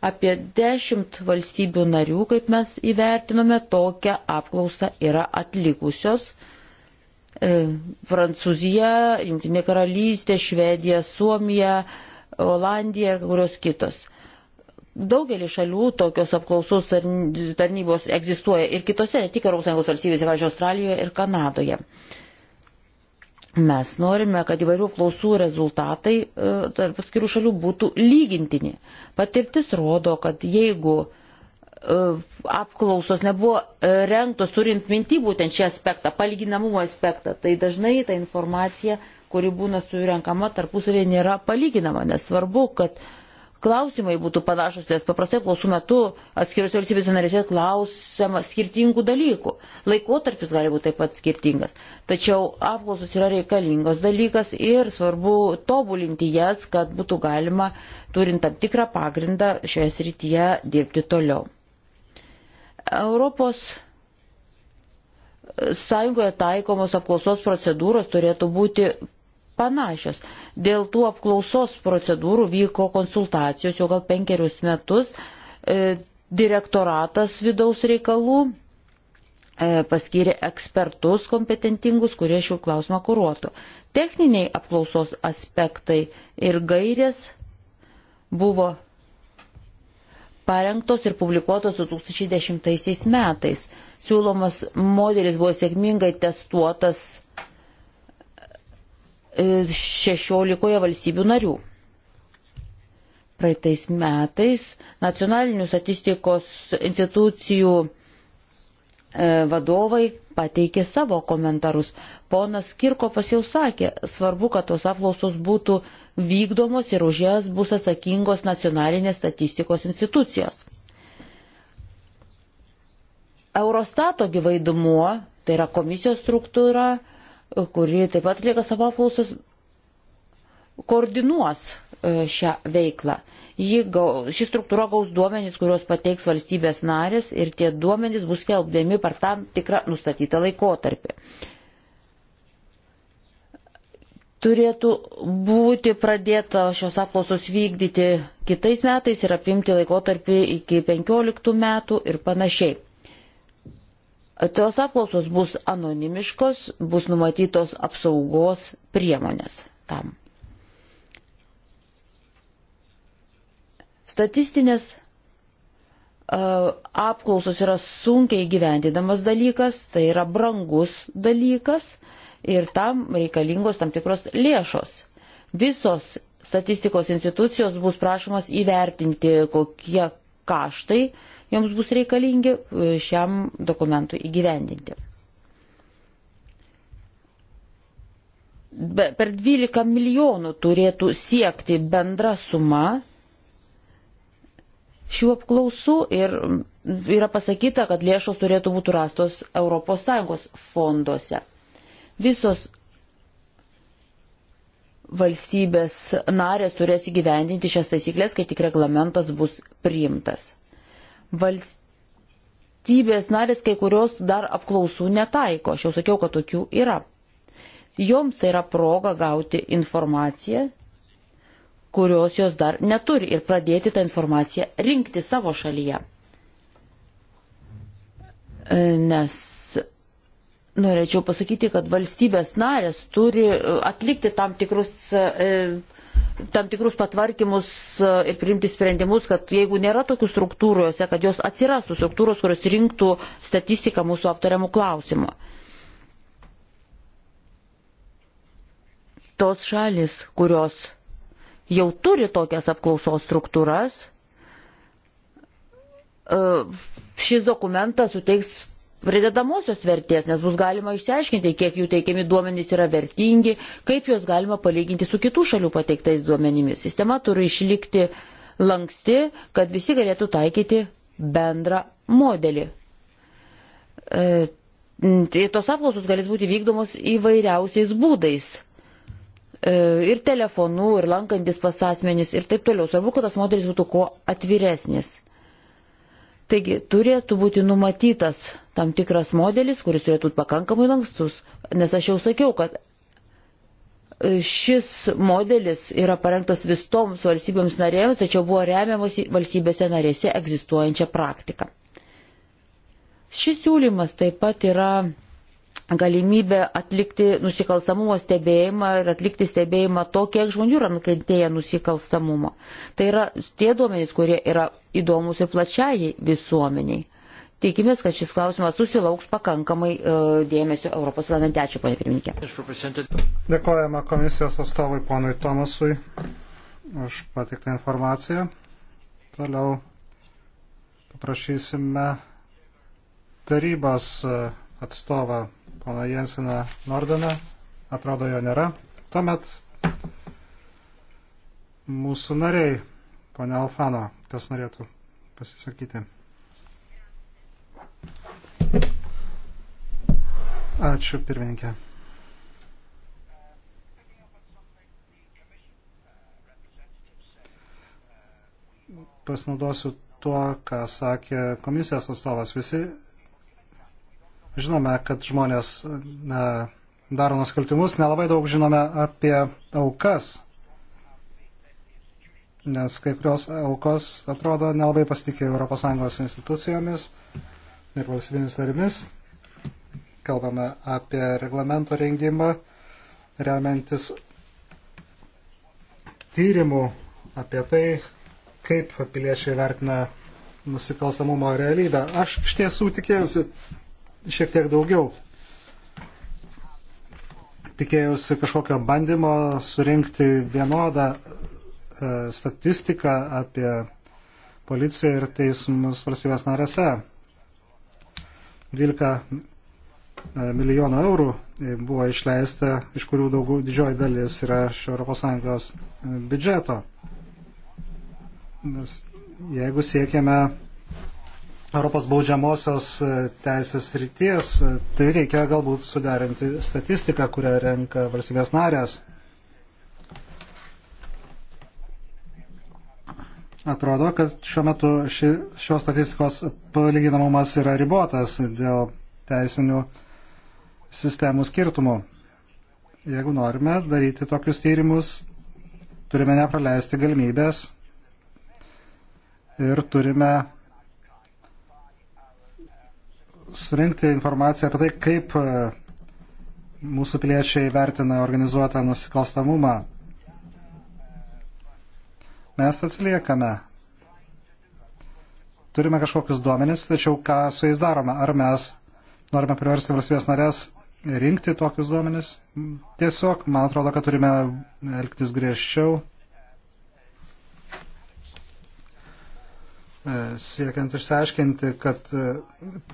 Apie dešimt valstybių narių, kaip mes įvertinome, tokią apklausą yra atlikusios. E, Prancūzija, Junktinė karalystė, Švedija, Suomija, Olandija ir kurios kitos. Daugelį šalių tokios apklausos tarnybos egzistuoja ir kitose, ne tik ES valstybėse, važiuoju, Australijoje ir Kanadoje. E, Mes norime, kad įvairių klausų rezultatai e, tarp skirų šalių būtų lygintini. Patirtis rodo, kad jeigu e, apklausos nebuvo e, renktos turint minti būtent šį aspektą, palyginamumo aspektą, tai dažnai ta informacija, kuri būna surenkama tarpusavėje, nėra palyginama, nes svarbu, kad uh, klausimai būtų panašus, nes paprastai klausų metu atskiriuose valstybėse narėse klausima skirtingų dalykų. Laikotarpis gali būti taip pat skirtingas. Tačiau apklausos yra reikalingos dalykas ir svarbu tobulinti jas, kad būtų galima, turint tam tikrą pagrindą, šioje srityje dirbti toliau. Europos Sąjungoje taikomos apklausos procedūros turėtų būti panašios. Dėl tų apklausos procedūrų vyko konsultacijos jau gal penkerius metus. E, direktoratas vidaus reikalų e, paskyrė ekspertus kompetentingus, kurie šių klausimą kuruotų. Techniniai apklausos aspektai ir gairės buvo parengtos ir publikuotos 2010 metais. Siūlomas modelis buvo sėkmingai testuotas 16 valstybių narių. Praeitais metais nacionalinių statistikos institucijų e, vadovai pateikė savo komentarus. Ponas Kirkopas jau sakė, svarbu, kad tos apklausos būtų vykdomos ir už jas bus atsakingos nacionalinės statistikos institucijos. Eurostato gyvaidumuo, tai yra komisijos struktūra, kuri taip pat lieka savo apklausas, koordinuos e, šią veiklą. Gaus, ši struktūra gaus duomenys, kuriuos pateiks valstybės narės ir tie duomenys bus kelbdami per tam tikrą nustatytą laikotarpį. Turėtų būti pradėta šios apklausos vykdyti kitais metais ir apimti laikotarpį iki 15 metų ir panašiai. Tos apklausos bus anonimiškos, bus numatytos apsaugos priemonės tam. Statistinės apklausos yra sunkiai gyvendinamas dalykas, tai yra brangus dalykas ir tam reikalingos tam tikros lėšos. Visos statistikos institucijos bus prašomas įvertinti, kokie kaštai joms bus reikalingi e, šiam dokumentui įgyvendinti. Be, per 12 milijonų turėtų siekti bendra suma šių apklausų ir yra pasakyta, kad lėšos turėtų būti rastos ES fonduose. Visos valstybės narės turės įgyvendinti šias taisyklės, kai tik reglamentas bus priimtas. Valstybės narės kai kurios dar apklausų netaiko, aš jau sakiau, kad tokių yra. Joms tai yra proga gauti informaciją, kurios jos dar neturi ir pradėti tą informaciją rinkti savo šalyje. Nes Norėčiau pasakyti, kad valstybės narės turi e, atlikti tam tikrus, e, tam tikrus patvarkymus e, ir priimti sprendimus, kad jeigu nėra tokių struktūrų, kad jos atsirastų struktūros, kurios rinktų statistiką mūsų aptariamų klausimų. Tos šalis, kurios jau turi tokias apklausos struktūras, šis dokumentas suteiks pridedamosios vertės, nes bus galima išsiaiškinti, kiek jų teikiami duomenys yra vertingi, kaip juos galima palyginti su kitų šalių pateiktais duomenimis. Sistema turi išlikti lanksti, kad visi galėtų taikyti bendrą modelį. E, tai tos apklausos galės būti vykdomos įvairiausiais būdais. E, ir telefonu, ir lankantis pas asmenys, ir taip toliau. Svarbu, kad tas modelis būtų kuo atviresnis. Taigi turėtų būti numatytas tam tikras modelis, kuris turėtų būti pakankamai lankstus, nes aš jau sakiau, kad e, šis modelis yra parengtas visoms valstybėms narėms, tačiau buvo remiamas valstybėse narėse egzistuojančią praktiką. Šis siūlymas taip pat yra galimybė atlikti nusikalstamumo stebėjimą ir atlikti stebėjimą to, kiek žmonių yra nukentėję nusikalstamumo. Tai yra tie duomenys, kurie yra įdomus ir plačiai visuomeniai. Tikimės, kad šis klausimas susilauks pakankamai e, dėmesio Europos parlamente. Ačiū, ponė pirmininkė. Dėkojame komisijos atstovui ponui Tomasui už patiktą informaciją. Toliau paprašysime tarybos e, atstovą poną Jensiną Nordoną. Atrodo, jo nėra. Tuomet mūsų nariai, ponė Alfano, kas norėtų pasisakyti. Ačiū pirmininkė. Pasinaudosiu tuo, ką sakė komisijos atstovas. Visi žinome, kad žmonės na, daro nusikaltimus, nelabai daug žinome apie aukas, nes kai kurios aukos atrodo nelabai pasitikė ES institucijomis ir valstybėmis darimis kalbame apie reglamento rengimą, remiantis tyrimų apie tai, kaip piliečiai vertina nusikalstamumo realybę. Aš iš tiesų tikėjausi šiek tiek daugiau. Tikėjausi kažkokio bandymo surinkti vienodą e, statistiką apie policiją ir teismus valstybės narėse. 12 E, milijonų eurų e, buvo išleista, iš kurių daugų, didžioji dalis yra iš ES e, biudžeto. Nes jeigu siekiame Europos baudžiamosios teisės ryties, tai reikia galbūt suderinti statistiką, kurią renka valstybės narės. Atrodo, kad šiuo metu ši, šios statistikos palyginamumas yra ribotas dėl teisinių sistemų skirtumų. Jeigu norime daryti tokius tyrimus, turime nepraleisti galimybės ir turime surinkti informaciją apie tai, kaip e, mūsų piliečiai vertina organizuotą nusikalstamumą. Mes atsiliekame. Turime kažkokius duomenis, tačiau ką su jais darome? Ar mes norime priversti valstybės narės rinkti tokius duomenis. Tiesiog, man atrodo, kad turime elgtis griežčiau, e, siekiant išsiaiškinti, kad e,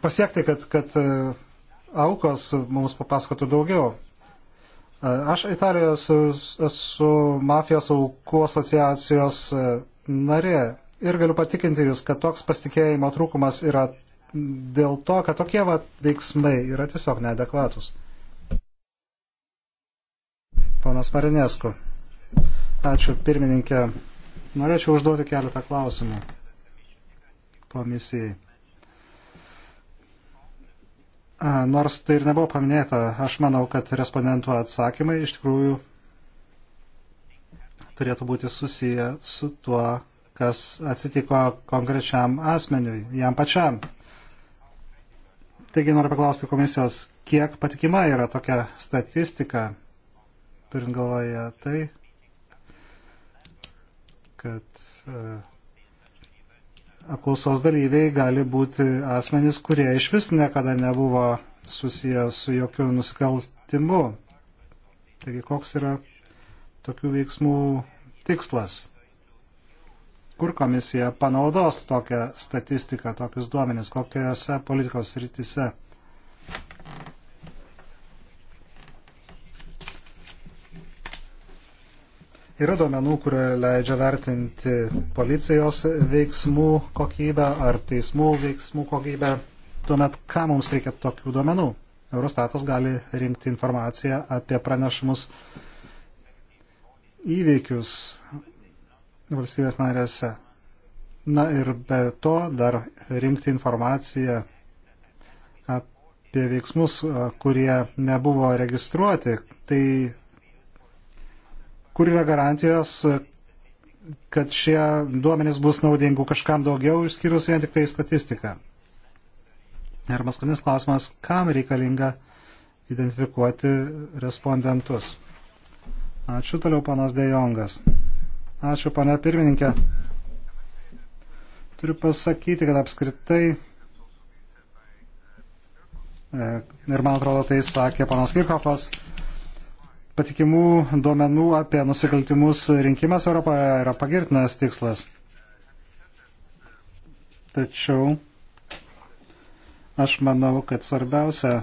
pasiekti, kad, kad e, aukos mums papasakotų daugiau. Aš Italijos esu mafijos aukų asociacijos narė ir galiu patikinti Jūs, kad toks pasitikėjimo trūkumas yra dėl to, kad tokie va, veiksmai yra tiesiog neadekvatus. Ponas Marinesku. Ačiū pirmininkė. Norėčiau užduoti keletą klausimų komisijai. Nors tai ir nebuvo paminėta, aš manau, kad respondentų atsakymai iš tikrųjų turėtų būti susiję su tuo, kas atsitiko konkrečiam asmeniui, jam pačiam. Taigi noriu paklausti komisijos, kiek patikima yra tokia statistika, turint galvoje tai, kad e, apklausos dalyviai gali būti asmenys, kurie iš vis niekada nebuvo susijęs su jokiu nusikaltimu. Taigi koks yra tokių veiksmų tikslas? kur komisija panaudos tokią statistiką, tokius duomenis, kokiose politikos rytise. Yra duomenų, kurie leidžia vertinti policijos veiksmų kokybę ar teismų veiksmų kokybę. Tuomet, ką mums reikia tokių duomenų? Eurostatas gali rinkti informaciją apie pranešamus įveikius valstybės narėse. Na ir be to dar rinkti informaciją apie veiksmus, kurie nebuvo registruoti. Tai kur yra garantijos, kad šie duomenys bus naudingų kažkam daugiau, išskyrus vien tik tai statistiką. Ir paskutinis klausimas, kam reikalinga identifikuoti respondentus. Ačiū toliau panas Dejongas. Ačiū, pane pirmininkė. Turiu pasakyti, kad apskritai, e, ir man atrodo, tai sakė panas Kirchhoffas, patikimų duomenų apie nusikaltimus rinkimas Europoje yra pagirtinas tikslas. Tačiau aš manau, kad svarbiausia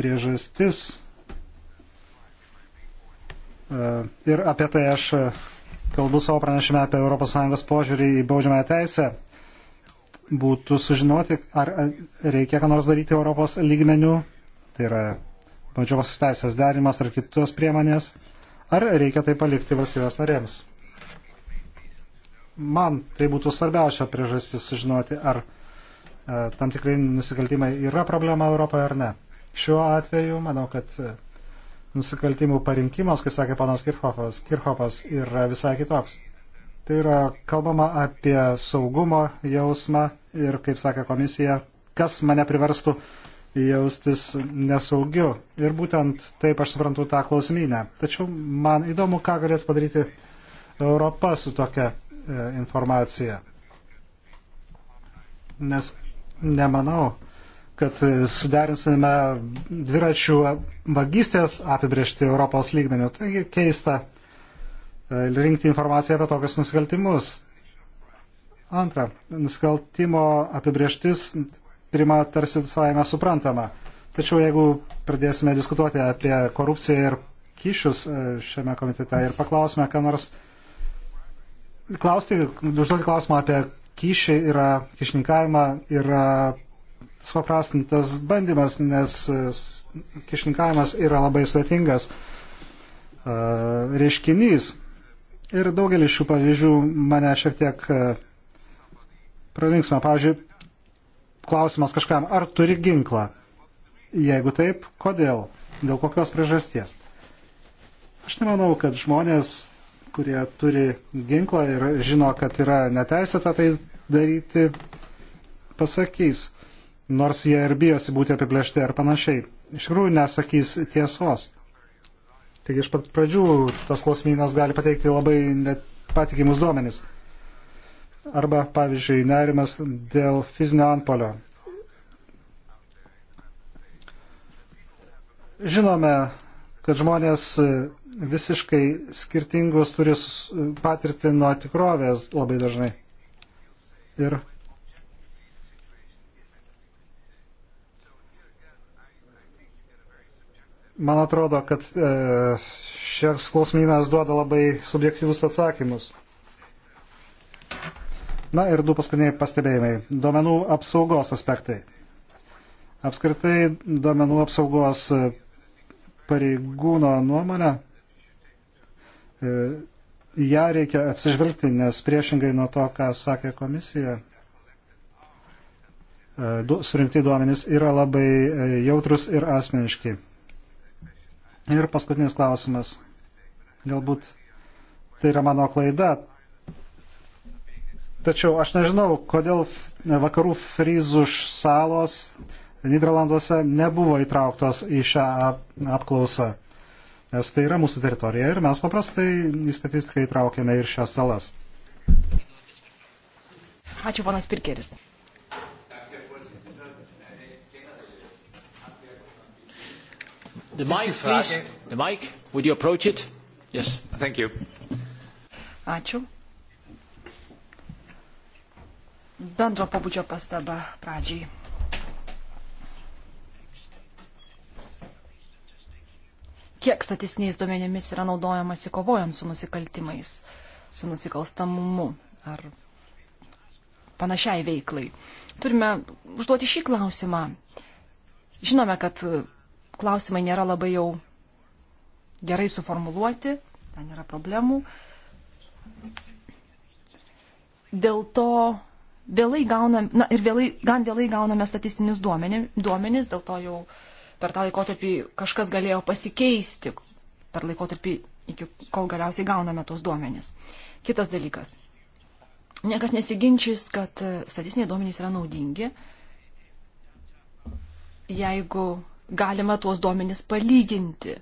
priežastis e, ir apie tai aš kalbu savo pranešime apie ES požiūrį į baudžiamąją teisę, būtų sužinoti, ar reikia ką nors daryti Europos lygmenių, tai yra baudžiamosios teisės darimas ar kitos priemonės, ar reikia tai palikti valstybės narėms. Man tai būtų svarbiausia priežastis sužinoti, ar e, tam tikrai nusikaltimai yra problema Europoje ar ne. Šiuo atveju manau, kad e, nusikaltimų parinkimas, kaip sakė panas Kirchhoffas, Kirchhoffas yra visai kitoks. Tai yra kalbama apie saugumo jausmą ir, kaip sakė komisija, kas mane priverstų jaustis nesaugiu. Ir būtent taip aš suprantu tą klausimynę. Tačiau man įdomu, ką galėtų padaryti Europa su tokia e, informacija. Nes nemanau, kad e, suderinsime dviračių vagystės apibriežti Europos lygmenių. Taigi keista e, rinkti informaciją apie tokius nusikaltimus. Antra, nusikaltimo apibrieštis pirma tarsi savaime suprantama. Tačiau jeigu pradėsime diskutuoti apie korupciją ir kyšius e, šiame komitete ir paklausime, ką nors klausti, užduoti klausimą apie kyšį yra, kišininkavimą yra supaprastintas bandymas, nes e, kišininkavimas yra labai sudėtingas e, reiškinys. Ir daugelis šių pavyzdžių mane šiek tiek e, pralinksma. Pavyzdžiui, klausimas kažkam, ar turi ginklą? Jeigu taip, kodėl? Dėl kokios priežasties? Aš nemanau, kad žmonės, kurie turi ginklą ir žino, kad yra neteisėta tai daryti, pasakys, nors jie ir bijosi būti apiplėšti ar panašiai. Iš tikrųjų nesakys tiesos. Taigi iš pat pradžių tas klausimynas gali pateikti labai nepatikimus duomenys. Arba, pavyzdžiui, nerimas dėl fizinio antpolio. Žinome, kad žmonės visiškai skirtingus turi patirti nuo tikrovės labai dažnai. Ir Man atrodo, kad e, šis klausimynas duoda labai subjektyvus atsakymus. Na ir du paskutiniai pastebėjimai. Duomenų apsaugos aspektai. Apskritai duomenų apsaugos e, pareigūno nuomonę, e, ją reikia atsižvelgti, nes priešingai nuo to, ką sakė komisija, e, du, surinkti duomenys yra labai e, jautrus ir asmeniški. Ir paskutinis klausimas. Galbūt tai yra mano klaida. Tačiau aš nežinau, kodėl vakarų frizų salos Niderlanduose nebuvo įtrauktos į šią apklausą. Nes tai yra mūsų teritorija ir mes paprastai į statistiką įtraukiame ir šias salas. Ačiū, ponas Pirkeris. The mic, please. The mic. Would you approach it? Yes. Thank you. Ačiū. Bendro pobūdžio pastaba pradžiai. Kiek statistiniais duomenimis yra naudojamasi kovojant su nusikaltimais, su nusikalstamumu ar panašiai veiklai? Turime užduoti šį klausimą. Žinome, kad klausimai nėra labai jau gerai suformuluoti, ten yra problemų. Dėl to vėlai gauname, na ir vėlai, gan vėlai gauname statistinius duomenis, duomenis, dėl to jau per tą laikotarpį kažkas galėjo pasikeisti, per laikotarpį iki kol galiausiai gauname tos duomenis. Kitas dalykas. Niekas nesiginčys, kad statistiniai duomenys yra naudingi, jeigu galima tuos duomenis palyginti.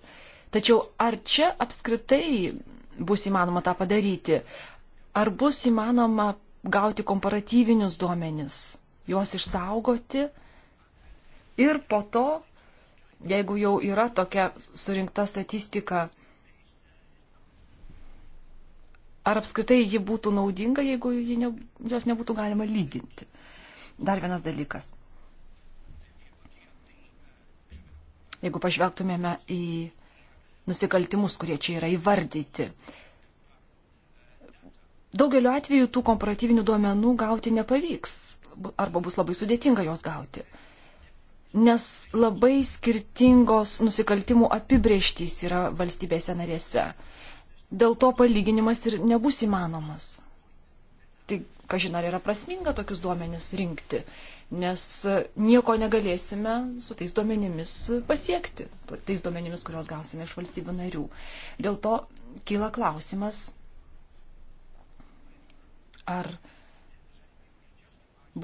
Tačiau ar čia apskritai bus įmanoma tą padaryti? Ar bus įmanoma gauti komparatyvinius duomenis, juos išsaugoti ir po to, jeigu jau yra tokia surinkta statistika, ar apskritai ji būtų naudinga, jeigu ne, jos nebūtų galima lyginti? Dar vienas dalykas. jeigu pažvelgtumėme į nusikaltimus, kurie čia yra įvardyti. Daugeliu atveju tų komparatyvinių duomenų gauti nepavyks arba bus labai sudėtinga juos gauti, nes labai skirtingos nusikaltimų apibrieštys yra valstybėse narėse. Dėl to palyginimas ir nebus įmanomas. Tai, ką žinai, ar yra prasminga tokius duomenis rinkti, nes nieko negalėsime su tais duomenimis pasiekti, tais duomenimis, kuriuos gausime iš valstybių narių. Dėl to kyla klausimas, ar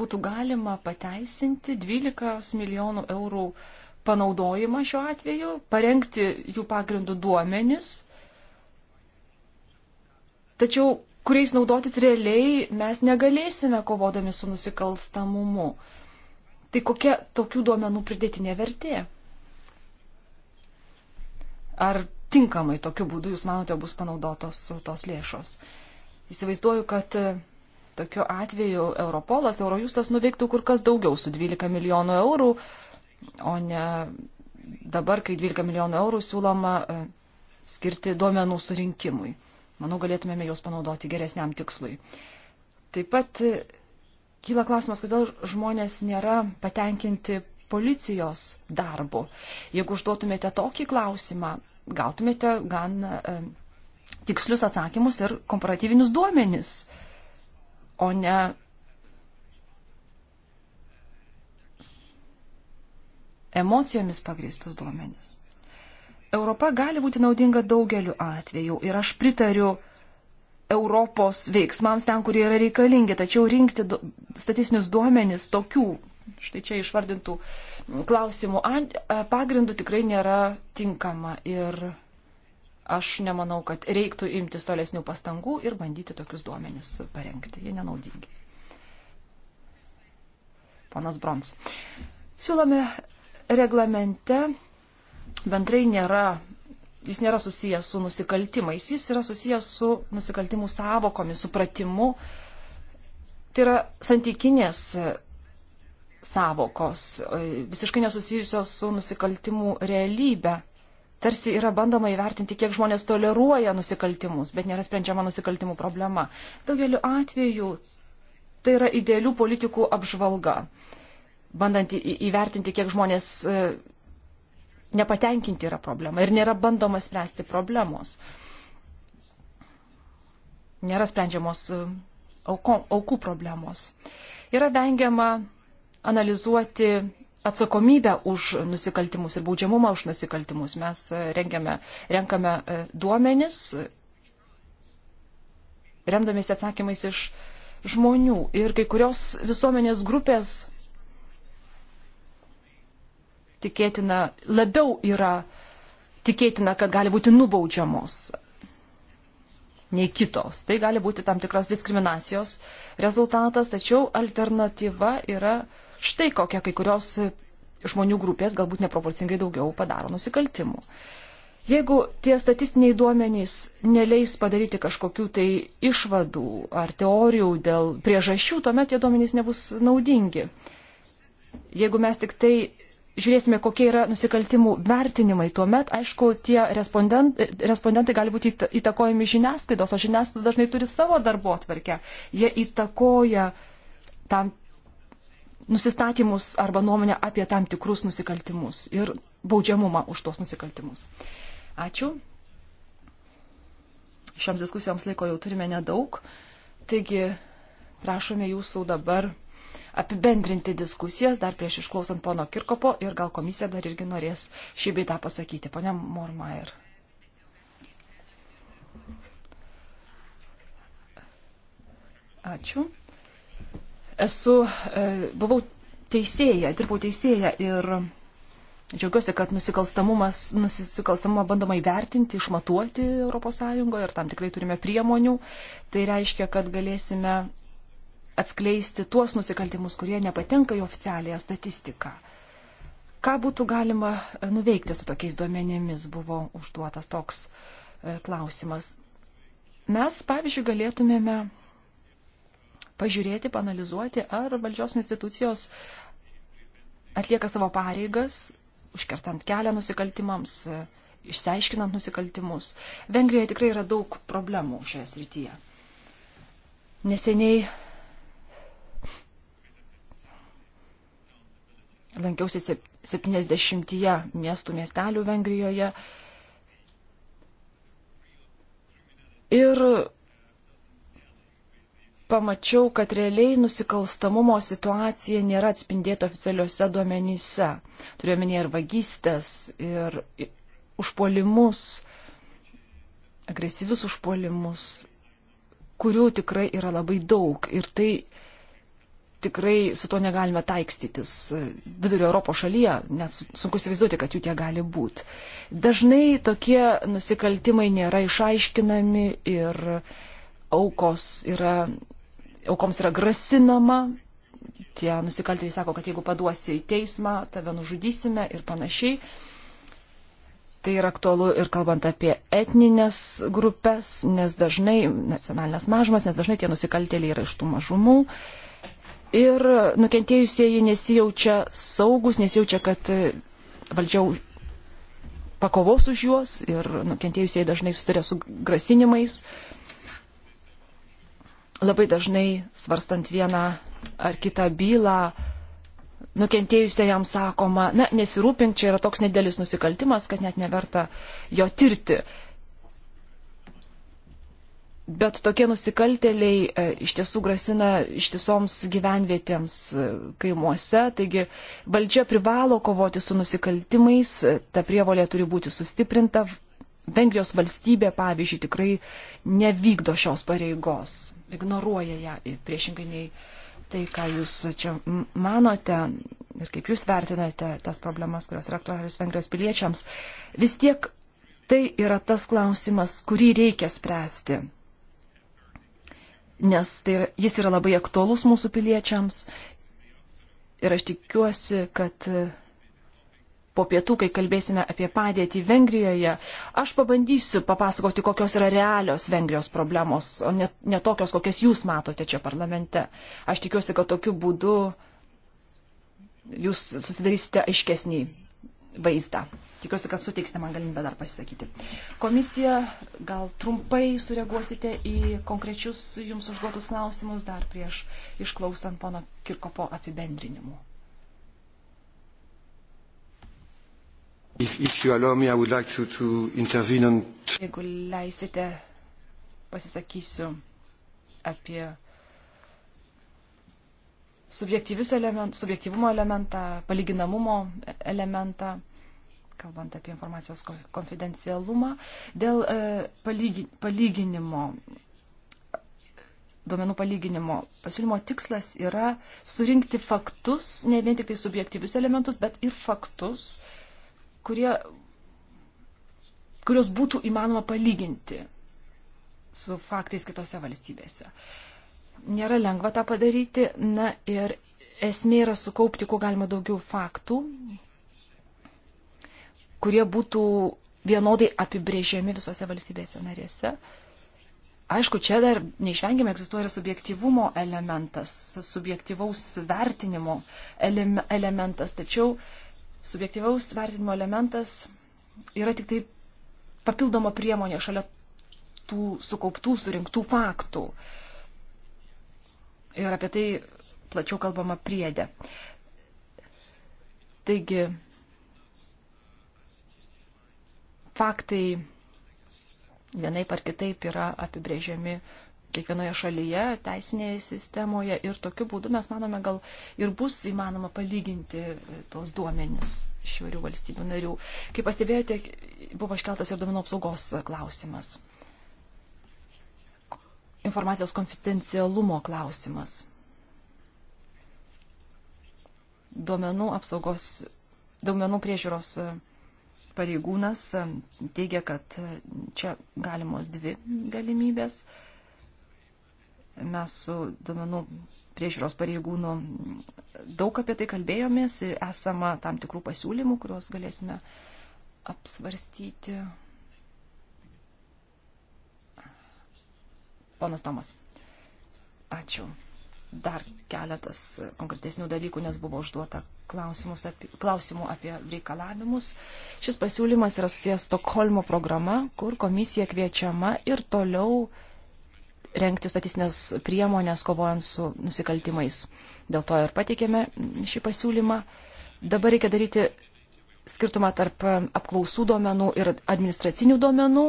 būtų galima pateisinti 12 milijonų eurų panaudojimą šiuo atveju, parengti jų pagrindų duomenis, tačiau kuriais naudotis realiai mes negalėsime kovodami su nusikalstamumu. Tai kokia tokių duomenų pridėtinė vertė? Ar tinkamai tokiu būdu, jūs manote, bus panaudotos tos lėšos? Įsivaizduoju, kad e, tokiu atveju Europolas, Eurojustas nuveiktų kur kas daugiau su 12 milijonų eurų, o ne dabar, kai 12 milijonų eurų siūloma e, skirti duomenų surinkimui. Manau, galėtumėme juos panaudoti geresniam tikslui. Taip pat e, kyla klausimas, kodėl žmonės nėra patenkinti policijos darbu. Jeigu užduotumėte tokį klausimą, gautumėte gan e, tikslius atsakymus ir komparatyvinius duomenis, o ne. Emocijomis pagristus duomenis. Europa gali būti naudinga daugeliu atveju ir aš pritariu uh, Europos veiksmams ten, kurie yra reikalingi, tačiau rinkti statistinius duomenis tokių, štai čia išvardintų mm, klausimų, e, pagrindų tikrai nėra tinkama ir aš nemanau, kad reiktų imtis tolesnių pastangų ir bandyti tokius duomenis parengti. Jie nenaudingi. Ponas Brons. Siūlome reglamente bendrai nėra jis nėra susijęs su nusikaltimais, jis yra susijęs su nusikaltimų savokomis, supratimu. Tai yra santykinės savokos, e, visiškai nesusijusios su nusikaltimų realybė. Tarsi yra bandoma įvertinti, kiek žmonės toleruoja nusikaltimus, bet nėra sprendžiama nusikaltimų problema. Daugeliu atveju tai yra idealių politikų apžvalga, bandant įvertinti, kiek žmonės e, nepatenkinti yra problema ir nėra bandoma spręsti problemos. Nėra sprendžiamos e, auko, aukų problemos. Yra vengiama analizuoti atsakomybę už nusikaltimus ir baudžiamumą už nusikaltimus. Mes e, rengiame, renkame e, duomenis, remdamėsi atsakymais iš žmonių. Ir kai kurios visuomenės grupės tikėtina, labiau yra tikėtina, kad gali būti nubaudžiamos nei kitos. Tai gali būti tam tikras diskriminacijos rezultatas, tačiau alternatyva yra štai kokia kai kurios žmonių grupės galbūt neproporcingai daugiau padaro nusikaltimų. Jeigu tie statistiniai duomenys neleis padaryti kažkokių tai išvadų ar teorijų dėl priežasčių, tuomet tie duomenys nebus naudingi. Jeigu mes tik tai žiūrėsime, kokie yra nusikaltimų vertinimai, tuomet, aišku, tie respondent, respondentai gali būti įtakojami žiniasklaidos, o žiniasklaida dažnai turi savo darbo atvarkę. Jie įtakoja tam nusistatymus arba nuomonę apie tam tikrus nusikaltimus ir baudžiamumą už tuos nusikaltimus. Ačiū. Šioms diskusijoms laiko jau turime nedaug, taigi prašome jūsų dabar apibendrinti diskusijas dar prieš išklausant pono Kirkopo ir gal komisija dar irgi norės šį bei tą pasakyti. Pone Mormair. Ačiū. Esu, e, buvau teisėja, dirbau teisėja ir Džiaugiuosi, kad nusikalstamumą bandoma įvertinti, išmatuoti ES ir tam tikrai turime priemonių. Tai reiškia, kad galėsime atskleisti tuos nusikaltimus, kurie nepatenka į oficialiąją statistiką. Ką būtų galima e, nuveikti su tokiais duomenimis, buvo užduotas toks e, klausimas. Mes, pavyzdžiui, galėtumėme pažiūrėti, panalizuoti, ar valdžios institucijos atlieka savo pareigas, užkertant kelią nusikaltimams, e, išsiaiškinant nusikaltimus. Vengrijoje tikrai yra daug problemų šioje srityje. Neseniai lankiausi 70 miestų miestelių Vengrijoje. Ir pamačiau, kad realiai nusikalstamumo situacija nėra atspindėta oficialiuose duomenyse. Turiuomenė ir vagystės, ir užpuolimus, agresyvius užpuolimus, kurių tikrai yra labai daug. Ir tai tikrai su to negalime taikstytis. E, vidurio Europos šalyje net sunku įsivaizduoti, kad jų tie gali būti. Dažnai tokie nusikaltimai nėra išaiškinami ir aukos yra, aukoms yra grasinama. Tie nusikaltėliai sako, kad jeigu paduosi į teismą, tave nužudysime ir panašiai. Tai yra aktualu ir kalbant apie etninės grupės, nes dažnai nacionalinės mažumas, nes dažnai tie nusikaltėliai yra iš tų mažumų. Uh, ir nukentėjusieji nesijaučia saugus, nesijaučia, kad e, valdžia pakovos už juos ir nukentėjusieji dažnai sutarė su grasinimais. Labai dažnai svarstant vieną ar kitą bylą, nukentėjusia jam sakoma, na, nesirūpink, čia yra toks nedėlis nusikaltimas, kad net neverta jo tirti. Bet tokie nusikaltėliai e, iš tiesų grasina ištisoms gyvenvietėms e, kaimuose, taigi valdžia privalo kovoti su nusikaltimais, e, ta prievalė turi būti sustiprinta. Vengrijos valstybė, pavyzdžiui, tikrai nevykdo šios pareigos, ignoruoja ją priešingai nei tai, ką jūs čia manote ir kaip jūs vertinate tas problemas, kurios yra aktualios Vengrijos piliečiams. Vis tiek tai yra tas klausimas, kurį reikia spręsti nes tai, jis yra labai aktuolus mūsų piliečiams. Ir aš tikiuosi, kad e, po pietų, kai kalbėsime apie padėtį Vengrijoje, aš pabandysiu papasakoti, kokios yra realios Vengrijos problemos, o ne, ne tokios, kokias jūs matote čia parlamente. Aš tikiuosi, kad tokiu būdu jūs susidarysite aiškesnį vaizdą. Tikiuosi, kad suteiksite man galimybę dar pasisakyti. Komisija, gal trumpai sureaguosite į konkrečius jums užduotus klausimus dar prieš išklausant pono Kirkopo apibendrinimų. If, if me, like to, to on... Jeigu leisite, pasisakysiu apie element, subjektyvumo elementą, palyginamumo elementą, kalbant apie informacijos konfidencialumą, dėl e, palygi, palyginimo duomenų palyginimo. Pasiūlymo tikslas yra surinkti faktus, ne vien tik tai subjektyvius elementus, bet ir faktus, kurie, kurios būtų įmanoma palyginti su faktais kitose valstybėse. Nėra lengva tą padaryti. Na ir esmė yra sukaupti kuo galima daugiau faktų, kurie būtų vienodai apibrėžiami visose valstybėse narėse. Aišku, čia dar neišvengiamai egzistuoja ir subjektivumo elementas, subjektivaus vertinimo ele elementas, tačiau subjektivaus vertinimo elementas yra tik tai papildoma priemonė šalia tų sukauptų, surinktų faktų. Uh, ir apie tai plačiau kalbama priedė. Taigi, faktai vienaip ar kitaip yra apibrėžiami kiekvienoje šalyje, teisinėje sistemoje ir tokiu būdu mes manome gal ir bus įmanoma palyginti tos duomenis iš įvairių valstybių narių. Kaip pastebėjote, buvo iškeltas ir duomenų apsaugos klausimas informacijos konfidencialumo klausimas. Duomenų apsaugos, duomenų priežiūros pareigūnas teigia, kad čia galimos dvi galimybės. Mes su duomenų priežiūros pareigūnu daug apie tai kalbėjomės ir esama tam tikrų pasiūlymų, kuriuos galėsime apsvarstyti Ponas Tomas. Ačiū. Dar keletas konkretesnių dalykų, nes buvo užduota apie, klausimų apie reikalavimus. Šis pasiūlymas yra susijęs Stokholmo programa, kur komisija kviečiama ir toliau rengti statistinės priemonės kovojant su nusikaltimais. Dėl to ir pateikėme šį pasiūlymą. Dabar reikia daryti skirtumą tarp apklausų duomenų ir administracinių duomenų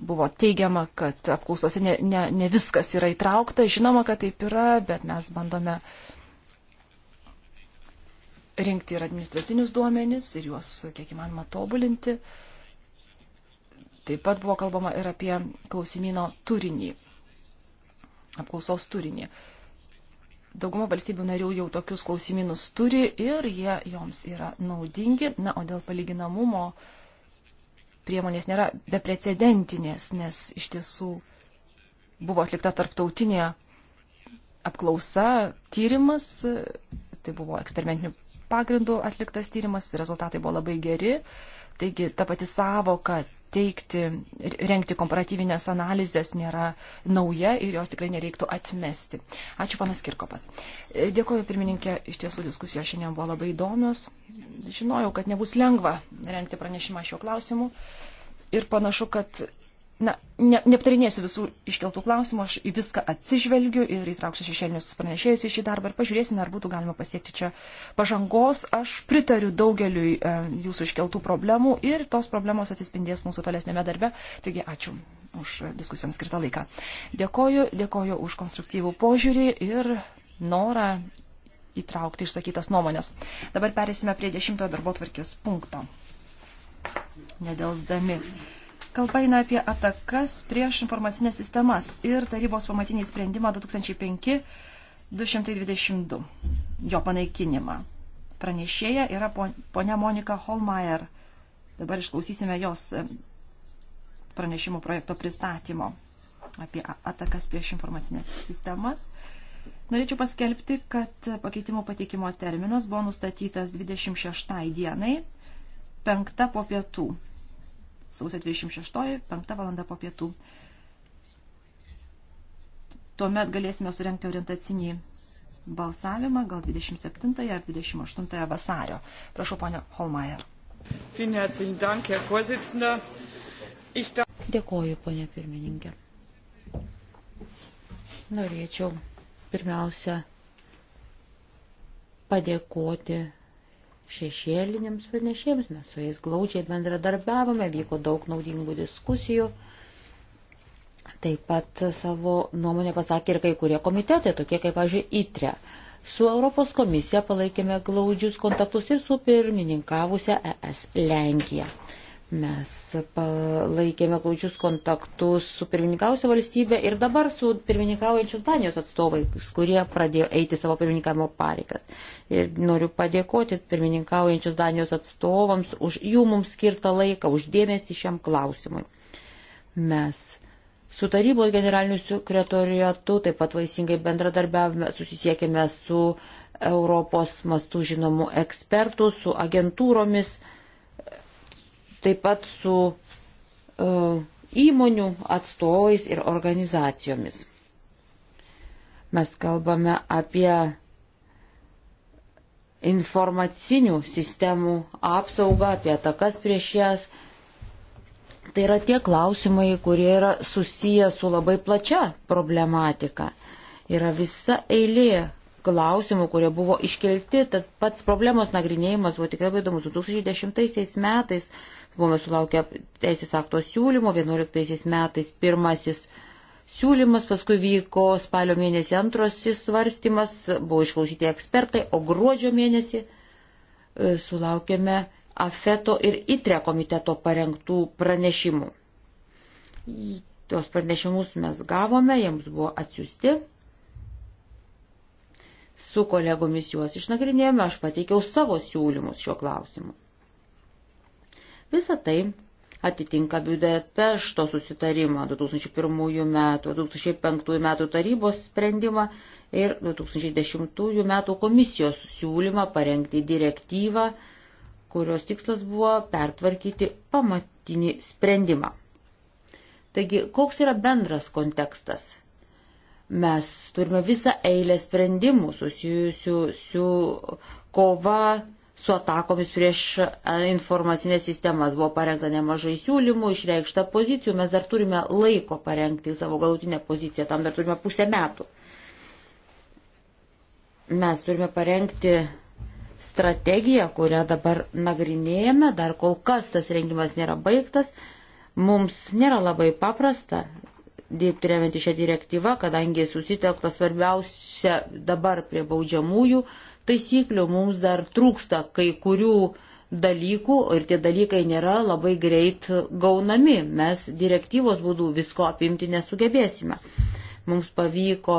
buvo teigiama, kad apklausose ne, ne, ne viskas yra įtraukta. Žinoma, kad taip yra, bet mes bandome rinkti ir administracinius duomenis ir juos kiek įmanoma tobulinti. Taip pat buvo kalbama ir apie klausimino turinį, apklausos turinį. Dauguma valstybių narių jau tokius klausimynus turi ir jie joms yra naudingi. Na, o dėl palyginamumo uh, priemonės nėra beprecedentinės, nes iš tiesų buvo atlikta tarptautinė apklausa, tyrimas, tai buvo eksperimentinių pagrindų atliktas tyrimas, rezultatai buvo labai geri, taigi ta pati savoka teikti, renkti komparatyvinės analizės nėra nauja ir jos tikrai nereiktų atmesti. Ačiū panas Kirkopas. Dėkuoju pirmininkė, iš tiesų diskusijos šiandien buvo labai įdomios. Žinojau, kad nebus lengva renkti pranešimą šiuo klausimu ir panašu, kad, na, ne, neaptarinėsiu visų iškeltų klausimų, aš į viską atsižvelgiu ir įtrauksiu šešėlinius pranešėjus į šį darbą ir pažiūrėsime, ar būtų galima pasiekti čia pažangos. Aš pritariu daugeliui e, jūsų iškeltų problemų ir tos problemos atsispindės mūsų tolesnėme darbe. Taigi, ačiū už diskusijoms skirtą laiką. Dėkoju, dėkoju už konstruktyvų požiūrį ir norą įtraukti išsakytas nuomonės. Dabar perėsime prie dešimtojo darbo tvarkės punkto nedelsdami. Kalba eina apie atakas prieš informacinės sistemas ir tarybos pamatinį sprendimą 2005-222, jo panaikinimą. Pranešėja yra ponia Monika Holmeier. Dabar išklausysime jos e, pranešimų projekto pristatymo apie atakas prieš informacinės sistemas. Norėčiau paskelbti, kad pakeitimo pateikimo terminas buvo nustatytas 26 dienai, 5 po pietų sausio 26, 5 valanda po pietų. Tuomet galėsime surenkti orientacinį balsavimą, gal 27 ar 28 vasario. Prašau, ponia Holmeier. Dėkoju, ponia pirmininkė. Norėčiau pirmiausia padėkoti šešėliniams pranešėjams, mes su jais glaudžiai bendradarbiavome, vyko daug naudingų diskusijų. Taip pat savo nuomonę pasakė ir kai kurie komitetai, tokie kaip, pažiūrėjau, ITRE. Su Europos komisija palaikėme glaudžius kontaktus ir su pirmininkavusią ES Lenkiją. Mes palaikėme glaudžius kontaktus su pirmininkausia valstybė ir dabar su pirmininkaujančios Danijos atstovais, kurie pradėjo eiti savo pirmininkavimo pareigas. Ir noriu padėkoti pirmininkaujančios Danijos atstovams už jų mums skirtą laiką, už dėmesį šiam klausimui. Mes su tarybos generaliniu sekretoriatu taip pat vaisingai bendradarbiavime, susisiekėme su Europos mastų žinomų ekspertų, su agentūromis taip pat su uh, įmonių atstovais ir organizacijomis. Mes kalbame apie informacinių sistemų apsaugą, apie atakas prieš jas. Tai yra tie klausimai, kurie yra susiję su labai plačia problematika. Yra visa eilė klausimų, kurie buvo iškelti, tad pats problemos nagrinėjimas buvo tikrai labai įdomus. 2010 metais Buvome sulaukę teisės akto siūlymo, 11 metais pirmasis siūlymas, paskui vyko spalio mėnesį antrasis svarstymas, buvo išklausyti ekspertai, o gruodžio mėnesį e, sulaukėme AFETO ir ITRE komiteto parengtų pranešimų. Tuos pranešimus mes gavome, jiems buvo atsiusti. Su kolegomis juos išnagrinėjome, aš pateikiau savo siūlymus šiuo klausimu. Visą tai atitinka Budapešto susitarimą 2001 metų, 2005 metų tarybos sprendimą ir 2010 metų komisijos siūlymą parengti direktyvą, kurios tikslas buvo pertvarkyti pamatinį sprendimą. Taigi, koks yra bendras kontekstas? Mes turime visą eilę sprendimų susijusių su kova su atakomis prieš e, informacinės sistemas. Buvo parengta nemažai siūlymų, išreikšta pozicijų, mes dar turime laiko parengti savo galutinę poziciją, tam dar turime pusę metų. Mes turime parengti strategiją, kurią dabar nagrinėjame, dar kol kas tas rengimas nėra baigtas. Mums nėra labai paprasta dirbti remiantį šią direktyvą, kadangi susitelkta svarbiausia dabar prie baudžiamųjų taisyklių, mums dar trūksta kai kurių dalykų ir tie dalykai nėra labai greit gaunami. Mes direktyvos būdų visko apimti nesugebėsime. Mums pavyko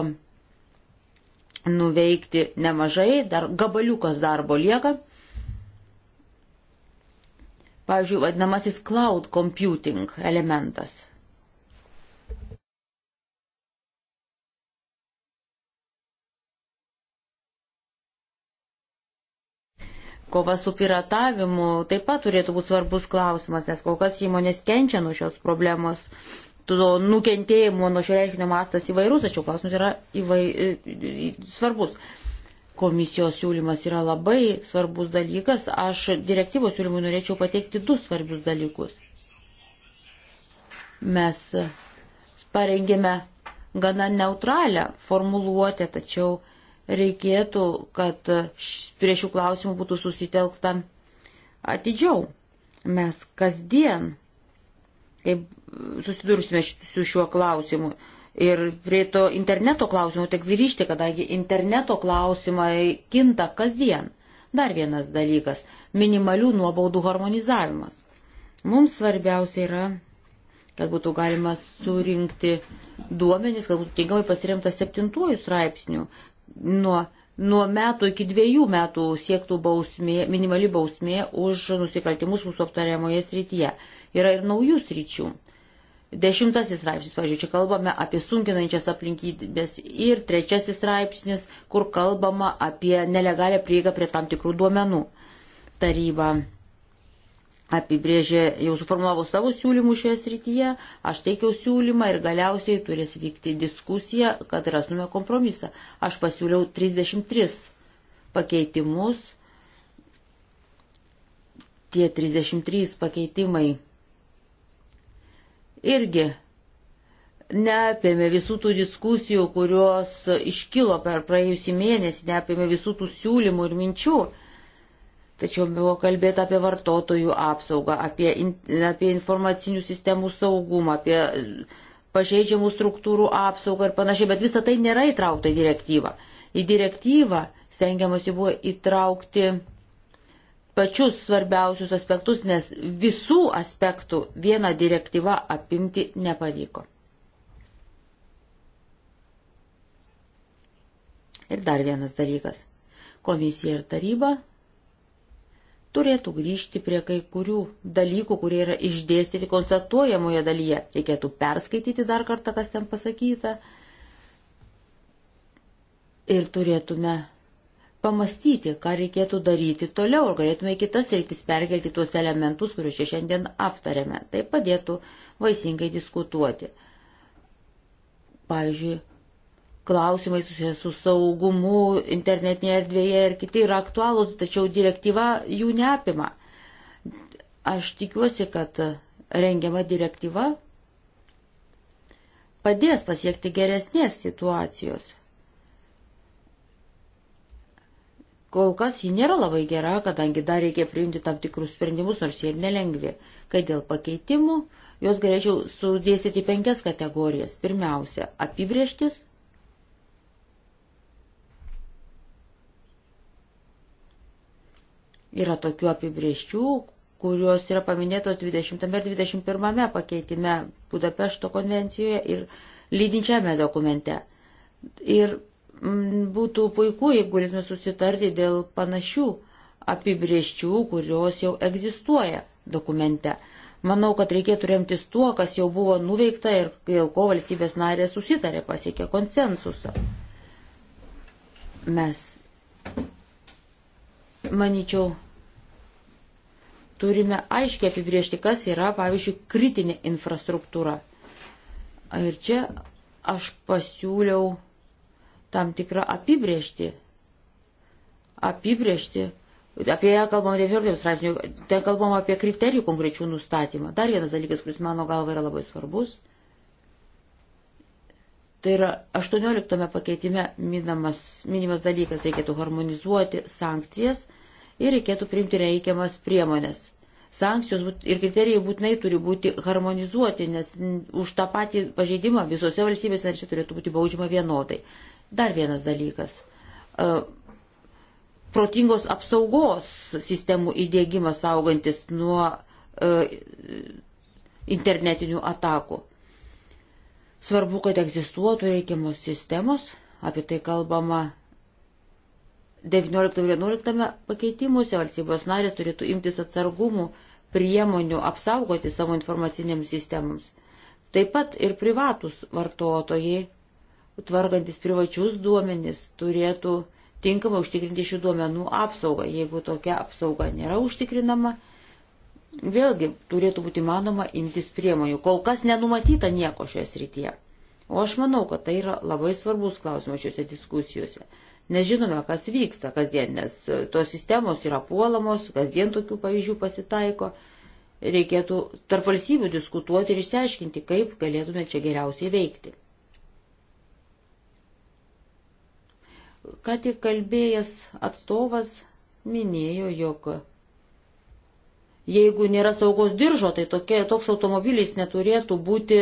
nuveikti nemažai, dar gabaliukas darbo lieka. Pavyzdžiui, vadinamasis cloud computing elementas. Kova su piratavimu taip pat turėtų būti svarbus klausimas, nes kol kas įmonės kenčia nuo šios problemos. Tuo nukentėjimo nuo šio reiškinio mastas įvairus, tačiau klausimas yra įvai, svarbus. Komisijos siūlymas yra labai svarbus dalykas. Aš direktyvos siūlymui norėčiau pateikti du svarbius dalykus. Mes parengėme gana neutralią formuluotę, tačiau reikėtų, kad prie šių klausimų būtų susitelkta atidžiau. Mes kasdien, kaip susidursime su šiuo klausimu, ir prie to interneto klausimų teks grįžti, kadangi interneto klausimai kinta kasdien. Dar vienas dalykas - minimalių nuobaudų harmonizavimas. Mums svarbiausia yra, kad būtų galima surinkti duomenys, kad būtų tinkamai pasiremta septintuoju straipsniu, nuo, nuo metų iki dviejų metų siektų bausmė, minimali bausmė už nusikaltimus mūsų aptariamoje srityje. Yra ir naujų sričių. Dešimtasis straipsnis, pažiūrėjau, čia kalbame apie sunkinančias aplinkybės ir trečiasis straipsnis, kur kalbama apie nelegalę prieigą prie tam tikrų duomenų. Taryba apibrėžė, jau suformulavo savo siūlymų šioje srityje, aš teikiau siūlymą ir galiausiai turės vykti diskusija, kad rastume kompromisą. Aš pasiūliau 33 pakeitimus. Tie 33 pakeitimai irgi neapėmė visų tų diskusijų, kurios iškilo per praėjusį mėnesį, neapėmė visų tų siūlymų ir minčių Tačiau buvo kalbėta apie vartotojų apsaugą, apie, in, apie informacinių sistemų saugumą, apie pažeidžiamų struktūrų apsaugą ir panašiai, bet visa tai nėra įtraukta į direktyvą. Į direktyvą stengiamasi buvo įtraukti pačius svarbiausius aspektus, nes visų aspektų viena direktyva apimti nepavyko. Ir dar vienas dalykas. Komisija ir taryba turėtų grįžti prie kai kurių dalykų, kurie yra išdėstyti konstatuojamoje dalyje. Reikėtų perskaityti dar kartą, kas ten pasakyta. Ir turėtume pamastyti, ką reikėtų daryti toliau, ar galėtume į kitas rytis perkelti tuos elementus, kuriuos čia šiandien aptarėme. Tai padėtų vaisingai diskutuoti. Pavyzdžiui, klausimai susijęs su saugumu internetinėje erdvėje ir kiti yra aktualūs, tačiau direktyva jų neapima. Aš tikiuosi, kad rengiama direktyva padės pasiekti geresnės situacijos. Kol kas ji nėra labai gera, kadangi dar reikia priimti tam tikrus sprendimus, nors jie ir nelengvi. Kai dėl pakeitimų, juos galėčiau sudėsyti į penkias kategorijas. Pirmiausia, apibrieštis, Yra tokių apibrieščių, kurios yra paminėtos 20 ir 21 pakeitime Budapešto konvencijoje ir lydinčiame dokumente. Ir mm, būtų puiku, jeigu galėtume susitarti dėl panašių apibrieščių, kurios jau egzistuoja dokumente. Manau, kad reikėtų remtis tuo, kas jau buvo nuveikta ir dėl ko valstybės narė susitarė, pasiekė konsensusą. Mes manyčiau, turime aiškiai apibriežti, kas yra, pavyzdžiui, kritinė infrastruktūra. Ir čia aš pasiūliau tam tikrą apibriežtį. Apibriežti. Apie ją kalbama 19 straipsnių, ten kalbama apie kriterijų konkrečių nustatymą. Dar vienas dalykas, kuris mano galva yra labai svarbus. Tai yra 18 pakeitime minamas, minimas dalykas, reikėtų harmonizuoti sankcijas ir reikėtų priimti reikiamas priemonės. Sankcijos ir kriterijai būtinai turi būti harmonizuoti, nes už tą patį pažeidimą visose valstybėse narėse turėtų būti baudžiama vienodai. Dar vienas dalykas. E, protingos apsaugos sistemų įdėgymas saugantis nuo e, internetinių atakų. Svarbu, kad egzistuotų reikiamos sistemos, apie tai kalbama 19-11 pakeitimuose valstybės narės turėtų imtis atsargumų priemonių apsaugoti savo informacinėms sistemams. Taip pat ir privatus vartotojai, tvarkantis privačius duomenis, turėtų tinkamai užtikrinti šių duomenų apsaugą. Jeigu tokia apsauga nėra užtikrinama, vėlgi turėtų būti manoma imtis priemonių. Kol kas nenumatyta nieko šioje srityje. O aš manau, kad tai yra labai svarbus klausimas šiuose diskusijose. Nežinome, kas vyksta kasdien, nes e, tos sistemos yra puolamos, kasdien tokių pavyzdžių pasitaiko. Reikėtų tarp valstybių diskutuoti ir išsiaiškinti, kaip galėtume čia geriausiai veikti. Ką tik kalbėjęs atstovas minėjo, jog jeigu nėra saugos diržo, tai tokie, toks automobilis neturėtų būti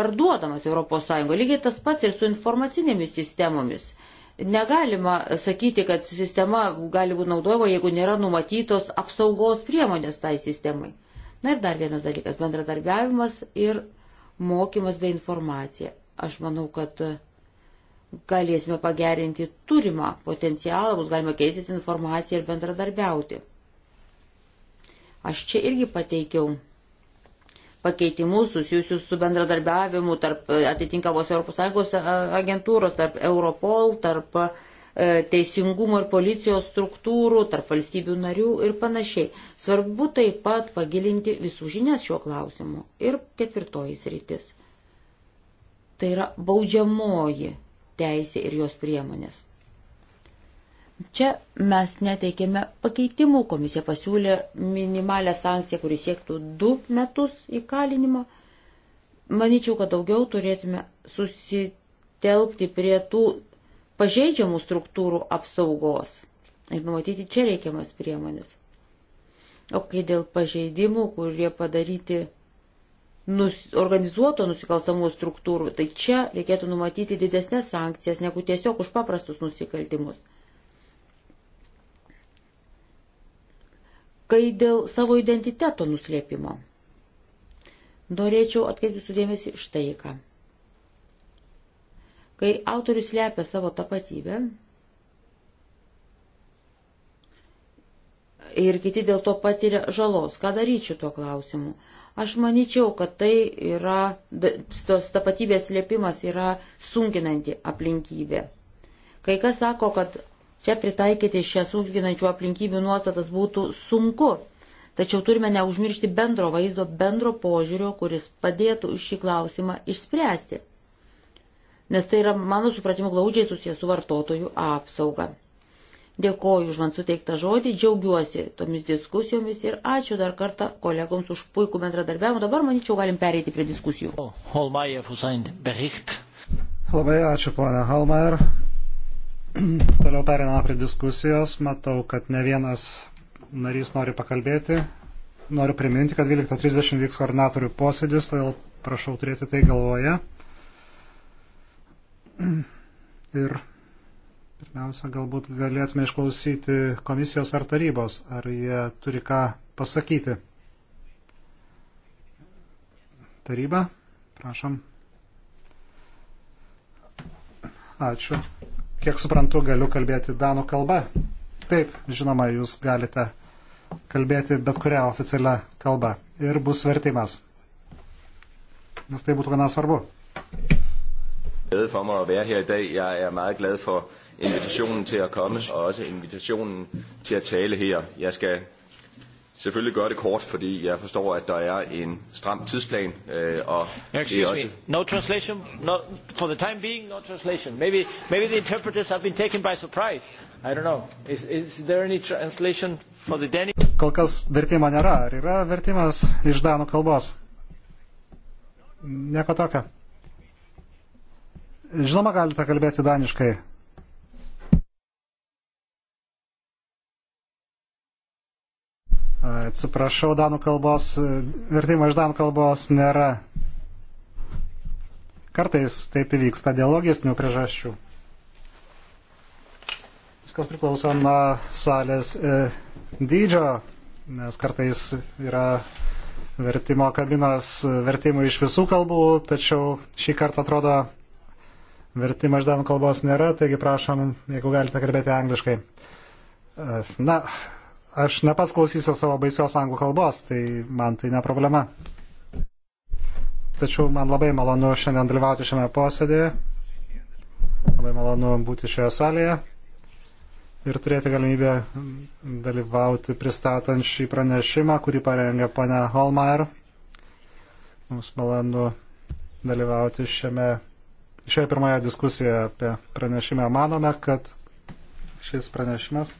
parduodamas ES. Lygiai tas pats ir su informacinėmis sistemomis. Negalima sakyti, kad sistema gali būti naudojama, jeigu nėra numatytos apsaugos priemonės tai sistemai. Na ir dar vienas dalykas - bendradarbiavimas ir mokymas bei informacija. Aš manau, kad galėsime pagerinti turimą potencialą, bus galima keistis informaciją ir bendradarbiauti. Aš čia irgi pateikiau pakeitimus susijusius su bendradarbiavimu tarp e, atitinkamos ES agentūros, tarp Europol, tarp e, teisingumo ir policijos struktūrų, tarp valstybių narių ir panašiai. Svarbu taip pat pagilinti visų žinias šiuo klausimu. Ir ketvirtoji sritis. Tai yra baudžiamoji teisė ir jos priemonės. Čia mes neteikėme pakeitimų, komisija pasiūlė minimalę sankciją, kuris siektų 2 metus įkalinimo. Maničiau, kad daugiau turėtume susitelkti prie tų pažeidžiamų struktūrų apsaugos ir numatyti čia reikiamas priemonės. O kai dėl pažeidimų, kurie padaryti nus, organizuoto nusikalstamų struktūrų, tai čia reikėtų numatyti didesnės sankcijas negu tiesiog už paprastus nusikaltimus. kai dėl savo identiteto nuslėpimo. Norėčiau atkreipti sudėmėsi štai ką. Kai autorius lepia savo tapatybę ir kiti dėl to patiria žalos, ką daryčiau tuo klausimu? Aš manyčiau, kad tai yra, tos tapatybės slėpimas yra sunkinanti aplinkybė. Kai kas sako, kad Čia pritaikyti šias sunkinančių aplinkybių nuostatas būtų sunku, tačiau turime neužmiršti bendro vaizdo, bendro požiūrio, kuris padėtų šį klausimą išspręsti. Nes tai yra, mano supratimu, glaudžiai susijęs su vartotojų apsauga. Dėkoju už man suteiktą žodį, džiaugiuosi tomis diskusijomis ir ačiū dar kartą kolegoms už puikų bendradarbiavimą. Dabar, manyčiau, galim pereiti prie diskusijų. Labai ačiū, ponia Halmaier, Toliau periname prie diskusijos. Matau, kad ne vienas narys nori pakalbėti. Noriu priminti, kad 12.30 vyks koordinatorių posėdis, todėl prašau turėti tai galvoje. Ir pirmiausia, galbūt galėtume išklausyti komisijos ar tarybos, ar jie turi ką pasakyti. Taryba, prašom. Ačiū kiek suprantu, galiu kalbėti danų kalba. Taip, žinoma, jūs galite kalbėti bet kurią oficialią kalbą ir bus vertimas. Nes tai būtų gana svarbu. Glad for mig at være her i dag. Jeg er meget glad for invitationen til at komme, og også invitationen til at tale her. Jeg skal selvfølgelig gøre det kort, fordi jeg forstår, at der er en stram tidsplan. Øh, og Excuse det er også me. No translation. No, for the time being, no translation. Maybe, maybe the interpreters have been taken by surprise. I don't know. Is, is there any translation for the Danish? Kol kas vertimo nėra. Ar yra vertimas iš danų kalbos? Nieko tokio. Žinoma, galite kalbėti daniškai. Atsiprašau, danų kalbos, vertimo iš danų kalbos nėra. Kartais taip įvyksta dėl logistinių priežasčių. Viskas priklauso nuo salės e, dydžio, nes kartais yra vertimo kabinos vertimų iš visų kalbų, tačiau šį kartą atrodo vertimo iš danų kalbos nėra, taigi prašom, jeigu galite kalbėti angliškai. E, na, Aš nepats klausysiu savo baisios anglų kalbos, tai man tai ne problema. Tačiau man labai malonu šiandien dalyvauti šiame posėdėje. Labai malonu būti šioje salėje ir turėti galimybę dalyvauti pristatant šį pranešimą, kurį parengė pane Holmeier. Mums malonu dalyvauti šiame, šioje pirmoje diskusijoje apie pranešimą. Manome, kad šis pranešimas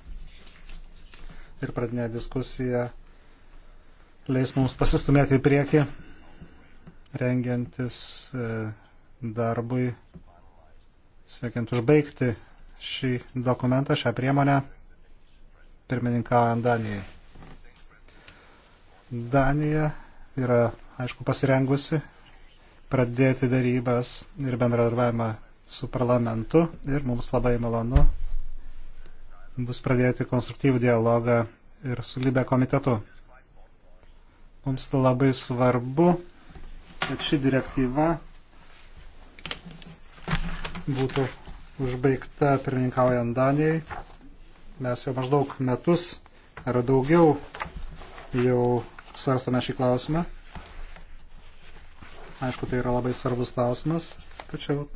ir pradinė diskusija leis mums pasistumėti į priekį, rengiantis e, darbui, siekiant užbaigti šį dokumentą, šią priemonę, pirmininkaujant Danijai. Danija yra, aišku, pasirengusi pradėti darybas ir bendradarbiavimą su parlamentu ir mums labai malonu bus pradėti konstruktyvų dialogą ir su Libe komitetu. Mums labai svarbu, kad ši direktyva būtų užbaigta pirmininkaujant Danijai. Mes jau maždaug metus ar daugiau jau svarstame šį klausimą. Aišku, tai yra labai svarbus klausimas, tačiau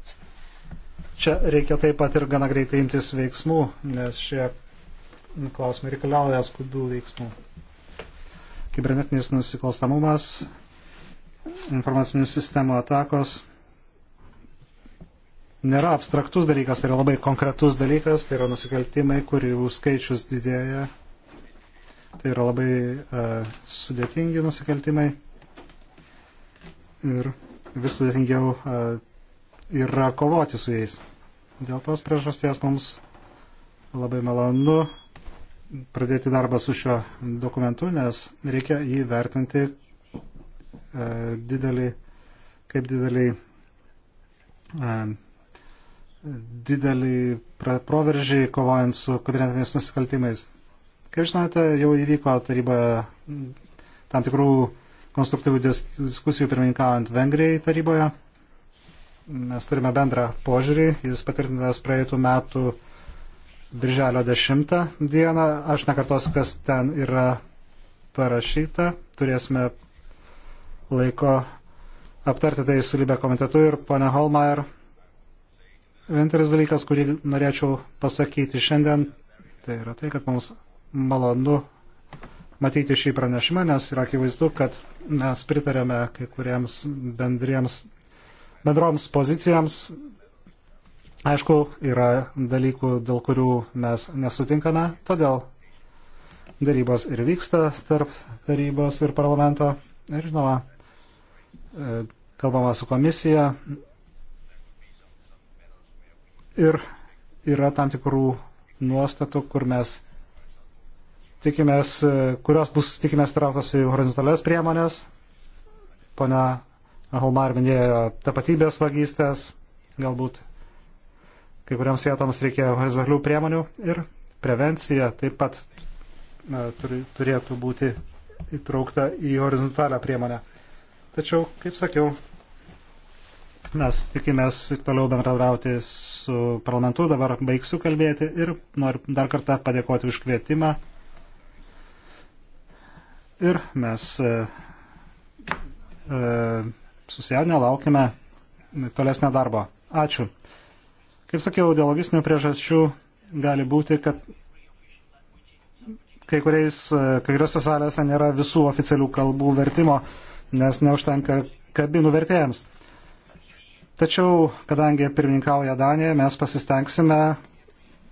Čia reikia taip pat ir gana greitai imtis veiksmų, nes šie klausimai reikalauja skubių veiksmų. Kibernetinis nusikalstamumas, informacinių sistemų atakos nėra abstraktus dalykas, tai yra labai konkretus dalykas, tai yra nusikaltimai, kurių skaičius didėja. Tai yra labai uh, sudėtingi nusikaltimai ir vis sudėtingiau uh, yra kovoti su jais. Dėl tos priežasties mums labai malonu pradėti darbą su šiuo dokumentu, nes reikia jį vertinti e, didelį, kaip didelį, e, didelį proveržį kovojant su kabinetiniais nusikaltimais. Kaip žinote, jau įvyko taryboje tam tikrų konstruktyvių diskusijų pirmininkaujant Vengrijai taryboje mes turime bendrą požiūrį, jis patvirtintas praeitų metų birželio 10 dieną. Aš nekartosiu, kas ten yra parašyta. Turėsime laiko aptarti tai su Libė komitetu ir ponia Holmeier. Vienintelis dalykas, kurį norėčiau pasakyti šiandien, tai yra tai, kad mums malonu matyti šį pranešimą, nes yra akivaizdu, kad mes pritarėme kai kuriems bendriems bendroms pozicijams. Aišku, yra dalykų, dėl kurių mes nesutinkame, todėl darybos ir vyksta tarp tarybos ir parlamento. Ir žinoma, e, kalbama su komisija. Ir yra tam tikrų nuostatų, kur mes tikimės, e, kurios bus tikimės trauktos į horizontales priemonės. Pana Holmar minėjo tapatybės vagystės, galbūt kai kuriams vietoms reikėjo horizontalių priemonių ir prevencija taip pat na, turėtų būti įtraukta į horizontalią priemonę. Tačiau, kaip sakiau, mes tikimės ir toliau bendradarauti su parlamentu, dabar baigsiu kalbėti ir noriu dar kartą padėkoti už kvietimą. Ir mes e, e, susijaudinę, laukime tolesnio darbo. Ačiū. Kaip sakiau, dėl logistinių priežasčių gali būti, kad kai kuriais, e, kai kuriuose salėse nėra visų oficialių kalbų vertimo, nes neužtenka kabinų vertėjams. Tačiau, kadangi pirmininkauja Danija, mes pasistengsime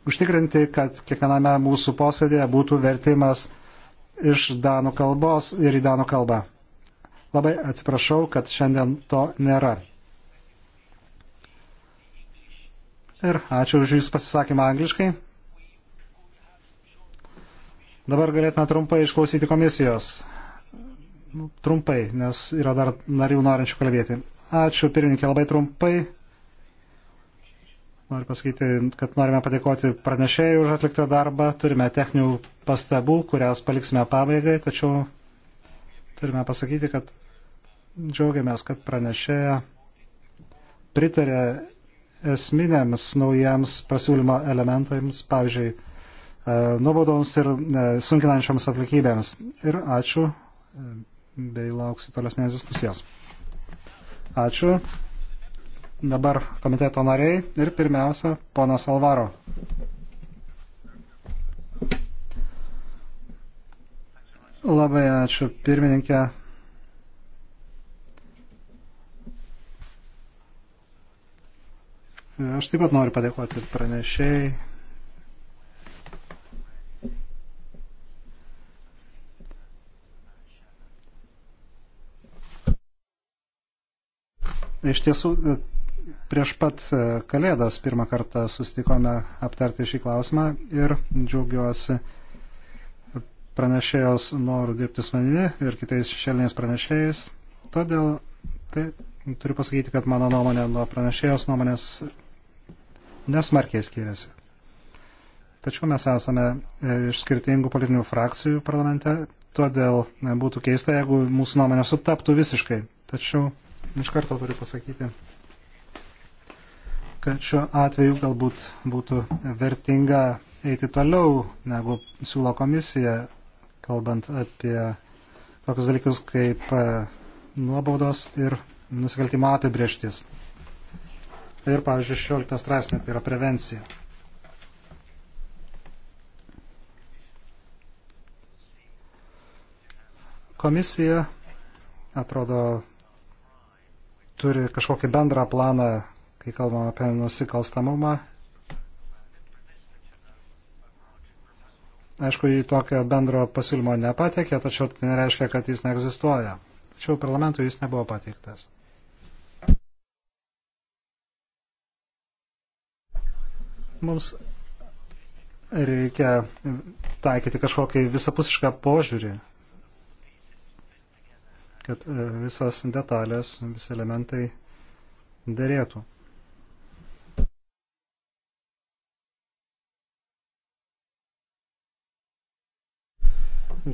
užtikrinti, kad kiekviename mūsų posėdėje būtų vertimas iš danų kalbos ir į danų kalbą. Labai atsiprašau, kad šiandien to nėra. Ir ačiū už Jūsų pasisakymą angliškai. Dabar galėtume trumpai išklausyti komisijos. Nu, trumpai, nes yra dar narių norinčių kalbėti. Ačiū pirmininkė, labai trumpai. Noriu pasakyti, kad norime padėkoti pranešėjai už atliktą darbą. Turime techninių pastabų, kurias paliksime pabaigai, tačiau turime pasakyti, kad džiaugiamės, kad pranešėja pritarė esminėms naujiems pasiūlymo elementams, pavyzdžiui, e, nuobaudoms ir e, sunkinančioms aplikybėms. Ir ačiū, e, bei lauksiu tolesnės diskusijos. Ačiū. Dabar komiteto nariai ir pirmiausia, ponas Alvaro. Labai ačiū pirmininkė. Aš taip pat noriu padėkoti pranešėjai. Iš tiesų, prieš pat e, Kalėdas pirmą kartą sustikome aptarti šį klausimą ir džiaugiuosi pranešėjos norų dirbti su manimi ir kitais šešėliniais pranešėjais. Todėl tai, turiu pasakyti, kad mano nuomonė nuo pranešėjos nuomonės nesmarkiai skiriasi. Tačiau mes esame e, iš skirtingų politinių frakcijų parlamente, todėl e, būtų keista, jeigu mūsų nuomonė sutaptų visiškai. Tačiau iš karto turiu pasakyti, kad šiuo atveju galbūt būtų vertinga eiti toliau, negu siūlo komisija, kalbant apie tokius dalykus kaip e, nuobaudos ir nusikaltimo apibrieštis ir, pavyzdžiui, 16 straipsnė, tai yra prevencija. Komisija, atrodo, turi kažkokį bendrą planą, kai kalbam apie nusikalstamumą. Aišku, jį tokio bendro pasiūlymo nepatekė, tačiau tai nereiškia, kad jis neegzistuoja. Tačiau parlamentui jis nebuvo pateiktas. mums reikia taikyti kažkokį visapusišką požiūrį, kad e, visas detalės, visi elementai dėrėtų.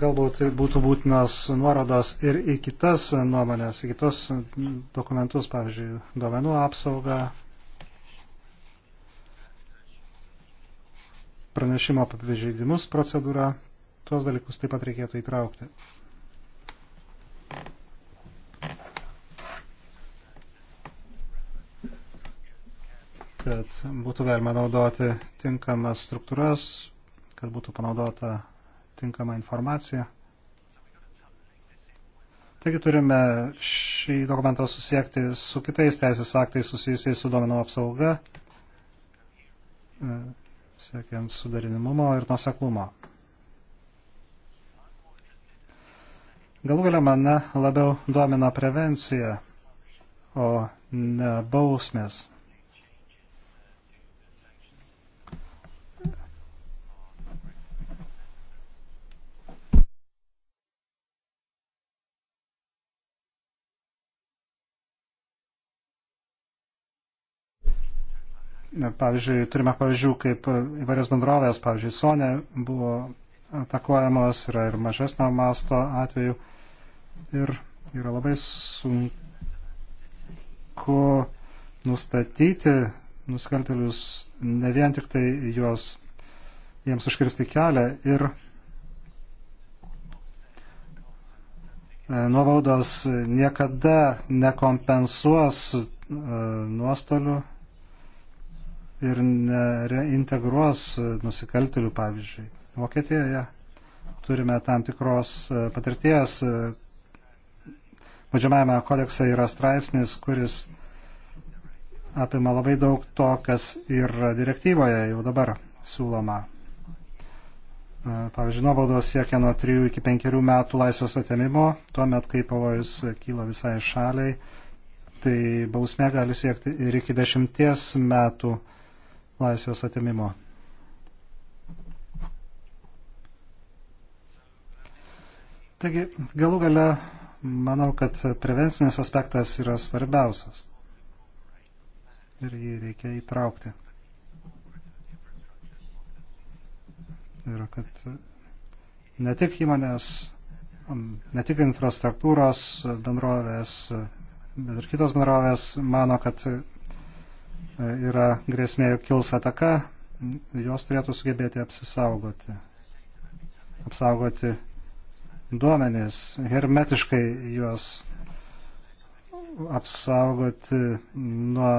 Galbūt būtų būtinos nuorodos ir į kitas nuomonės, į kitus dokumentus, pavyzdžiui, duomenų apsaugą, pranešimo apie pažeidimus procedūra, tuos dalykus taip pat reikėtų įtraukti. kad būtų galima naudoti tinkamas struktūras, kad būtų panaudota tinkama informacija. Taigi turime šį dokumentą susiekti su kitais teisės aktais susijusiais su duomenų apsauga, siekiant sudarinimumo ir nuseklumo. Galų galia mane labiau domina prevencija, o ne bausmės. Pavyzdžiui, turime pavyzdžių, kaip įvairias bendrovės, pavyzdžiui, Sonė buvo atakuojamos, yra ir mažesnio masto atveju. Ir yra labai sunku nustatyti nusikaltelius, ne vien tik tai juos, jiems užkirsti kelią ir e, nuobaudos niekada nekompensuos e, nuostolių ir reintegruos nusikaltelių, pavyzdžiui. Vokietijoje turime tam tikros e, patirties. Vadžiamajame e, kodekse yra straipsnis, kuris apima labai daug to, kas yra direktyvoje jau dabar siūloma. E, pavyzdžiui, nuobaudos siekia nuo 3 iki 5 metų laisvės atėmimo, tuomet, kai pavojus kyla visai šaliai, tai bausmė gali siekti ir iki 10 metų laisvės laisvės atimimo. Taigi, galų gale, manau, kad prevencinis aspektas yra svarbiausias. Ir jį reikia įtraukti. Ir kad ne tik įmonės, ne tik infrastruktūros bendrovės, bet ir kitos bendrovės mano, kad E, yra grėsmė, jog kils ataka, jos turėtų sugebėti apsisaugoti. Apsaugoti duomenys, hermetiškai juos apsaugoti nuo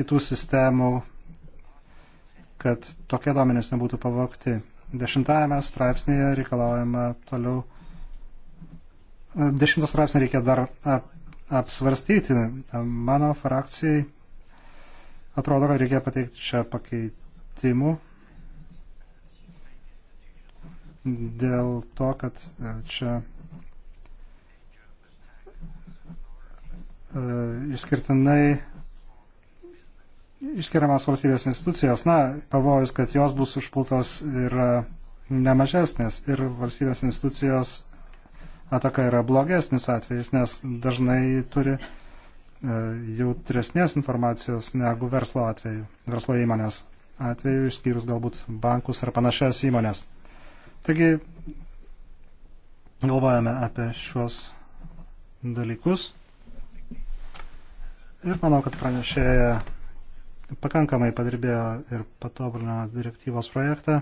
kitų sistemų, kad tokie duomenys nebūtų pavokti. Dešimtajame straipsnėje reikalaujama toliau. E, Dešimtas straipsnį reikia dar apsvarstyti. Mano frakcijai Atrodo, kad reikia pateikti čia pakeitimų dėl to, kad e, čia e, išskirtinai išskiriamas valstybės institucijos, na, pavojus, kad jos bus užpultos yra nemažesnės ir valstybės institucijos ataka yra blogesnis atvejis, nes dažnai turi uh, E, jautresnės informacijos negu verslo atveju, verslo įmonės atveju, išskyrus galbūt bankus ar panašias įmonės. Taigi galvojame apie šiuos dalykus ir manau, kad pranešėja pakankamai padirbėjo ir patobulino direktyvos projektą.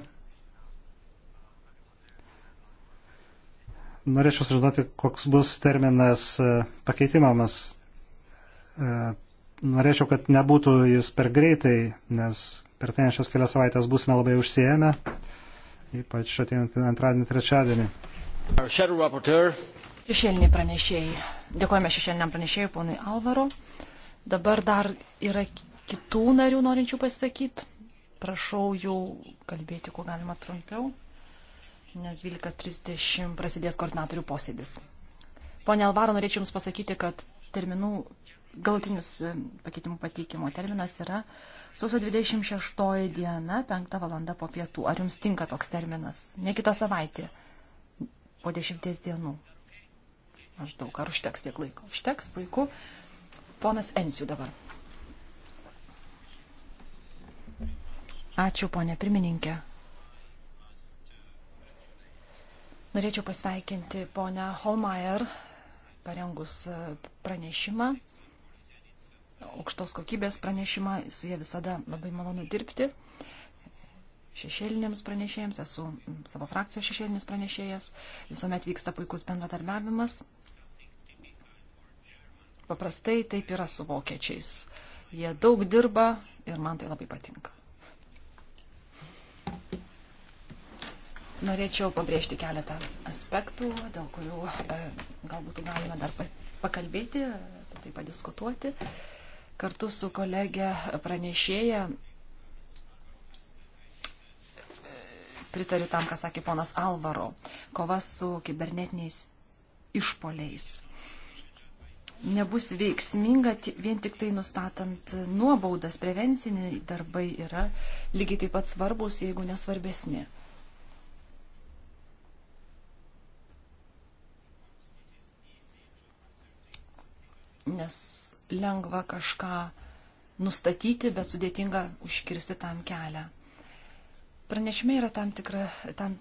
Norėčiau sužinoti, koks bus terminas e, pakeitimams E, norėčiau, kad nebūtų jis per greitai, nes per tenčias kelias savaitės būsime labai užsiemę, ypač ateinantį antradienį, trečiadienį. Šešėlinį pranešėjai. Dėkojame šešėliniam pranešėjai, ponui Alvaro. Dabar dar yra kitų narių norinčių pasisakyti. Prašau jų kalbėti, kuo galima trumpiau, nes 12.30 prasidės koordinatorių posėdis. Pone Alvaro, norėčiau Jums pasakyti, kad terminų galutinis e, pakeitimų pateikimo terminas yra sausio 26 diena, 5 valanda po pietų. Ar jums tinka toks terminas? Ne kitą savaitę, po 10 dienų. Maždaug, ar užteks tiek laiko? Užteks, puiku. Ponas Ensiu dabar. Ačiū, ponė pirmininkė. Norėčiau pasveikinti ponę Holmeier parengus e, pranešimą aukštos kokybės pranešimą, su jie visada labai malonu dirbti. Šešėlinėms pranešėjams, esu savo frakcijos šešėlinis pranešėjas, visuomet vyksta puikus bendradarbiavimas. Paprastai taip yra su vokiečiais. Jie daug dirba ir man tai labai patinka. Norėčiau pabrėžti keletą aspektų, dėl kurių e, galbūt galime dar pakalbėti, tai padiskutuoti. E, kartu su kolegė pranešėja pritariu tam, ką sakė ponas Alvaro. Kova su kibernetiniais išpoliais nebus veiksminga vien tik tai nustatant nuobaudas. Prevenciniai darbai yra lygiai taip pat svarbus, jeigu nesvarbesni. Nes lengva kažką nustatyti, bet sudėtinga užkirsti tam kelią. Pranešime yra tam, tikra, tam,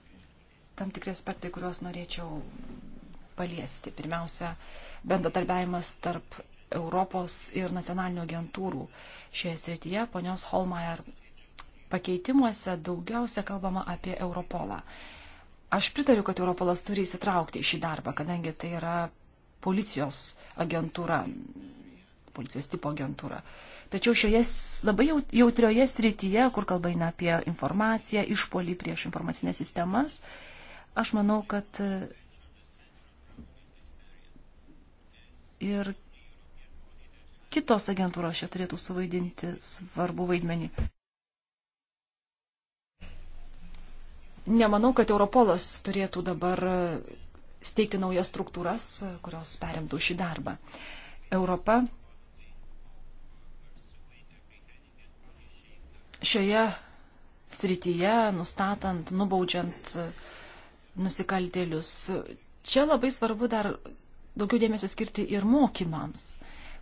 tam tikri aspektai, kuriuos norėčiau paliesti. Pirmiausia, bendradarbiavimas tarp Europos ir nacionalinių agentūrų. Šioje srityje ponios Holmeier pakeitimuose daugiausia kalbama apie Europolą. Aš pritariu, kad Europolas turi įsitraukti į šį darbą, kadangi tai yra policijos agentūra policijos tipo agentūra. Tačiau šioje labai jautrioje srityje, kur kalba eina apie informaciją, išpolį prieš informacinės sistemas, aš manau, kad e, ir kitos agentūros čia turėtų suvaidinti svarbu vaidmenį. Nemanau, kad Europolas turėtų dabar e, steigti naujas struktūras, kurios perimtų šį darbą. Europa šioje srityje, nustatant, nubaudžiant e, nusikaltėlius. Čia labai svarbu dar daugiau dėmesio skirti ir mokymams,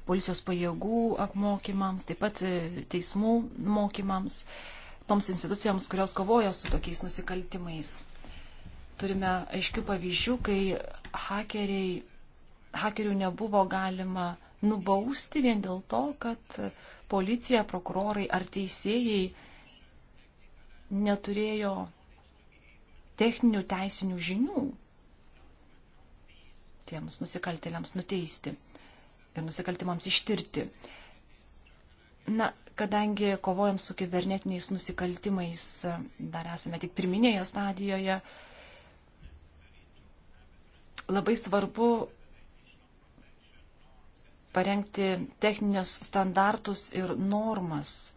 policijos pajėgų apmokymams, taip pat e, teismų mokymams, toms institucijoms, kurios kovoja su tokiais nusikaltimais. Turime aiškių pavyzdžių, kai hakeriai, hakerių nebuvo galima nubausti vien dėl to, kad policija, prokurorai ar teisėjai neturėjo techninių teisinių žinių tiems nusikaltėliams nuteisti ir nusikaltimams ištirti. Na, kadangi kovojam su kibernetiniais nusikaltimais, e, dar esame tik pirminėje stadijoje, labai svarbu parengti techninius standartus ir normas,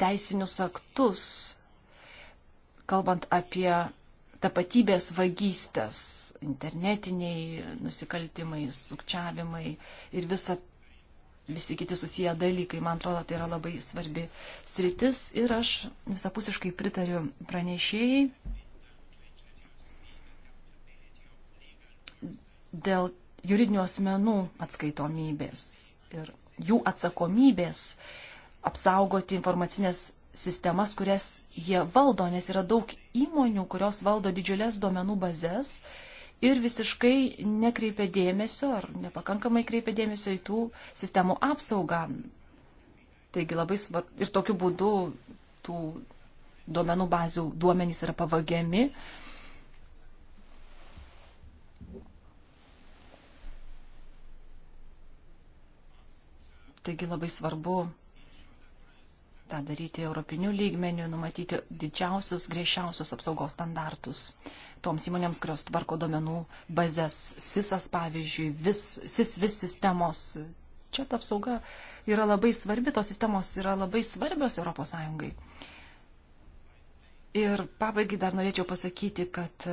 teisinius aktus, kalbant apie tapatybės vagystės, internetiniai nusikaltimai, sukčiavimai ir visa, visi kiti susiję dalykai. Man atrodo, tai yra labai svarbi sritis ir aš visapusiškai pritariu pranešėjai dėl juridinių asmenų atskaitomybės ir jų atsakomybės apsaugoti informacinės sistemas, kurias jie valdo, nes yra daug įmonių, kurios valdo didžiulės duomenų bazės ir visiškai nekreipia dėmesio ar nepakankamai kreipia dėmesio į tų sistemų apsaugą. Taigi labai svarbu ir tokiu būdu tų duomenų bazių duomenys yra pavagiami, uh, Taigi labai svarbu tą daryti europinių lygmenių, numatyti didžiausius, griežčiausius apsaugos standartus toms įmonėms, kurios tvarko domenų bazės, SISAS pavyzdžiui, vis, SIS vis sistemos. Čia ta apsauga yra labai svarbi, tos sistemos yra labai svarbios ES. Ir pabaigai dar norėčiau pasakyti, kad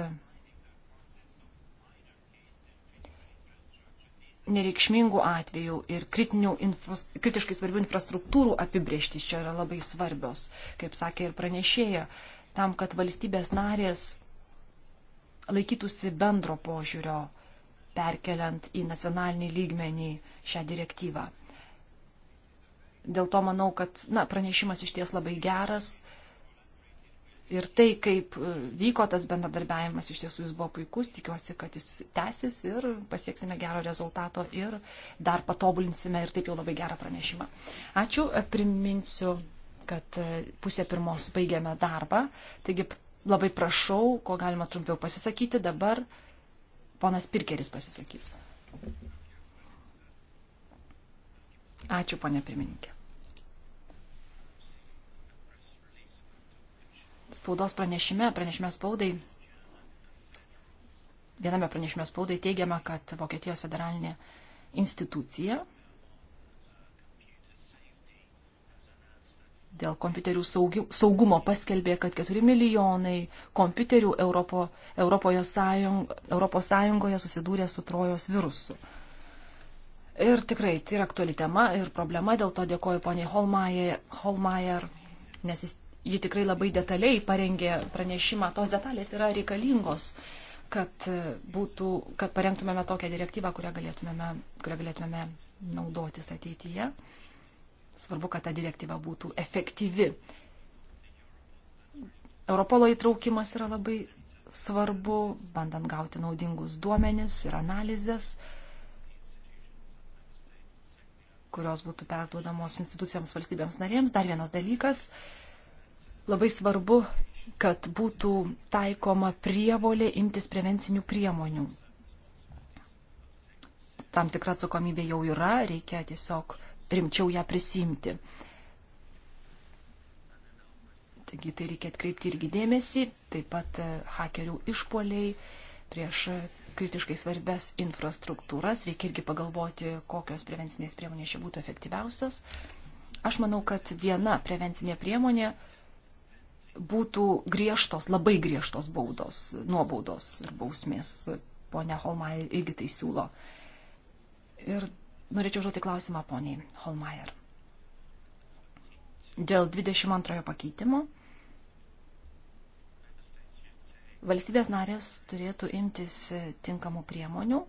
nereikšmingų atvejų ir infras, kritiškai svarbių infrastruktūrų apibrieštys čia yra labai svarbios, kaip sakė ir pranešėja, tam, kad valstybės narės laikytųsi bendro požiūrio perkeliant į nacionalinį lygmenį šią direktyvą. Dėl to manau, kad na, pranešimas iš ties labai geras, ir tai, kaip e, vyko tas bendradarbiavimas, iš tiesų jis buvo puikus, tikiuosi, kad jis tęsis ir pasieksime gero rezultato ir dar patobulinsime ir taip jau labai gerą pranešimą. Ačiū, e, priminsiu, kad e, pusė pirmos baigėme darbą, taigi labai prašau, ko galima trumpiau pasisakyti, dabar ponas Pirkeris pasisakys. Ačiū, ponė pirmininkė. spaudos pranešime, pranešime spaudai, viename pranešime spaudai teigiama, kad Vokietijos federalinė institucija dėl kompiuterių saugumo paskelbė, kad 4 milijonai kompiuterių Europo, Europoje sąjung, Europos Sąjungoje susidūrė su trojos virusu. Ir tikrai tai yra aktuali tema ir problema, dėl to dėkoju poniai Holmeier, Holmeier nes jis ji tikrai labai detaliai parengė pranešimą. Tos detalės yra reikalingos, kad, būtų, kad parengtumėme tokią direktyvą, kurią galėtumėme, kurią galėtumėme naudotis ateityje. Svarbu, kad ta direktyva būtų efektyvi. Europolo įtraukimas yra labai svarbu, bandant gauti naudingus duomenis ir analizės kurios būtų perduodamos institucijams valstybėms narėms. Dar vienas dalykas Labai svarbu, kad būtų taikoma prievolė imtis prevencinių priemonių. Tam tikra atsakomybė jau yra, reikia tiesiog rimčiau ją prisimti. Taigi tai reikia atkreipti irgi dėmesį, taip pat e, hakerių išpoliai prieš e, kritiškai svarbias infrastruktūras, reikia irgi pagalvoti, kokios prevencinės priemonės čia būtų efektyviausios. Aš manau, kad viena prevencinė priemonė būtų griežtos, labai griežtos baudos, nuobaudos ir bausmės. Pone Holmeier irgi tai siūlo. Ir norėčiau žodį klausimą poniai Holmeier. Dėl 22 pakeitimo valstybės narės turėtų imtis tinkamų priemonių,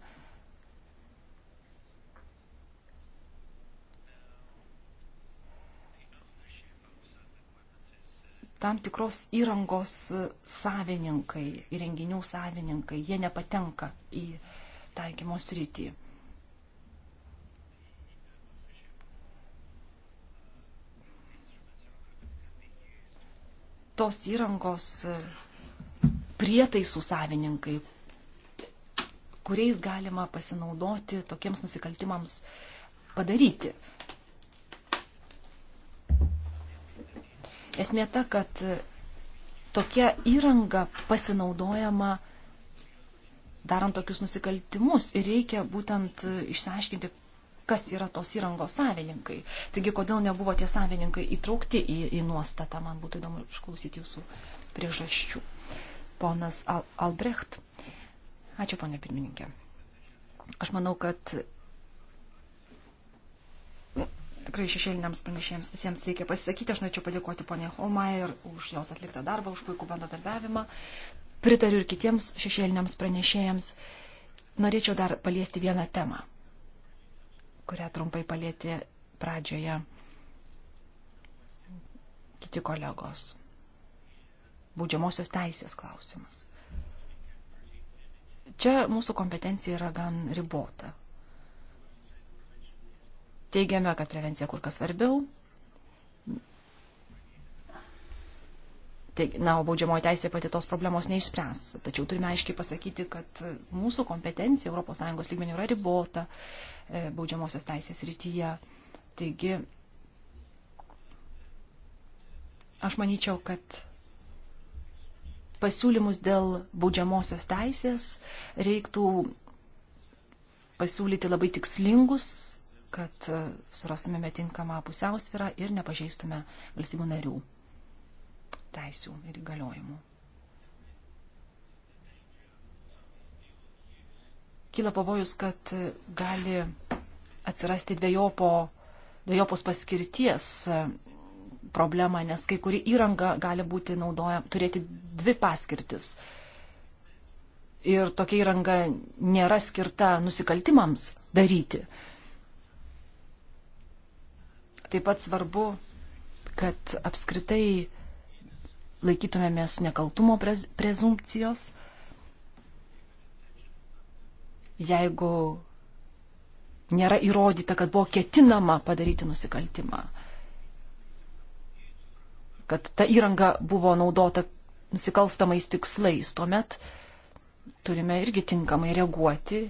tam tikros įrangos savininkai, įrenginių savininkai, jie nepatenka į taikymo sritį. Tos įrangos prietaisų savininkai, kuriais galima pasinaudoti tokiems nusikaltimams padaryti. Esmė ta, kad tokia įranga pasinaudojama darant tokius nusikaltimus ir reikia būtent išsiaiškinti, kas yra tos įrangos savininkai. Taigi, kodėl nebuvo tie savininkai įtraukti į, į nuostatą, man būtų įdomu išklausyti jūsų priežasčių. Ponas Al Albrecht. Ačiū, ponė pirmininkė. Aš manau, kad tikrai šešėliniams pranešėjams visiems reikia pasisakyti. Aš norėčiau padėkoti poniai Holmeier už jos atliktą darbą, už puikų bendradarbiavimą. Pritariu ir kitiems šešėliniams pranešėjams. Norėčiau dar paliesti vieną temą, kurią trumpai palėtė pradžioje kiti kolegos. Būdžiamosios teisės klausimas. Čia mūsų kompetencija yra gan ribota teigiame, kad prevencija kur kas svarbiau. Na, o baudžiamoji teisė pati tos problemos neišspręs. Tačiau turime aiškiai pasakyti, kad mūsų kompetencija ES lygmenių yra ribota e, baudžiamosios teisės rytyje. Taigi, aš manyčiau, kad pasiūlymus dėl baudžiamosios teisės reiktų pasiūlyti labai tikslingus kad e, surastumėme tinkamą pusiausvyrą ir nepažeistume valstybių narių teisių ir įgaliojimų. Kyla pavojus, kad e, gali atsirasti dviejopo, dviejopos paskirties e, problema, nes kai kuri įranga gali būti naudoja, turėti dvi paskirtis ir tokia įranga nėra skirta nusikaltimams daryti. Taip pat svarbu, kad apskritai laikytumėmės nekaltumo prez, prezumpcijos. Jeigu nėra įrodyta, kad buvo ketinama padaryti nusikaltimą, kad ta įranga buvo naudota nusikalstamais tikslais, tuomet turime irgi tinkamai reaguoti